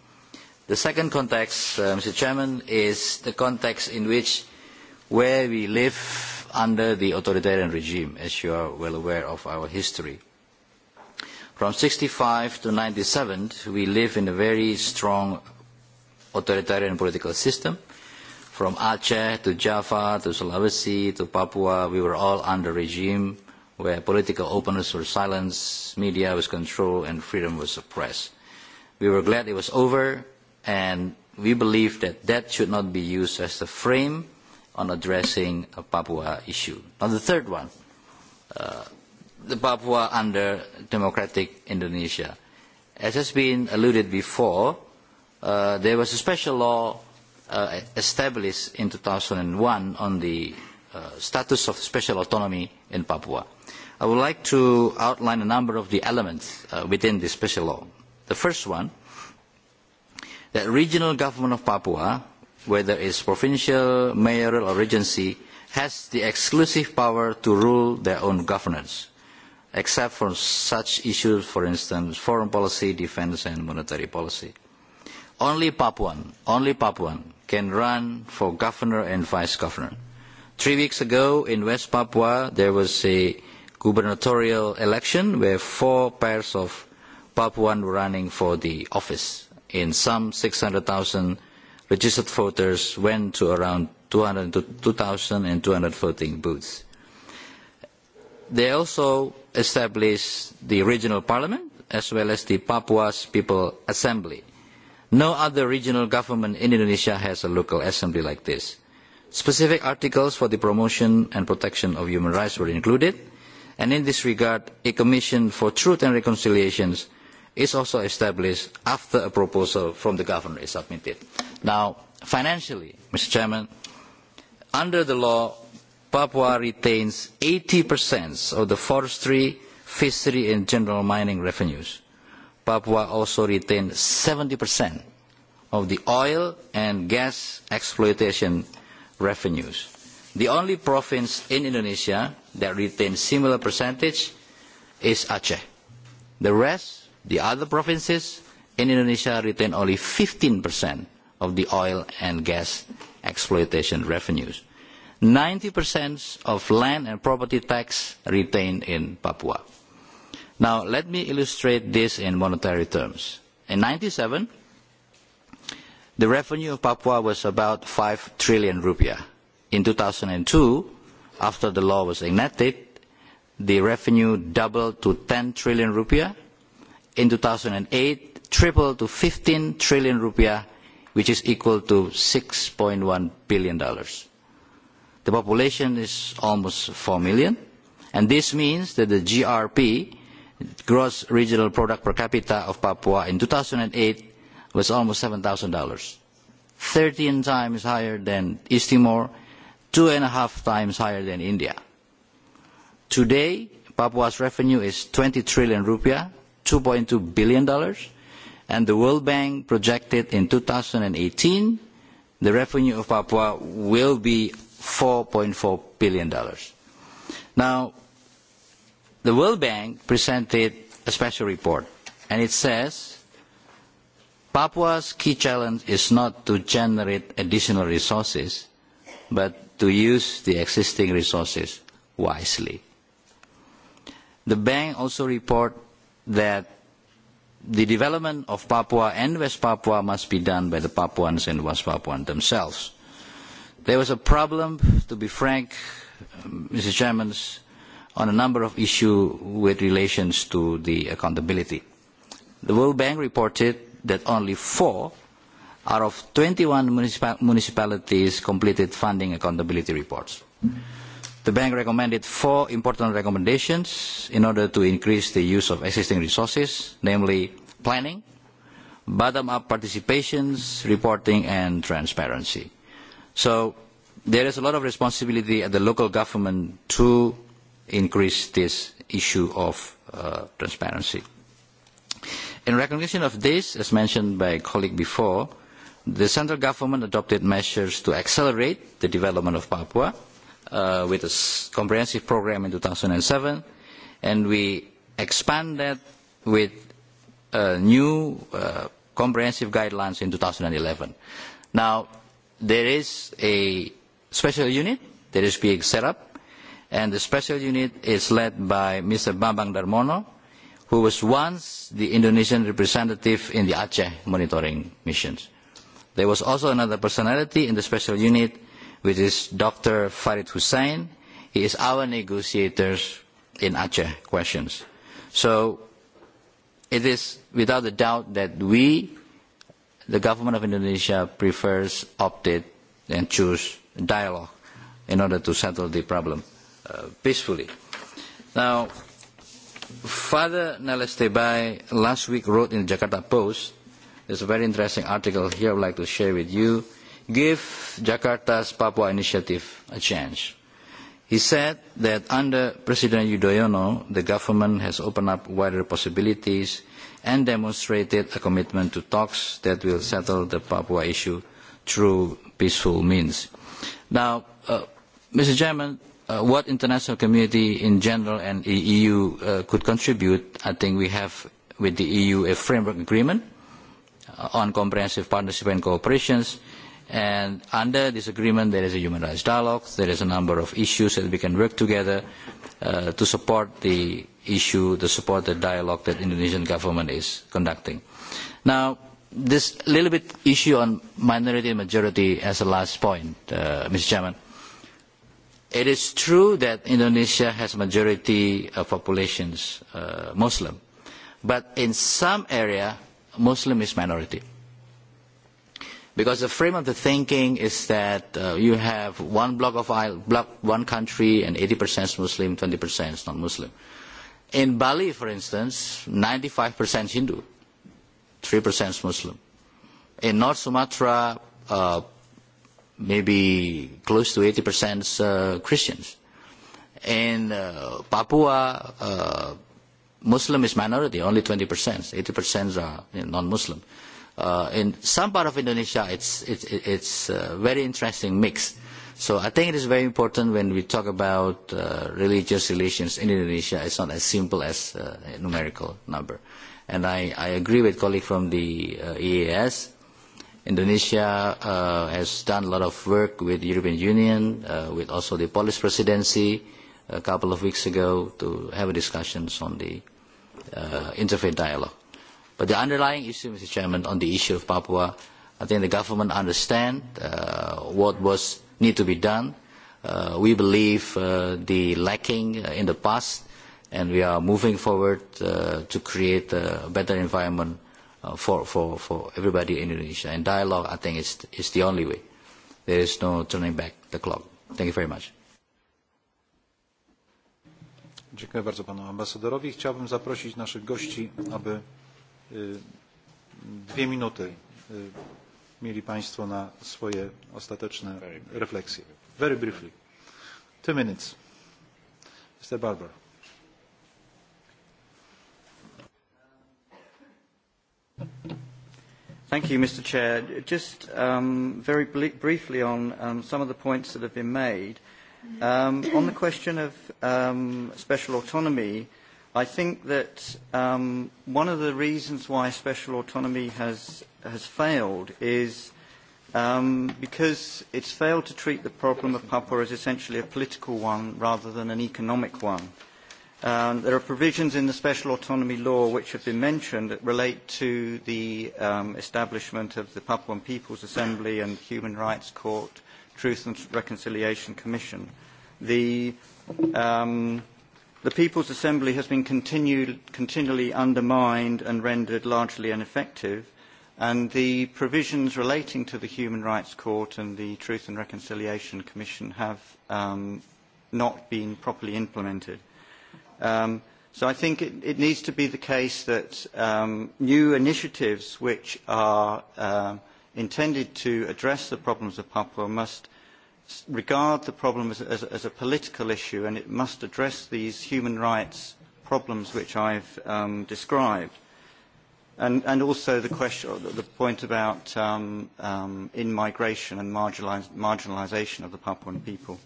[SPEAKER 15] The second context, uh, Mr. Chairman, is the context in which where we live under the authoritarian regime, as you are well aware of our history. From 65 to 97, we live in a very strong authoritarian political system From Aceh to Java to Sulawesi to Papua, we were all under regime where political openness was silenced, media was controlled, and freedom was suppressed. We were glad it was over, and we believe that that should not be used as the frame on addressing a Papua issue. Now the third one, uh, the Papua under democratic Indonesia. As has been alluded before, uh, there was a special law uh, established in 2001 on the uh, status of special autonomy in Papua. I would like to outline a number of the elements uh, within this special law. The first one, that regional government of Papua, whether it's provincial, mayoral or regency, has the exclusive power to rule their own governance, except for such issues, for instance, foreign policy, defence and monetary policy. Only Papuan, only Papuan can run for governor and vice governor. Three weeks ago in West Papua, there was a gubernatorial election where four pairs of Papuan were running for the office. In some 600,000 registered voters went to around 2,214 voting booths. They also established the regional parliament as well as the Papua's People Assembly No other regional government in Indonesia has a local assembly like this. Specific articles for the promotion and protection of human rights were included, and in this regard, a commission for truth and reconciliations is also established after a proposal from the governor is submitted. Now, financially, Mr. Chairman, under the law, Papua retains 80% of the forestry, fishery and general mining revenues. Papua also retains 70% of the oil and gas exploitation revenues. The only province in Indonesia that retains similar percentage is Aceh. The rest, the other provinces in Indonesia retain only 15% of the oil and gas exploitation revenues. 90% of land and property tax retained in Papua. Now, let me illustrate this in monetary terms. In 97, the revenue of Papua was about 5 trillion rupiah. In 2002, after the law was enacted, the revenue doubled to 10 trillion rupiah. In 2008, tripled to 15 trillion rupiah, which is equal to 6.1 billion dollars. The population is almost 4 million, and this means that the GRP gross regional product per capita of Papua in 2008 was almost $7,000, 13 times higher than East Timor, two and a half times higher than India. Today, Papua's revenue is 20 trillion rupiah, $2.2 billion, and the World Bank projected in 2018 the revenue of Papua will be $4.4 billion. Now, the World Bank presented a special report, and it says Papua's key challenge is not to generate additional resources, but to use the existing resources wisely. The bank also reports that the development of Papua and West Papua must be done by the Papuans and West Papuans themselves. There was a problem, to be frank, Mr. Um, Chairman's on a number of issues with relations to the accountability. The World Bank reported that only four out of 21 municipal municipalities completed funding accountability reports. The bank recommended four important recommendations in order to increase the use of existing resources, namely planning, bottom-up participations, reporting and transparency. So there is a lot of responsibility at the local government to increase this issue of uh, transparency. In recognition of this, as mentioned by a colleague before, the central government adopted measures to accelerate the development of Papua uh, with a comprehensive program in 2007, and we expanded that with uh, new uh, comprehensive guidelines in 2011. Now, there is a special unit that is being set up and the special unit is led by Mr. Bambang Darmono, who was once the Indonesian representative in the Aceh monitoring missions. There was also another personality in the special unit, which is Dr. Farid Hussein. He is our negotiator in Aceh questions. So it is without a doubt that we, the government of Indonesia, prefers, opted and choose dialogue in order to settle the problem. Uh, peacefully. Now, Father Nalestebai last week wrote in the Jakarta Post, there's a very interesting article here I would like to share with you, give Jakarta's Papua initiative a chance. He said that under President Yudhoyono, the government has opened up wider possibilities and demonstrated a commitment to talks that will settle the Papua issue through peaceful means. Now, uh, Mr. Chairman, Uh, what international community in general and the EU uh, could contribute, I think we have with the EU a framework agreement uh, on comprehensive partnership and cooperation. And under this agreement, there is a human rights dialogue. There is a number of issues that we can work together uh, to support the issue, to support the dialogue that Indonesian government is conducting. Now, this little bit issue on minority and majority as a last point, uh, Mr. Chairman. It is true that Indonesia has majority of uh, populations uh, Muslim, but in some area, Muslim is minority. Because the frame of the thinking is that uh, you have one block of block, one country and 80% is Muslim, 20% is non-Muslim. In Bali, for instance, 95% Hindu, 3% is Muslim. In North Sumatra, uh, maybe close to 80% uh, Christians. And uh, Papua, uh, Muslim is minority, only 20%. 80% are you know, non-Muslim. Uh, in some part of Indonesia, it's, it, it's a very interesting mix. So I think it is very important when we talk about uh, religious relations in Indonesia, it's not as simple as uh, a numerical number. And I, I agree with colleague from the uh, EAS Indonesia uh, has done a lot of work with the European Union, uh, with also the Polish presidency a couple of weeks ago to have a discussions on the uh, interfaith dialogue. But the underlying issue, Mr. Chairman, on the issue of Papua, I think the government understands uh, what was need to be done. Uh, we believe uh, the lacking in the past, and we are moving forward uh, to create a better environment Uh, for, for, for everybody in Indonesia. And dialogue, I think, is, is the only way. There is no turning back the clock. Thank you very much.
[SPEAKER 1] Dziękuję bardzo panu ambasadorowi. Chciałbym zaprosić naszych gości, aby dwie minuty mieli państwo na swoje ostateczne refleksje. Very briefly. Two minutes. Mr. Barber.
[SPEAKER 11] Thank you, Mr. Chair. Just um, very briefly on um, some of the points that have been made. Um, on the question of um, special autonomy, I think that um, one of the reasons why special autonomy has, has failed is um, because it's failed to treat the problem of Papua as essentially a political one rather than an economic one. Um, there are provisions in the special autonomy law which have been mentioned that relate to the um, establishment of the Papuan People's Assembly and Human Rights Court, Truth and Reconciliation Commission. The, um, the People's Assembly has been continued, continually undermined and rendered largely ineffective, and the provisions relating to the Human Rights Court and the Truth and Reconciliation Commission have um, not been properly implemented. Um, so I think it, it, needs to be the case that um, new initiatives which are um, intended to address the problems of Papua must regard the problem as, as, as, a political issue and it must address these human rights problems which I've um, described. And, and also the, question, the point about um, um, in-migration and marginalisation of the Papuan people.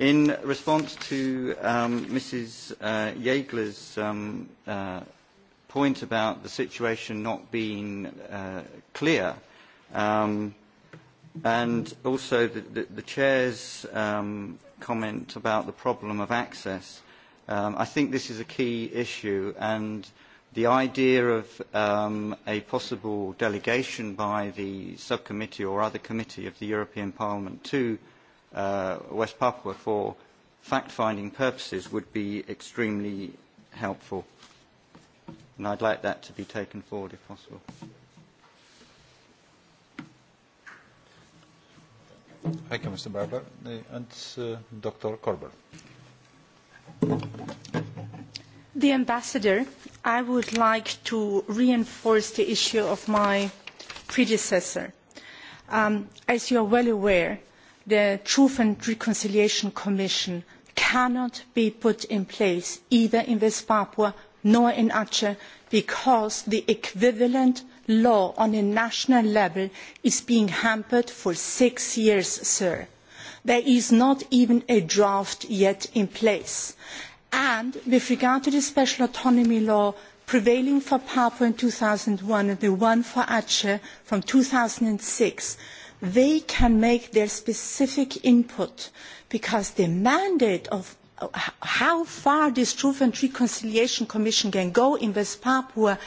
[SPEAKER 11] In response to um, Mrs. Uh, um, uh, point about the situation not being uh, clear, um, and also the, the, the Chair's um, comment about the problem of access, um, I think this is a key issue, and the idea of um, a possible delegation by the subcommittee or other committee of the European Parliament to uh, uh, West Papua for fact-finding purposes would be extremely helpful. And I'd like that to be taken forward if possible.
[SPEAKER 1] Thank you, Mr. Barber. And uh, Dr. Korber.
[SPEAKER 12] The Ambassador, I would like to reinforce the issue of my predecessor. Um, as you are well aware, the Truth and Reconciliation Commission cannot be put in place either in West Papua nor in Aceh because the equivalent law on a national level is being hampered for six years, sir. There is not even a draft yet in place. And with regard to the special autonomy law prevailing for Papua in 2001 and the one for Aceh from 2006, they can make their specific input because the mandate of uh, how far this Truth and Reconciliation Commission can go in West Papua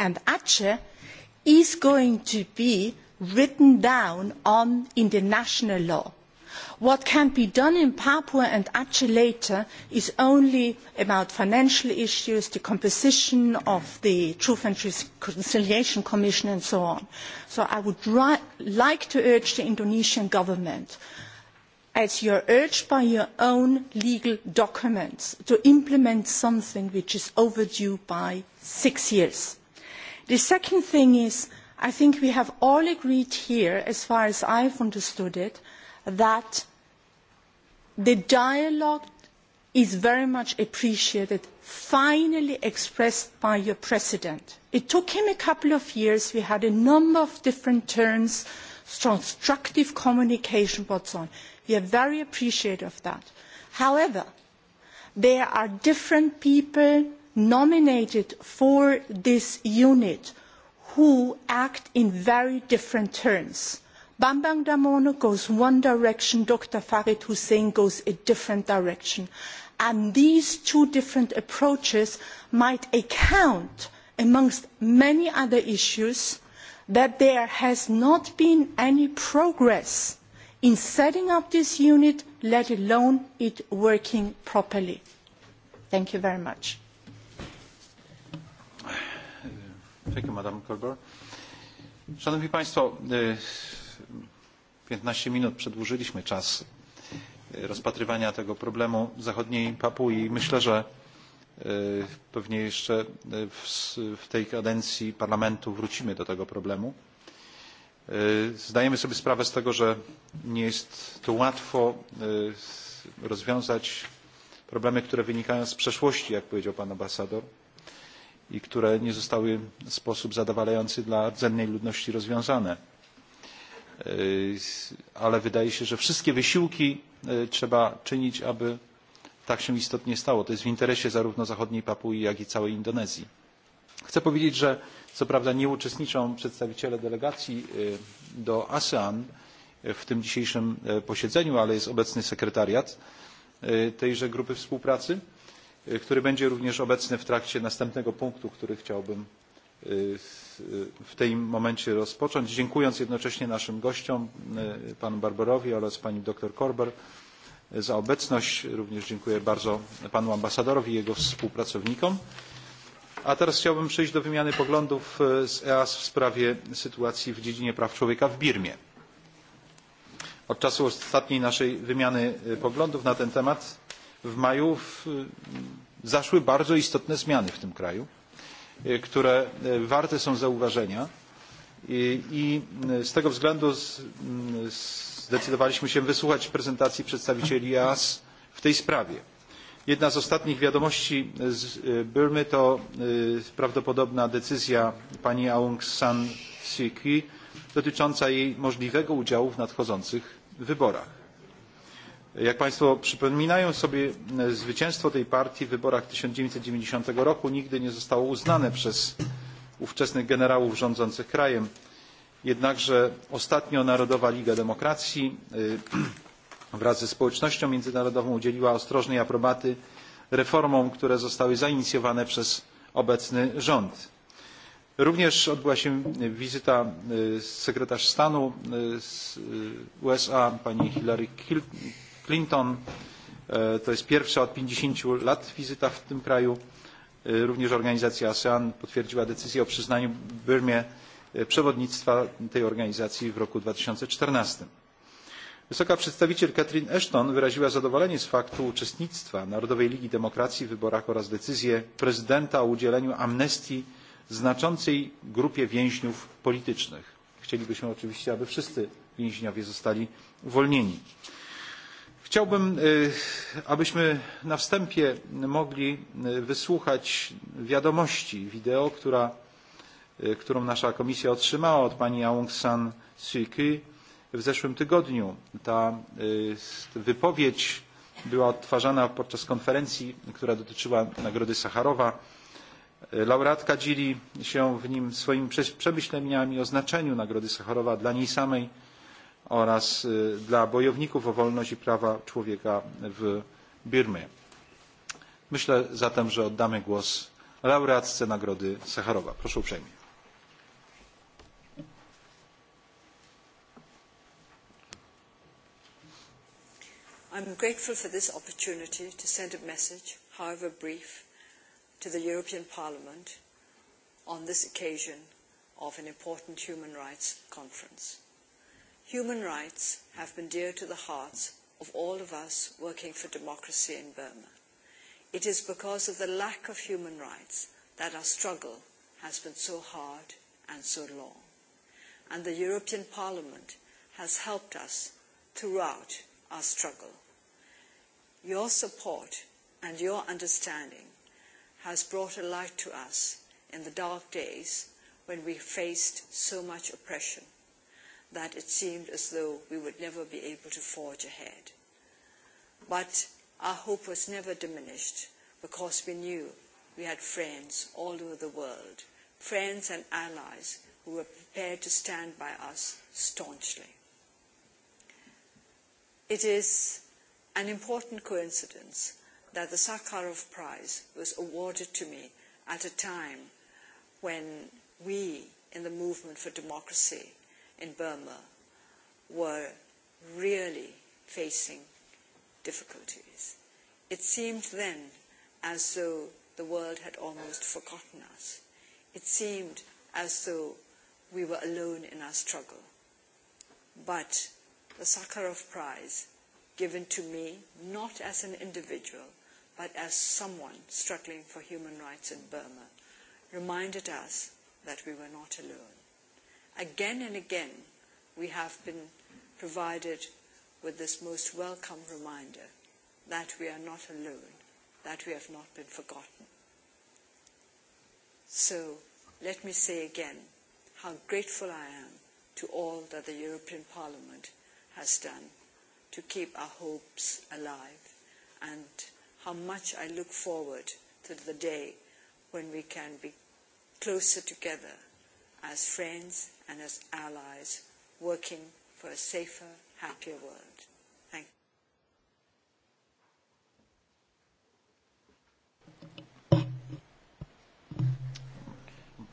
[SPEAKER 12] and Aceh is going to be written down on, in the national law. What can be done in Papua and Aceh is only about financial issues, the composition of the Truth and Reconciliation Commission and so on. So I would like to urge the Indonesian government as you are urged by your own legal documents to implement something which is overdue by six years. The second thing is, I think we have all agreed here, as far as I have understood it, that the dialogue is very much appreciated, finally expressed by your president. It took him a couple of years. We had a number of different turns, constructive communication, what's on. We are very appreciative of that. However, there are different people nominated for this unit who act in very different terms Bambang Damono goes one direction, Dr. Farid Hussein goes a different direction. And these two different approaches might account, amongst many other issues, that there has not been any progress in setting up this unit, let alone it working properly. Thank you very much.
[SPEAKER 1] Thank you, Madam Kolber. Szanowni Państwo, 15 minut przedłużyliśmy czas rozpatrywania tego problemu zachodniej Papui. Myślę, że pewnie jeszcze w tej kadencji parlamentu wrócimy do tego problemu. Zdajemy sobie sprawę z tego, że nie jest to łatwo rozwiązać problemy, które wynikają z przeszłości, jak powiedział pan ambasador, i które nie zostały w sposób zadowalający dla rdzennej ludności rozwiązane ale wydaje się że wszystkie wysiłki trzeba czynić aby tak się istotnie stało. to jest w interesie zarówno zachodniej papui jak i całej indonezji. chcę powiedzieć że co prawda nie uczestniczą przedstawiciele delegacji do asean w tym dzisiejszym posiedzeniu ale jest obecny sekretariat tejże grupy współpracy który będzie również obecny w trakcie następnego punktu który chciałbym w tym momencie rozpocząć dziękując jednocześnie naszym gościom panu barberowi oraz pani dr corber za obecność również dziękuję bardzo panu ambasadorowi i jego współpracownikom. a teraz chciałbym przejść do wymiany poglądów z eas w sprawie sytuacji w dziedzinie praw człowieka w birmie. od czasu ostatniej naszej wymiany poglądów na ten temat w maju w, zaszły bardzo istotne zmiany w tym kraju które warte są zauważenia i, z tego względu zdecydowaliśmy się wysłuchać prezentacji przedstawicieli eas w tej sprawie. jedna z ostatnich wiadomości z birmy to prawdopodobna decyzja pani aung san suu kyi dotycząca jej możliwego udziału w nadchodzących wyborach jak państwo przypominają sobie zwycięstwo tej partii w wyborach tysiąc dziewięćset dziewięćdzisiąt roku nigdy nie zostało uznane przez ówczesnych generałów rządzących krajem jednakże ostatnio narodowa liga demokracji wraz ze społecznością międzynarodową udzieliła ostrożnej aprobaty reformom które zostały zainicjowane przez obecny rząd. również odbyła się wizyta sekretarz stanu usa pani hillary Clinton. To jest pierwsza od 50 lat wizyta w tym kraju. Również organizacja ASEAN potwierdziła decyzję o przyznaniu Birmie przewodnictwa tej organizacji w roku 2014. Wysoka przedstawiciel Catherine Ashton wyraziła zadowolenie z faktu uczestnictwa Narodowej Ligi Demokracji w wyborach oraz decyzję prezydenta o udzieleniu amnestii znaczącej grupie więźniów politycznych. Chcielibyśmy oczywiście, aby wszyscy więźniowie zostali uwolnieni. Chciałbym, abyśmy na wstępie mogli wysłuchać wiadomości wideo, którą nasza komisja otrzymała od pani Aung San Suu Kyi w zeszłym tygodniu. Ta wypowiedź była odtwarzana podczas konferencji, która dotyczyła Nagrody Sacharowa. Laureatka dzieli się w nim swoimi przemyśleniami o znaczeniu Nagrody Sacharowa dla niej samej oraz dla bojowników o wolność i prawa człowieka w Birmie. Myślę zatem, że oddamy głos laureatce Nagrody Sacharowa. Proszę uprzejmie.
[SPEAKER 16] I'm grateful for this opportunity to send a message, however brief, to the European Parliament on this occasion of an important human rights conference. Human rights have been dear to the hearts of all of us working for democracy in Burma. It is because of the lack of human rights that our struggle has been so hard and so long. And the European Parliament has helped us throughout our struggle. Your support and your understanding has brought a light to us in the dark days when we faced so much oppression that it seemed as though we would never be able to forge ahead. But our hope was never diminished because we knew we had friends all over the world, friends and allies who were prepared to stand by us staunchly. It is an important coincidence that the Sakharov Prize was awarded to me at a time when we in the movement for democracy in Burma were really facing difficulties. It seemed then as though the world had almost forgotten us. It seemed as though we were alone in our struggle. But the Sakharov Prize, given to me not as an individual, but as someone struggling for human rights in Burma, reminded us that we were not alone. Again and again, we have been provided with this most welcome reminder that we are not alone, that we have not been forgotten. So let me say again how grateful I am to all that the European Parliament has done to keep our hopes alive and how much I look forward to the day when we can be closer together as friends and as allies working for a safer, happier world. Thank you.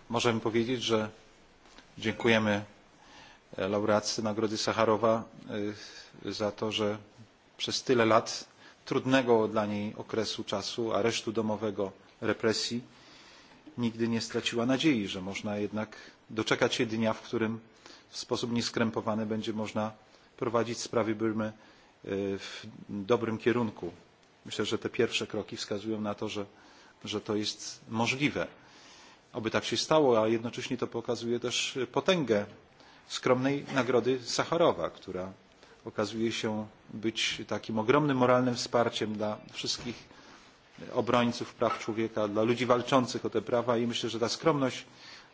[SPEAKER 1] Możemy powiedzieć, że dziękujemy laureatce Nagrody Sacharowa za to, że przez tyle lat trudnego dla niej okresu czasu, aresztu domowego, represji, nigdy nie straciła nadziei, że można jednak doczekać się dnia, w którym w sposób nieskrępowany będzie można prowadzić sprawy Birmy w dobrym kierunku. Myślę, że te pierwsze kroki wskazują na to, że, że to jest możliwe. Oby tak się stało, a jednocześnie to pokazuje też potęgę skromnej nagrody Sacharowa, która okazuje się być takim ogromnym moralnym wsparciem dla wszystkich obrońców praw człowieka, dla ludzi walczących o te prawa i myślę, że ta skromność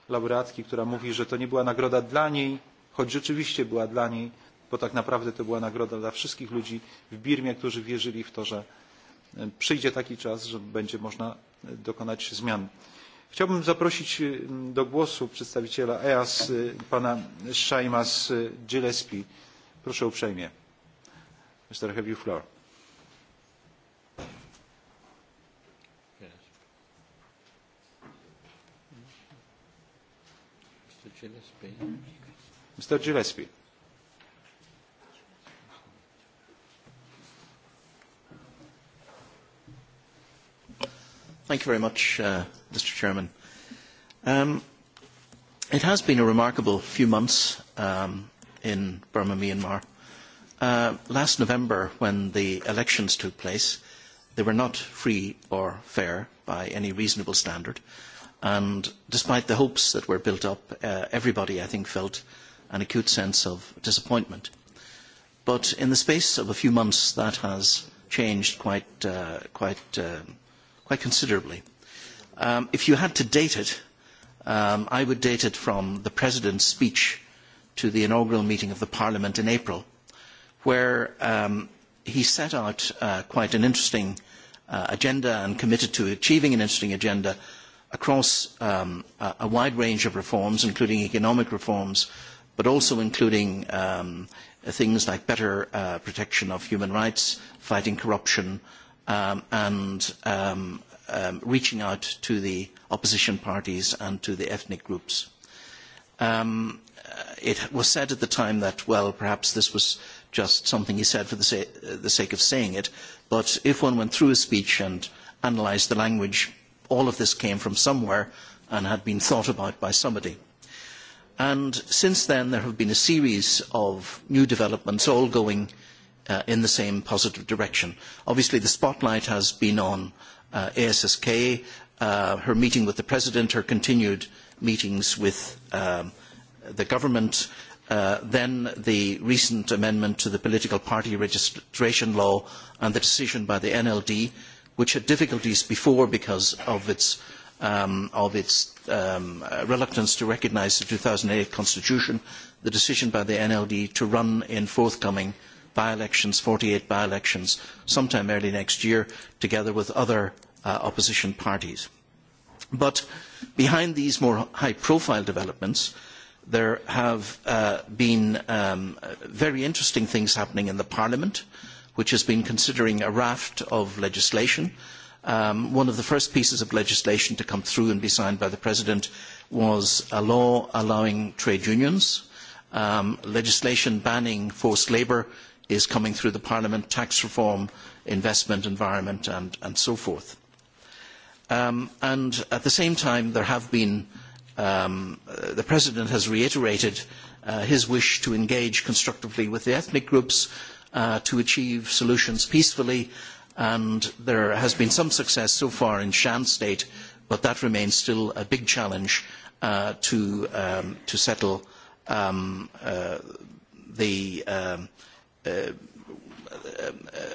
[SPEAKER 1] laureatki, która mówi, że to nie była nagroda dla niej, choć rzeczywiście była dla niej, bo tak naprawdę to była nagroda dla wszystkich ludzi w Birmie, którzy wierzyli w to, że przyjdzie taki czas, że będzie można dokonać zmian. Chciałbym zaprosić do głosu przedstawiciela EAS, pana Shaimas Gillespie. Proszę uprzejmie. Mr. Have you floor. Gillespie. Mr. Gillespie.
[SPEAKER 17] Thank you very much, uh, Mr. Chairman. Um, it has been a remarkable few months um, in Burma, Myanmar. Uh, last November, when the elections took place, they were not free or fair by any reasonable standard. Uh, And despite the hopes that were built up, uh, everybody, I think, felt an acute sense of disappointment. But in the space of a few months, that has changed quite, uh, quite, uh, quite considerably. Um, if you had to date it, um, I would date it from the President's speech to the inaugural meeting of the Parliament in April, where um, he set out uh, quite an interesting uh, agenda and committed to achieving an interesting agenda across um, a, a, wide range of reforms, including economic reforms, but also including um, things like better uh, protection of human rights, fighting corruption, um, and um, um, reaching out to the opposition parties and to the ethnic groups. Um, it was said at the time that, well, perhaps this was just something he said for the, sa the sake of saying it, but if one went through his speech and analysed the language all of this came from somewhere and had been thought about by somebody. And since then, there have been a series of new developments, all going uh, in the same positive direction. Obviously, the spotlight has been on uh, ASSK, uh, her meeting with the President, her continued meetings with um, the government, Uh, then the recent amendment to the political party registration law and the decision by the NLD which had difficulties before because of its, um, of its um, uh, reluctance to recognise the 2008 constitution, the decision by the NLD to run in forthcoming by-elections, 48 by-elections, sometime early next year, together with other uh, opposition parties. But behind these more high-profile developments, there have uh, been um, very interesting things happening in the Parliament. Uh, which has been considering a raft of legislation. Um, one of the first pieces of legislation to come through and be signed by the President was a law allowing trade unions. Um, legislation banning forced labour is coming through the Parliament, tax reform, investment, environment and, and so forth. Um, and at the same time, there have been, um, uh, the President has reiterated uh, his wish to engage constructively with the ethnic groups uh, to achieve solutions peacefully, and there has been some success so far in Shan State, but that remains still a big challenge uh, to, um, to settle um, uh, the um, uh, uh,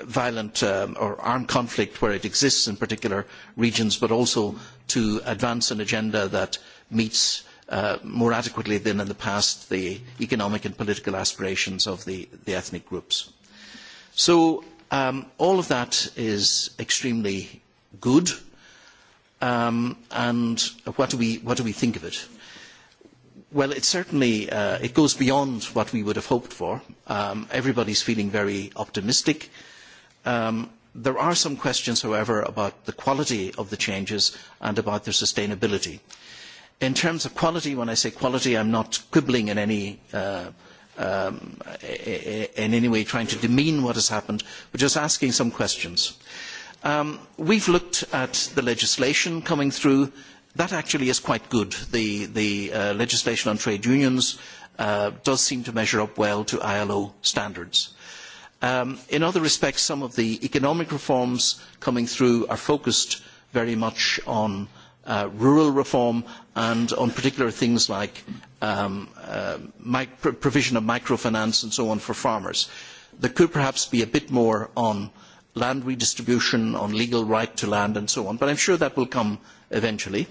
[SPEAKER 17] violent um, or armed conflict where it exists in particular regions, but also to advance an agenda that meets uh, more adequately than in the past the economic and political aspirations of the, the ethnic groups. So um, all of that is extremely good. Um, and what do, we, what do we think of it? Well, it certainly uh, it goes beyond what we would have hoped for. Um, everybody's feeling very optimistic. Um, there are some questions, however, about the quality of the changes and about their sustainability. In terms of quality, when I say quality, I'm not quibbling in any uh, um, in any way trying to demean what has happened, but just asking some questions. Um, we've looked at the legislation coming through. That actually is quite good. The, the uh, legislation on trade unions uh, does seem to measure up well to ILO standards. Um, in other respects, some of the economic reforms coming through are focused very much on uh, uh, rural reform and on particular things like um, uh, provision of microfinance and so on for farmers. There could perhaps be a bit more on land redistribution, on legal right to land and so on, but I'm sure that will come eventually.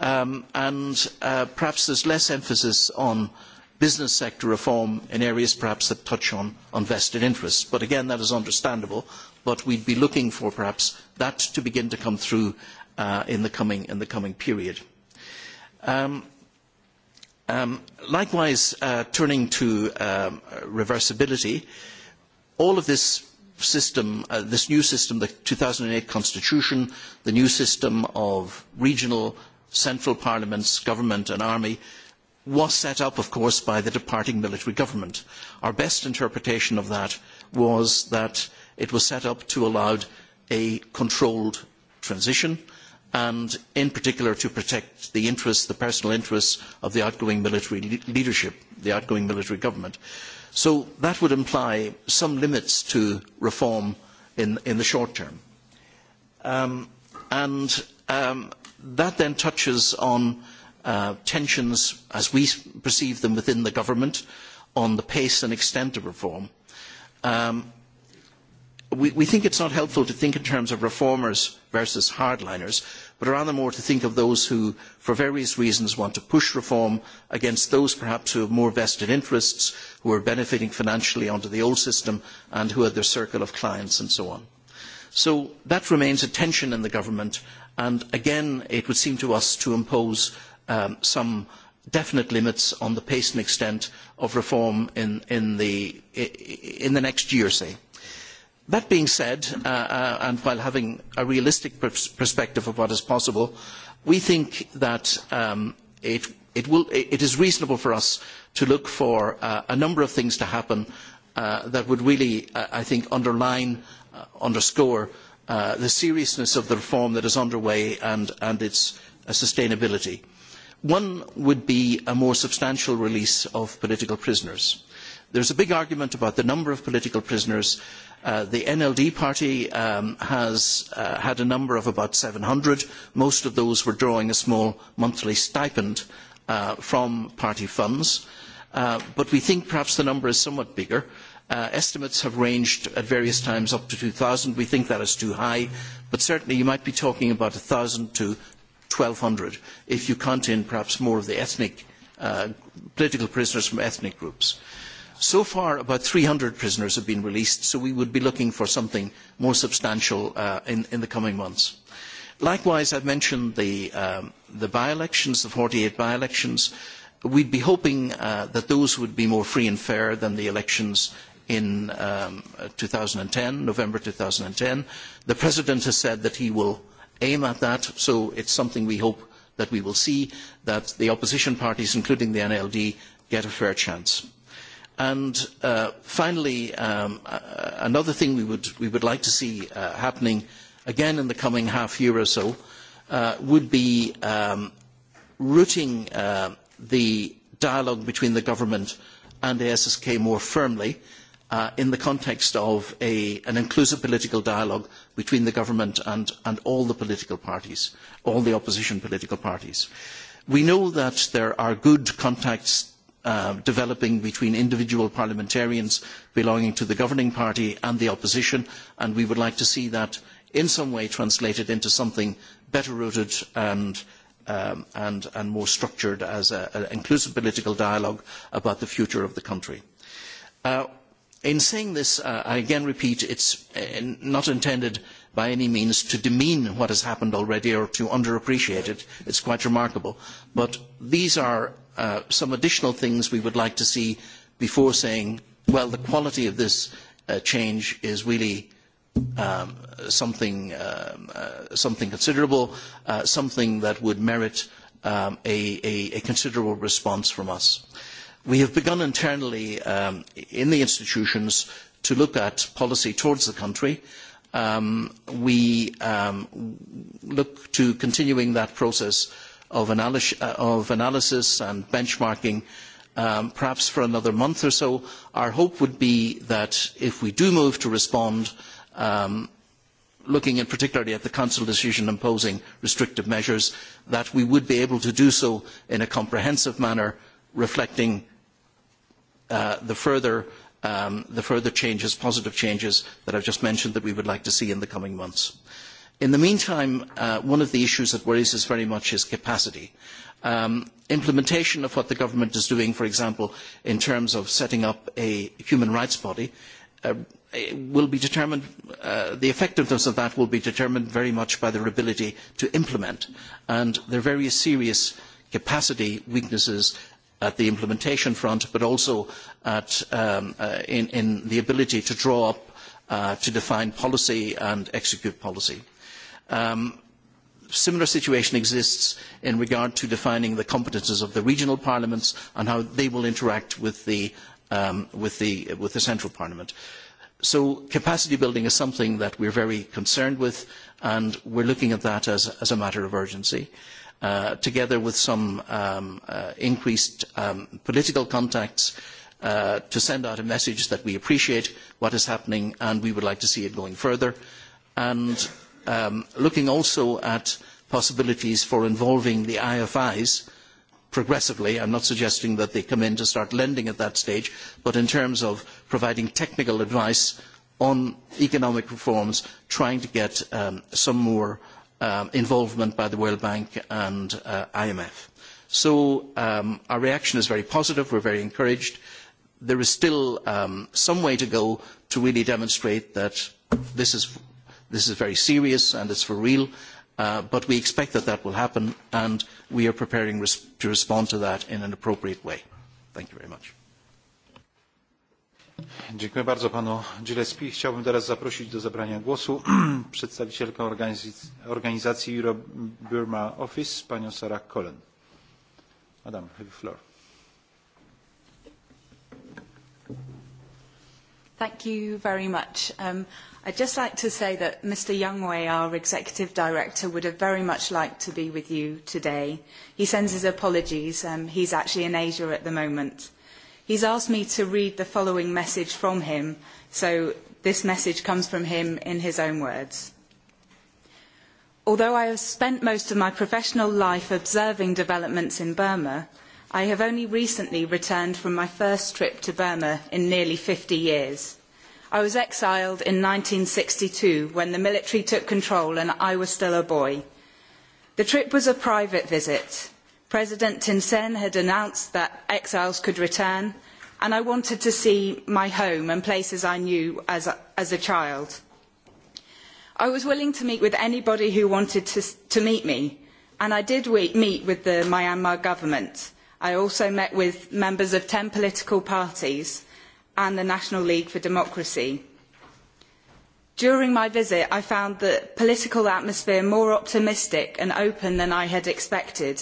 [SPEAKER 17] Um, and uh, perhaps there's less emphasis on business sector reform in areas perhaps that touch on, on vested interests. But again, that is understandable. But we'd be looking for perhaps that to begin to come through Uh, in, the coming, in the coming period. Um, um, likewise, uh, turning to um, reversibility, all of this system, uh, this new system, the 2008 constitution, the new system of regional, central parliaments, government and army, was set up, of course, by the departing military government. Our best interpretation of that was that it was set up to allow a controlled transition and in particular to protect the interests, the personal interests of the outgoing military leadership, the outgoing military government. So that would imply some limits to reform in, in the short term. Um, and um, that then touches on uh, tensions as we perceive them within the government on the pace and extent of reform. Um, we, we think it's not helpful to think in terms of reformers versus hardliners but rather more to think of those who, for various reasons, want to push reform against those perhaps who have more vested interests, who are benefiting financially under the old system and who had their circle of clients and so on. So that remains a tension in the government and again it would seem to us to impose um, some definite limits on the pace and extent of reform in, in, the, in the next year, say. That being said, uh, uh, and while having a realistic pers perspective of what is possible, we think that um, it, it, will, it, is reasonable for us to look for uh, a number of things to happen uh, that would really, uh, I think, underline, uh, underscore the seriousness of the reform that is underway and, and its sustainability. One would be a more substantial release of political prisoners. There is a big argument about the number of political prisoners. Uh, the NLD party um, has uh, had a number of about 700. Most of those were drawing a small monthly stipend uh, from party funds. Uh, but we think perhaps the number is somewhat bigger. Uh, estimates have ranged at various times up to 2,000. We think that is too high, but certainly you might be talking about 1,000 to 1,200 if you count in perhaps more of the ethnic, political prisoners from ethnic groups. Uh, So far, about 300 prisoners have been released, so we would be looking for something more substantial uh, in, in, the coming months. Likewise, I've mentioned the, um, the by-elections, the 48 by-elections. We'd be hoping uh, that those would be more free and fair than the elections in um, 2010, November 2010. The President has said that he will aim at that, so it's something we hope that we will see, that the opposition parties, including the NLD, get a fair chance. And uh, finally, um, uh, another thing we would, we would like to see uh, happening again in the coming half year or so uh, would be um, rooting uh, the dialogue between the government and ASSK more firmly uh, in the context of a, an inclusive political dialogue between the government and, and all the political parties, all the opposition political parties. We know that there are good contacts Uh, developing between individual parliamentarians belonging to the governing party and the opposition, and we would like to see that in some way translated into something better rooted and, um, and, and more structured as an inclusive political dialogue about the future of the country. Uh, in saying this, uh, I again repeat, it's uh, not intended by any means to demean what has happened already or to underappreciate it. It's quite remarkable. But these are Uh, some additional things we would like to see before saying, well, the quality of this uh, change is really um, something, um, uh, something considerable, uh, something that would merit um, a, a, a, considerable response from us. We have begun internally um, in the institutions to look at policy towards the country. Um, we um, look to continuing that process of, analysis, uh, of analysis and benchmarking um, perhaps for another month or so. Our hope would be that if we do move to respond, um, looking in particularly at the Council decision imposing restrictive measures, that we would be able to do so in a comprehensive manner, reflecting uh, the, further, um, the further changes, positive changes that I've just mentioned that we would like to see in the coming months. In the meantime, uh, one of the issues that worries us very much is capacity. Um, implementation of what the government is doing, for example, in terms of setting up a human rights body, uh, will be determined, uh, the effectiveness of that will be determined very much by their ability to implement. And there are very serious capacity weaknesses at the implementation front, but also at, um, uh, in, in, the ability to draw up, uh, to define policy and execute policy. Um, similar situation exists in regard to defining the competences of the regional parliaments and how they will interact with the, um, with the, with the central parliament. So capacity building is something that we're very concerned with and we're looking at that as, as a matter of urgency. Uh, together with some um, uh, increased um, political contacts uh, to send out a message that we appreciate what is happening and we would like to see it going further. And um, looking also at possibilities for involving the IFIs progressively. I'm not suggesting that they come in to start lending at that stage, but in terms of providing technical advice on economic reforms, trying to get um, some more um, involvement by the World Bank and uh, IMF. So um, our reaction is very positive. We're very encouraged. There is still um, some way to go to really demonstrate that this is This is very serious and it's for real, uh, but we expect that that will happen and we are preparing res to respond to that in an appropriate way. Thank you very much.
[SPEAKER 1] Dziękuję bardzo panu Gillespie. Chciałbym teraz zaprosić do zabrania głosu *clears throat* przedstawicielkę organizacji, organizacji Euro Burma Office, panią Sarah Cullen. Madam, have the floor.
[SPEAKER 18] Thank you very much. Um, I'd just like to say that Mr. Youngway, our Executive Director, would have very much liked to be with you today. He sends his apologies. Um, he's actually in Asia at the moment. He's asked me to read the following message from him, so this message comes from him in his own words. Although I have spent most of my professional life observing developments in Burma, I have only recently returned from my first trip to Burma in nearly 50 years. I was exiled in 1962 when the military took control and I was still a boy. The trip was a private visit. President Tin Sen had announced that exiles could return and I wanted to see my home and places I knew as a, as a child. I was willing to meet with anybody who wanted to, to meet me, and I did meet with the Myanmar government. I also met with members of 10 political parties, and the National League for Democracy. During my visit, I found the political atmosphere more optimistic and open than I had expected.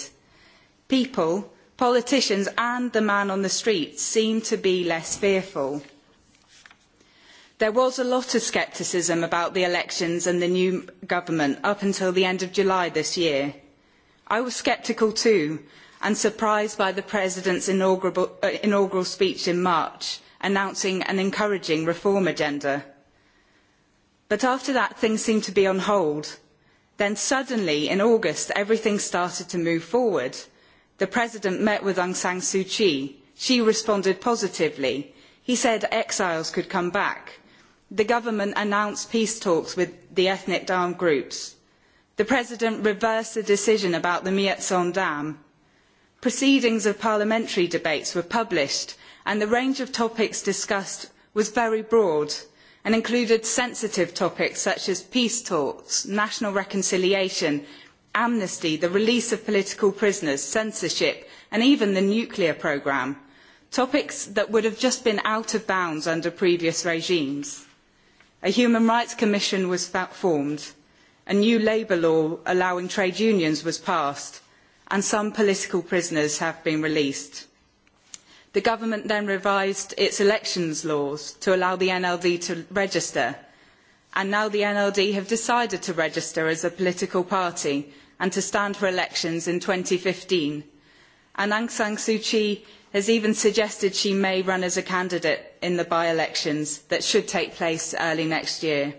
[SPEAKER 18] People, politicians and the man on the street seemed to be less fearful. There was a lot of scepticism about the elections and the new government up until the end of July this year. I was sceptical too and surprised by the President's inaugural, uh, inaugural speech in March announcing an encouraging reform agenda. But after that, things seemed to be on hold. Then suddenly, in August, everything started to move forward. The President met with Aung San Suu Kyi. She responded positively. He said exiles could come back. The government announced peace talks with the ethnic Dam groups. The President reversed the decision about the Myat Son Dam. Proceedings of parliamentary debates were published and the range of topics discussed was very broad and included sensitive topics such as peace talks, national reconciliation, amnesty, the release of political prisoners, censorship, and even the nuclear programme, topics that would have just been out of bounds under previous regimes. A Human Rights Commission was formed, a new labour law allowing trade unions was passed, and some political prisoners have been released. The government then revised its elections laws to allow the NLD to register. And now the NLD have decided to register as a political party and to stand for elections in 2015. And Aung San Suu Kyi has even suggested she may run as a candidate in the by-elections that should take place early next year.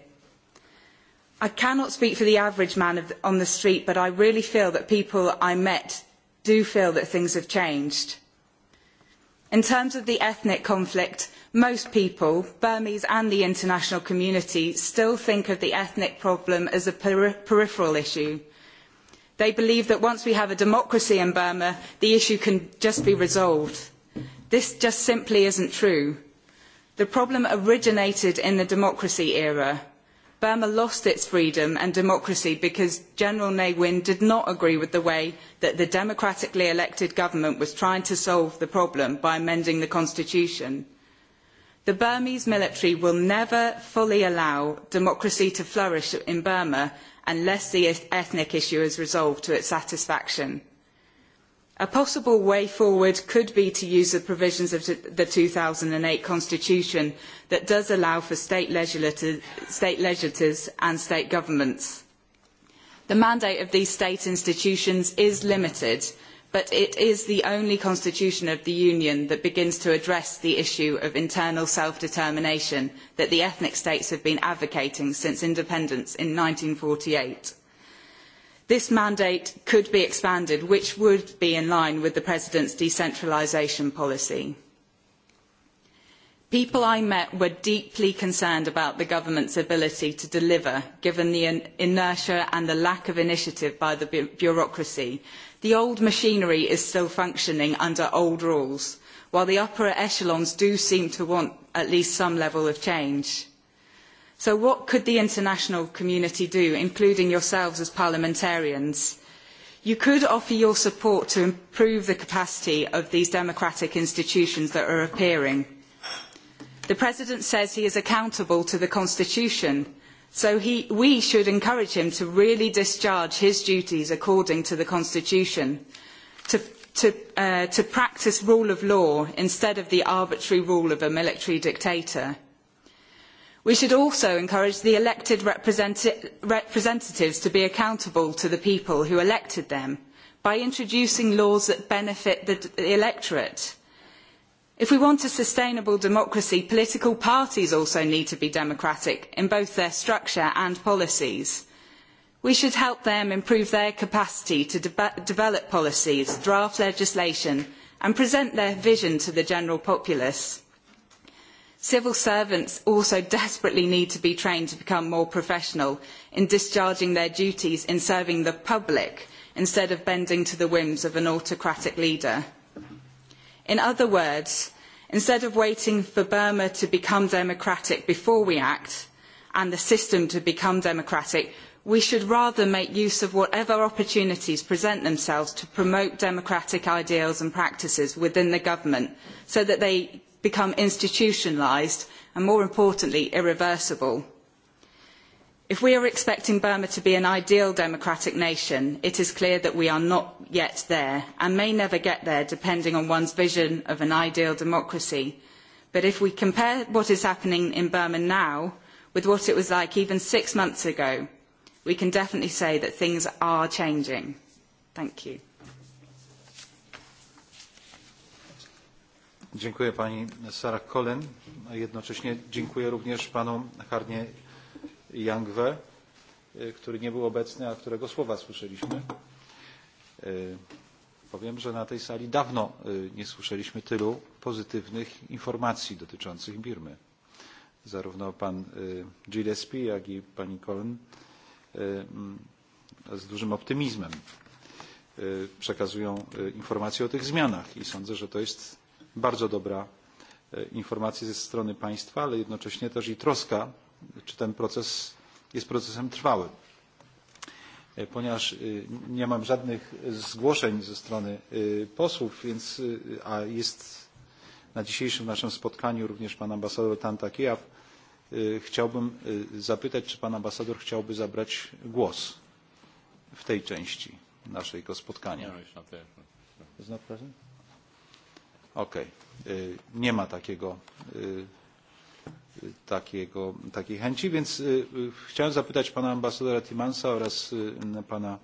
[SPEAKER 18] I cannot speak for the average man on the street, but I really feel that people I met do feel that things have changed in terms of the ethnic conflict most people burmese and the international community still think of the ethnic problem as a peri peripheral issue. they believe that once we have a democracy in burma the issue can just be resolved. this just simply is not true. the problem originated in the democracy era Burma lost its freedom and democracy because General Ne Win did not agree with the way that the democratically elected government was trying to solve the problem by amending the constitution. The Burmese military will never fully allow democracy to flourish in Burma unless the ethnic issue is resolved to its satisfaction a possible way forward could be to use the provisions of the 2008 Constitution that does allow for state, legislator, state legislators and state governments. The mandate of these state institutions is limited, but it is the only constitution of the Union that begins to address the issue of internal self-determination that the ethnic states have been advocating since independence in 1948 this mandate could be expanded, which would be in line with the President's decentralisation policy. People I met were deeply concerned about the government's ability to deliver, given the inertia and the lack of initiative by the bureaucracy. The old machinery is still functioning under old rules, while the upper echelons do seem to want at least some level of change. So what could the international community do, including yourselves as parliamentarians? You could offer your support to improve the capacity of these democratic institutions that are appearing. The President says he is accountable to the Constitution, so he, we should encourage him to really discharge his duties according to the Constitution, to, to, uh, to practice rule of law instead of the arbitrary rule of a military dictator We should also encourage the elected representatives to be accountable to the people who elected them by introducing laws that benefit the, the electorate. If we want a sustainable democracy, political parties also need to be democratic in both their structure and policies. We should help them improve their capacity to de develop policies, draft legislation and present their vision to the general populace. Civil servants also desperately need to be trained to become more professional in discharging their duties in serving the public instead of bending to the whims of an autocratic leader. In other words, instead of waiting for Burma to become democratic before we act and the system to become democratic, we should rather make use of whatever opportunities present themselves to promote democratic ideals and practices within the government so that they become institutionalised and, more importantly, irreversible. If we are expecting Burma to be an ideal democratic nation, it is clear that we are not yet there and may never get there depending on one's vision of an ideal democracy. But if we compare what is happening in Burma now with what it was like even six months ago, we can definitely say that things are changing. Thank you.
[SPEAKER 1] Dziękuję pani Sarah Collen. Jednocześnie dziękuję również panu Harnie Yangwe, który nie był obecny, a którego słowa słyszeliśmy. Powiem, że na tej sali dawno nie słyszeliśmy tylu pozytywnych informacji dotyczących Birmy. Zarówno pan Gillespie, jak i pani Collen mm, z dużym optymizmem przekazują informacje o tych zmianach i sądzę, że to jest bardzo dobra informacja ze strony państwa ale jednocześnie też i troska czy ten proces jest procesem trwałym ponieważ nie mam żadnych zgłoszeń ze strony posłów więc, a jest na dzisiejszym naszym spotkaniu również pan ambasador Tanta Kijaw, chciałbym zapytać, czy pan ambasador chciałby zabrać głos w tej części naszego spotkania. No, Okej. Okay. Nie ma takiego, takiego, takiej chęci, więc chciałem zapytać pana ambasadora Timansa oraz pana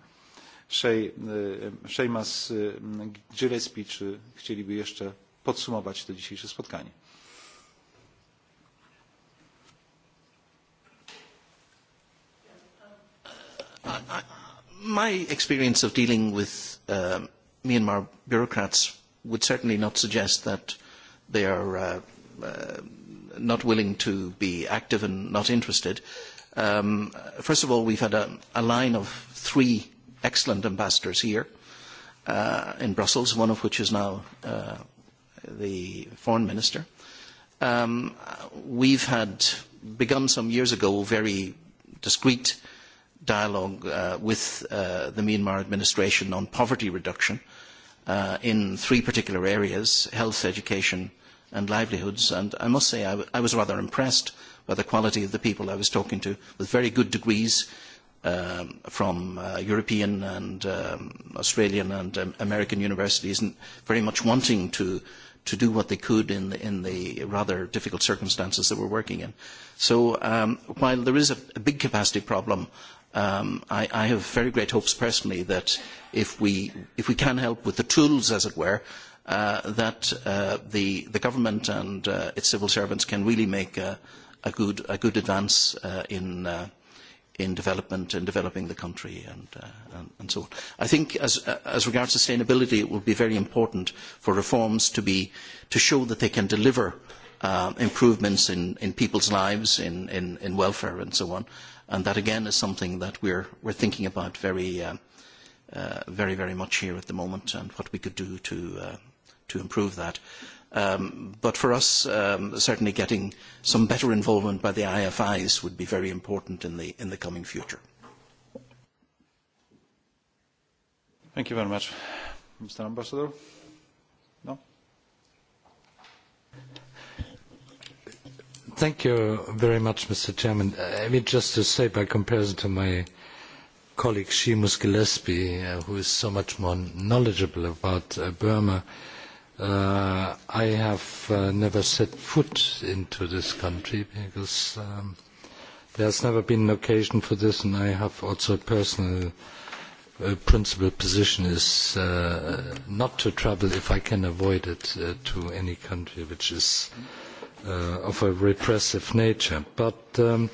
[SPEAKER 1] Sheamus Gillespie, czy chcieliby jeszcze podsumować to dzisiejsze spotkanie.
[SPEAKER 17] My experience of dealing with uh, Myanmar bureaucrats would certainly not suggest that they are uh, uh, not willing to be active and not interested. Um, first of all, we've had a, a line of three excellent ambassadors here uh, in Brussels, one of which is now uh, the foreign minister. Um, we've had begun some years ago very discreet dialogue uh, with uh, the Myanmar administration on poverty reduction. Uh, uh, in three particular areas, health, education and livelihoods. And I must say I, I was rather impressed by the quality of the people I was talking to with very good degrees um, from uh, European and um, Australian and um, American universities and very much wanting to to do what they could in the, in the rather difficult circumstances that we're working in. So um, while there is a, a big capacity problem, Um, I, I, have very great hopes personally that if we, if we can help with the tools, as it were, uh, that uh, the, the government and uh, its civil servants can really make a, a, good, a good advance uh, in, uh, in development and developing the country and, uh, and, and, so on. I think as, as regards sustainability, it will be very important for reforms to, be, to show that they can deliver improvements in, in, people's lives, in, in, in welfare and so on And that again is something that we're, we're thinking about very, uh, uh, very, very much here at the moment and what we could do to, uh, to improve that. Um, but for us, um, certainly getting some better involvement by the IFIs would be very important in the, in the coming future.
[SPEAKER 1] Thank you very much. Mr. Ambassador.
[SPEAKER 19] Thank you very much, Mr. Chairman. I uh, mean, just to say, by comparison to my colleague Seamus Gillespie, uh, who is so much more knowledgeable about uh, Burma, I have never set foot into this country because um, there has never been an occasion for this, and I have also a personal principal position is not to travel if I can avoid it to any country which is. Uh, of a repressive nature. But um,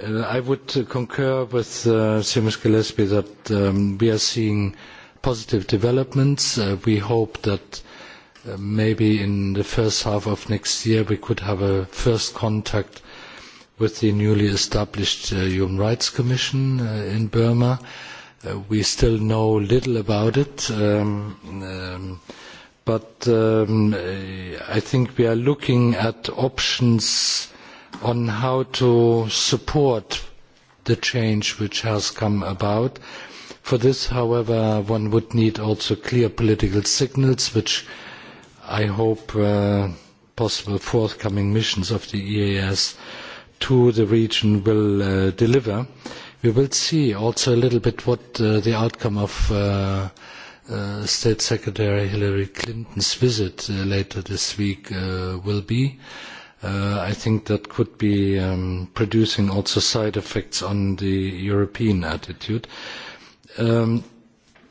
[SPEAKER 19] uh, I would concur with uh, Seamus Gillespie that um, we are seeing positive developments. Uh, we hope that uh, maybe in the first half of next year we could have a first contact with the newly established uh, Human Rights Commission uh, in Burma. we still know little about it. Um, um but um, I think we are looking at options on how to support the change which has come about. For this, however, one would need also clear political signals, which I hope uh, possible forthcoming missions of the EAS to the region will uh, deliver. We will see also a little bit what uh, the outcome of uh, Uh, State Secretary Hillary Clinton's visit uh, later this week uh, will be. Uh, I think that could be um, producing also side effects on the European attitude. Um,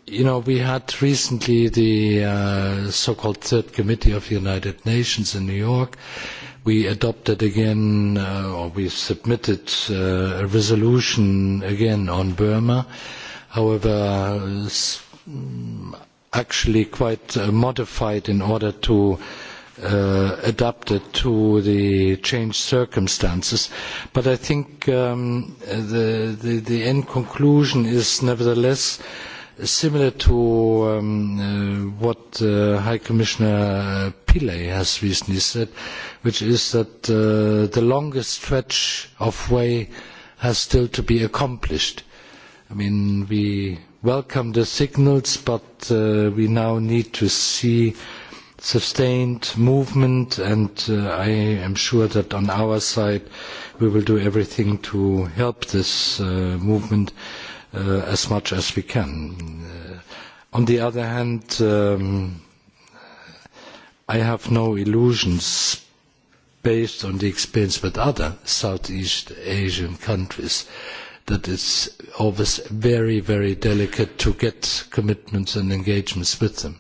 [SPEAKER 19] you know, we had recently the uh, so-called Third Committee of the United Nations in New York. We adopted again, uh, or we submitted a resolution again on Burma. However, Mm, actually quite uh, modified in order to uh, it to the changed circumstances. But I think um, the, the, the, end conclusion is nevertheless similar to um, uh, what uh, High Commissioner Pillay has recently said, which is that uh, the longest stretch of way has still to be accomplished. I mean, we welcome the signals, but uh, we now need to see sustained movement, and uh, I am sure that on our side we will do everything to help this uh, movement uh, as much as we can. Uh, on the other hand, um, I have no illusions based on the experience with other Southeast Asian countries. Uh, that it's always very, very delicate to get commitments and engagements with them.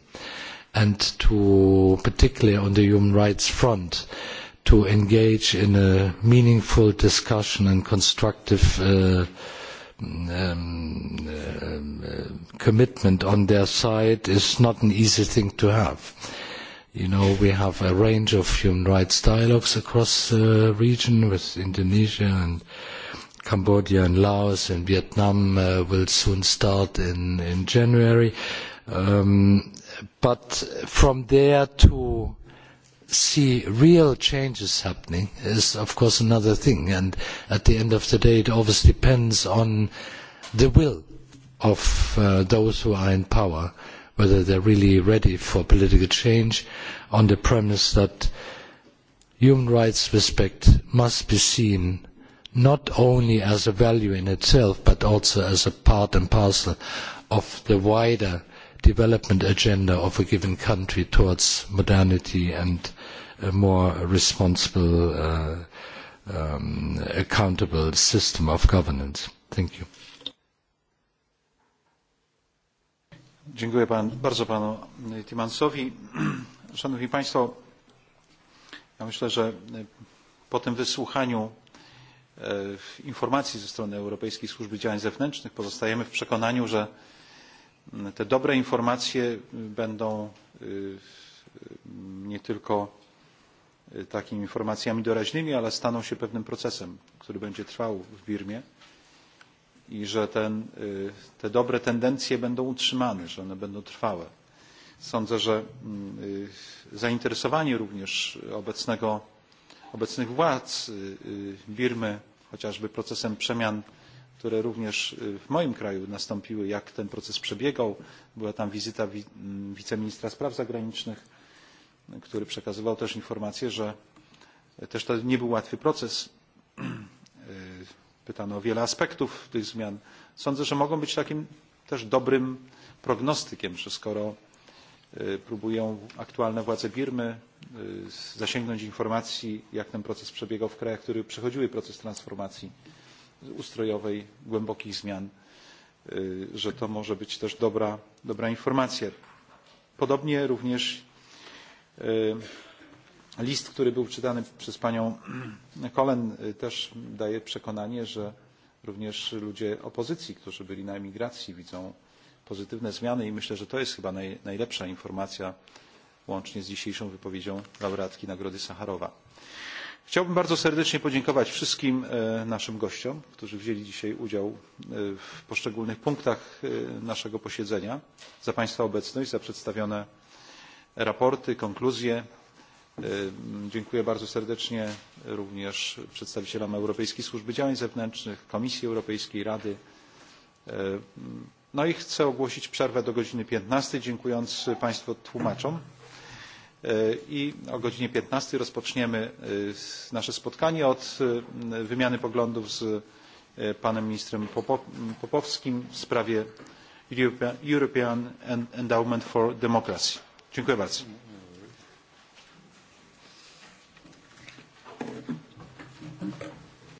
[SPEAKER 19] And to, particularly on the human rights front, to engage in a meaningful discussion and constructive uh, um, uh, commitment on their side is not an easy thing to have. You know, we have a range of human rights dialogues across the region with Indonesia and Cambodia and Laos and Vietnam uh, will soon start in, in January. Um, but from there to see real changes happening is, of course, another thing. And at the end of the day, it always depends on the will of uh, those who are in power, whether they're really ready for political change on the premise that human rights respect must be seen not only as a value in itself, but also as a part and parcel of the wider development agenda of a given country towards modernity and a more responsible, uh, um, accountable system of governance. Thank you.
[SPEAKER 1] Dziękuję pan, bardzo panu Timansowi. *clears throat* Szanowni Państwo, ja myślę, że po tym wysłuchaniu informacji ze strony Europejskiej Służby Działań Zewnętrznych. Pozostajemy w przekonaniu, że te dobre informacje będą nie tylko takimi informacjami doraźnymi, ale staną się pewnym procesem, który będzie trwał w Birmie i że ten, te dobre tendencje będą utrzymane, że one będą trwałe. Sądzę, że mm, zainteresowanie również obecnego obecnych władz Birmy, chociażby procesem przemian, które również w moim kraju nastąpiły, jak ten proces przebiegał. Była tam wizyta mm, wiceministra spraw zagranicznych, który przekazywał też informację, że też to nie był łatwy proces. Pytano o wiele aspektów tych zmian. Sądzę, że mogą być takim też dobrym prognostykiem, że skoro próbują aktualne władze Birmy zasięgnąć informacji, jak ten proces przebiegał w krajach, które przechodziły proces transformacji ustrojowej, głębokich zmian, że to może być też dobra, dobra informacja. Podobnie również list, który był czytany przez panią Kolen *clears throat* też daje przekonanie, że również ludzie opozycji, którzy byli na emigracji widzą pozytywne zmiany i myślę, że to jest chyba naj, najlepsza informacja łącznie z dzisiejszą wypowiedzią laureatki Nagrody Sacharowa. Chciałbym bardzo serdecznie podziękować wszystkim naszym gościom, którzy wzięli dzisiaj udział w poszczególnych punktach naszego posiedzenia, za Państwa obecność, za przedstawione raporty, konkluzje. Dziękuję bardzo serdecznie również przedstawicielom Europejskiej Służby Działań Zewnętrznych, Komisji Europejskiej, Rady No i chcę ogłosić przerwę do godziny piętnaście dziękując Państwu tłumaczom. I o godzinie piętnaście rozpoczniemy nasze spotkanie od wymiany poglądów z panem ministrem Popowskim w sprawie European Endowment for Democracy. Dziękuję bardzo.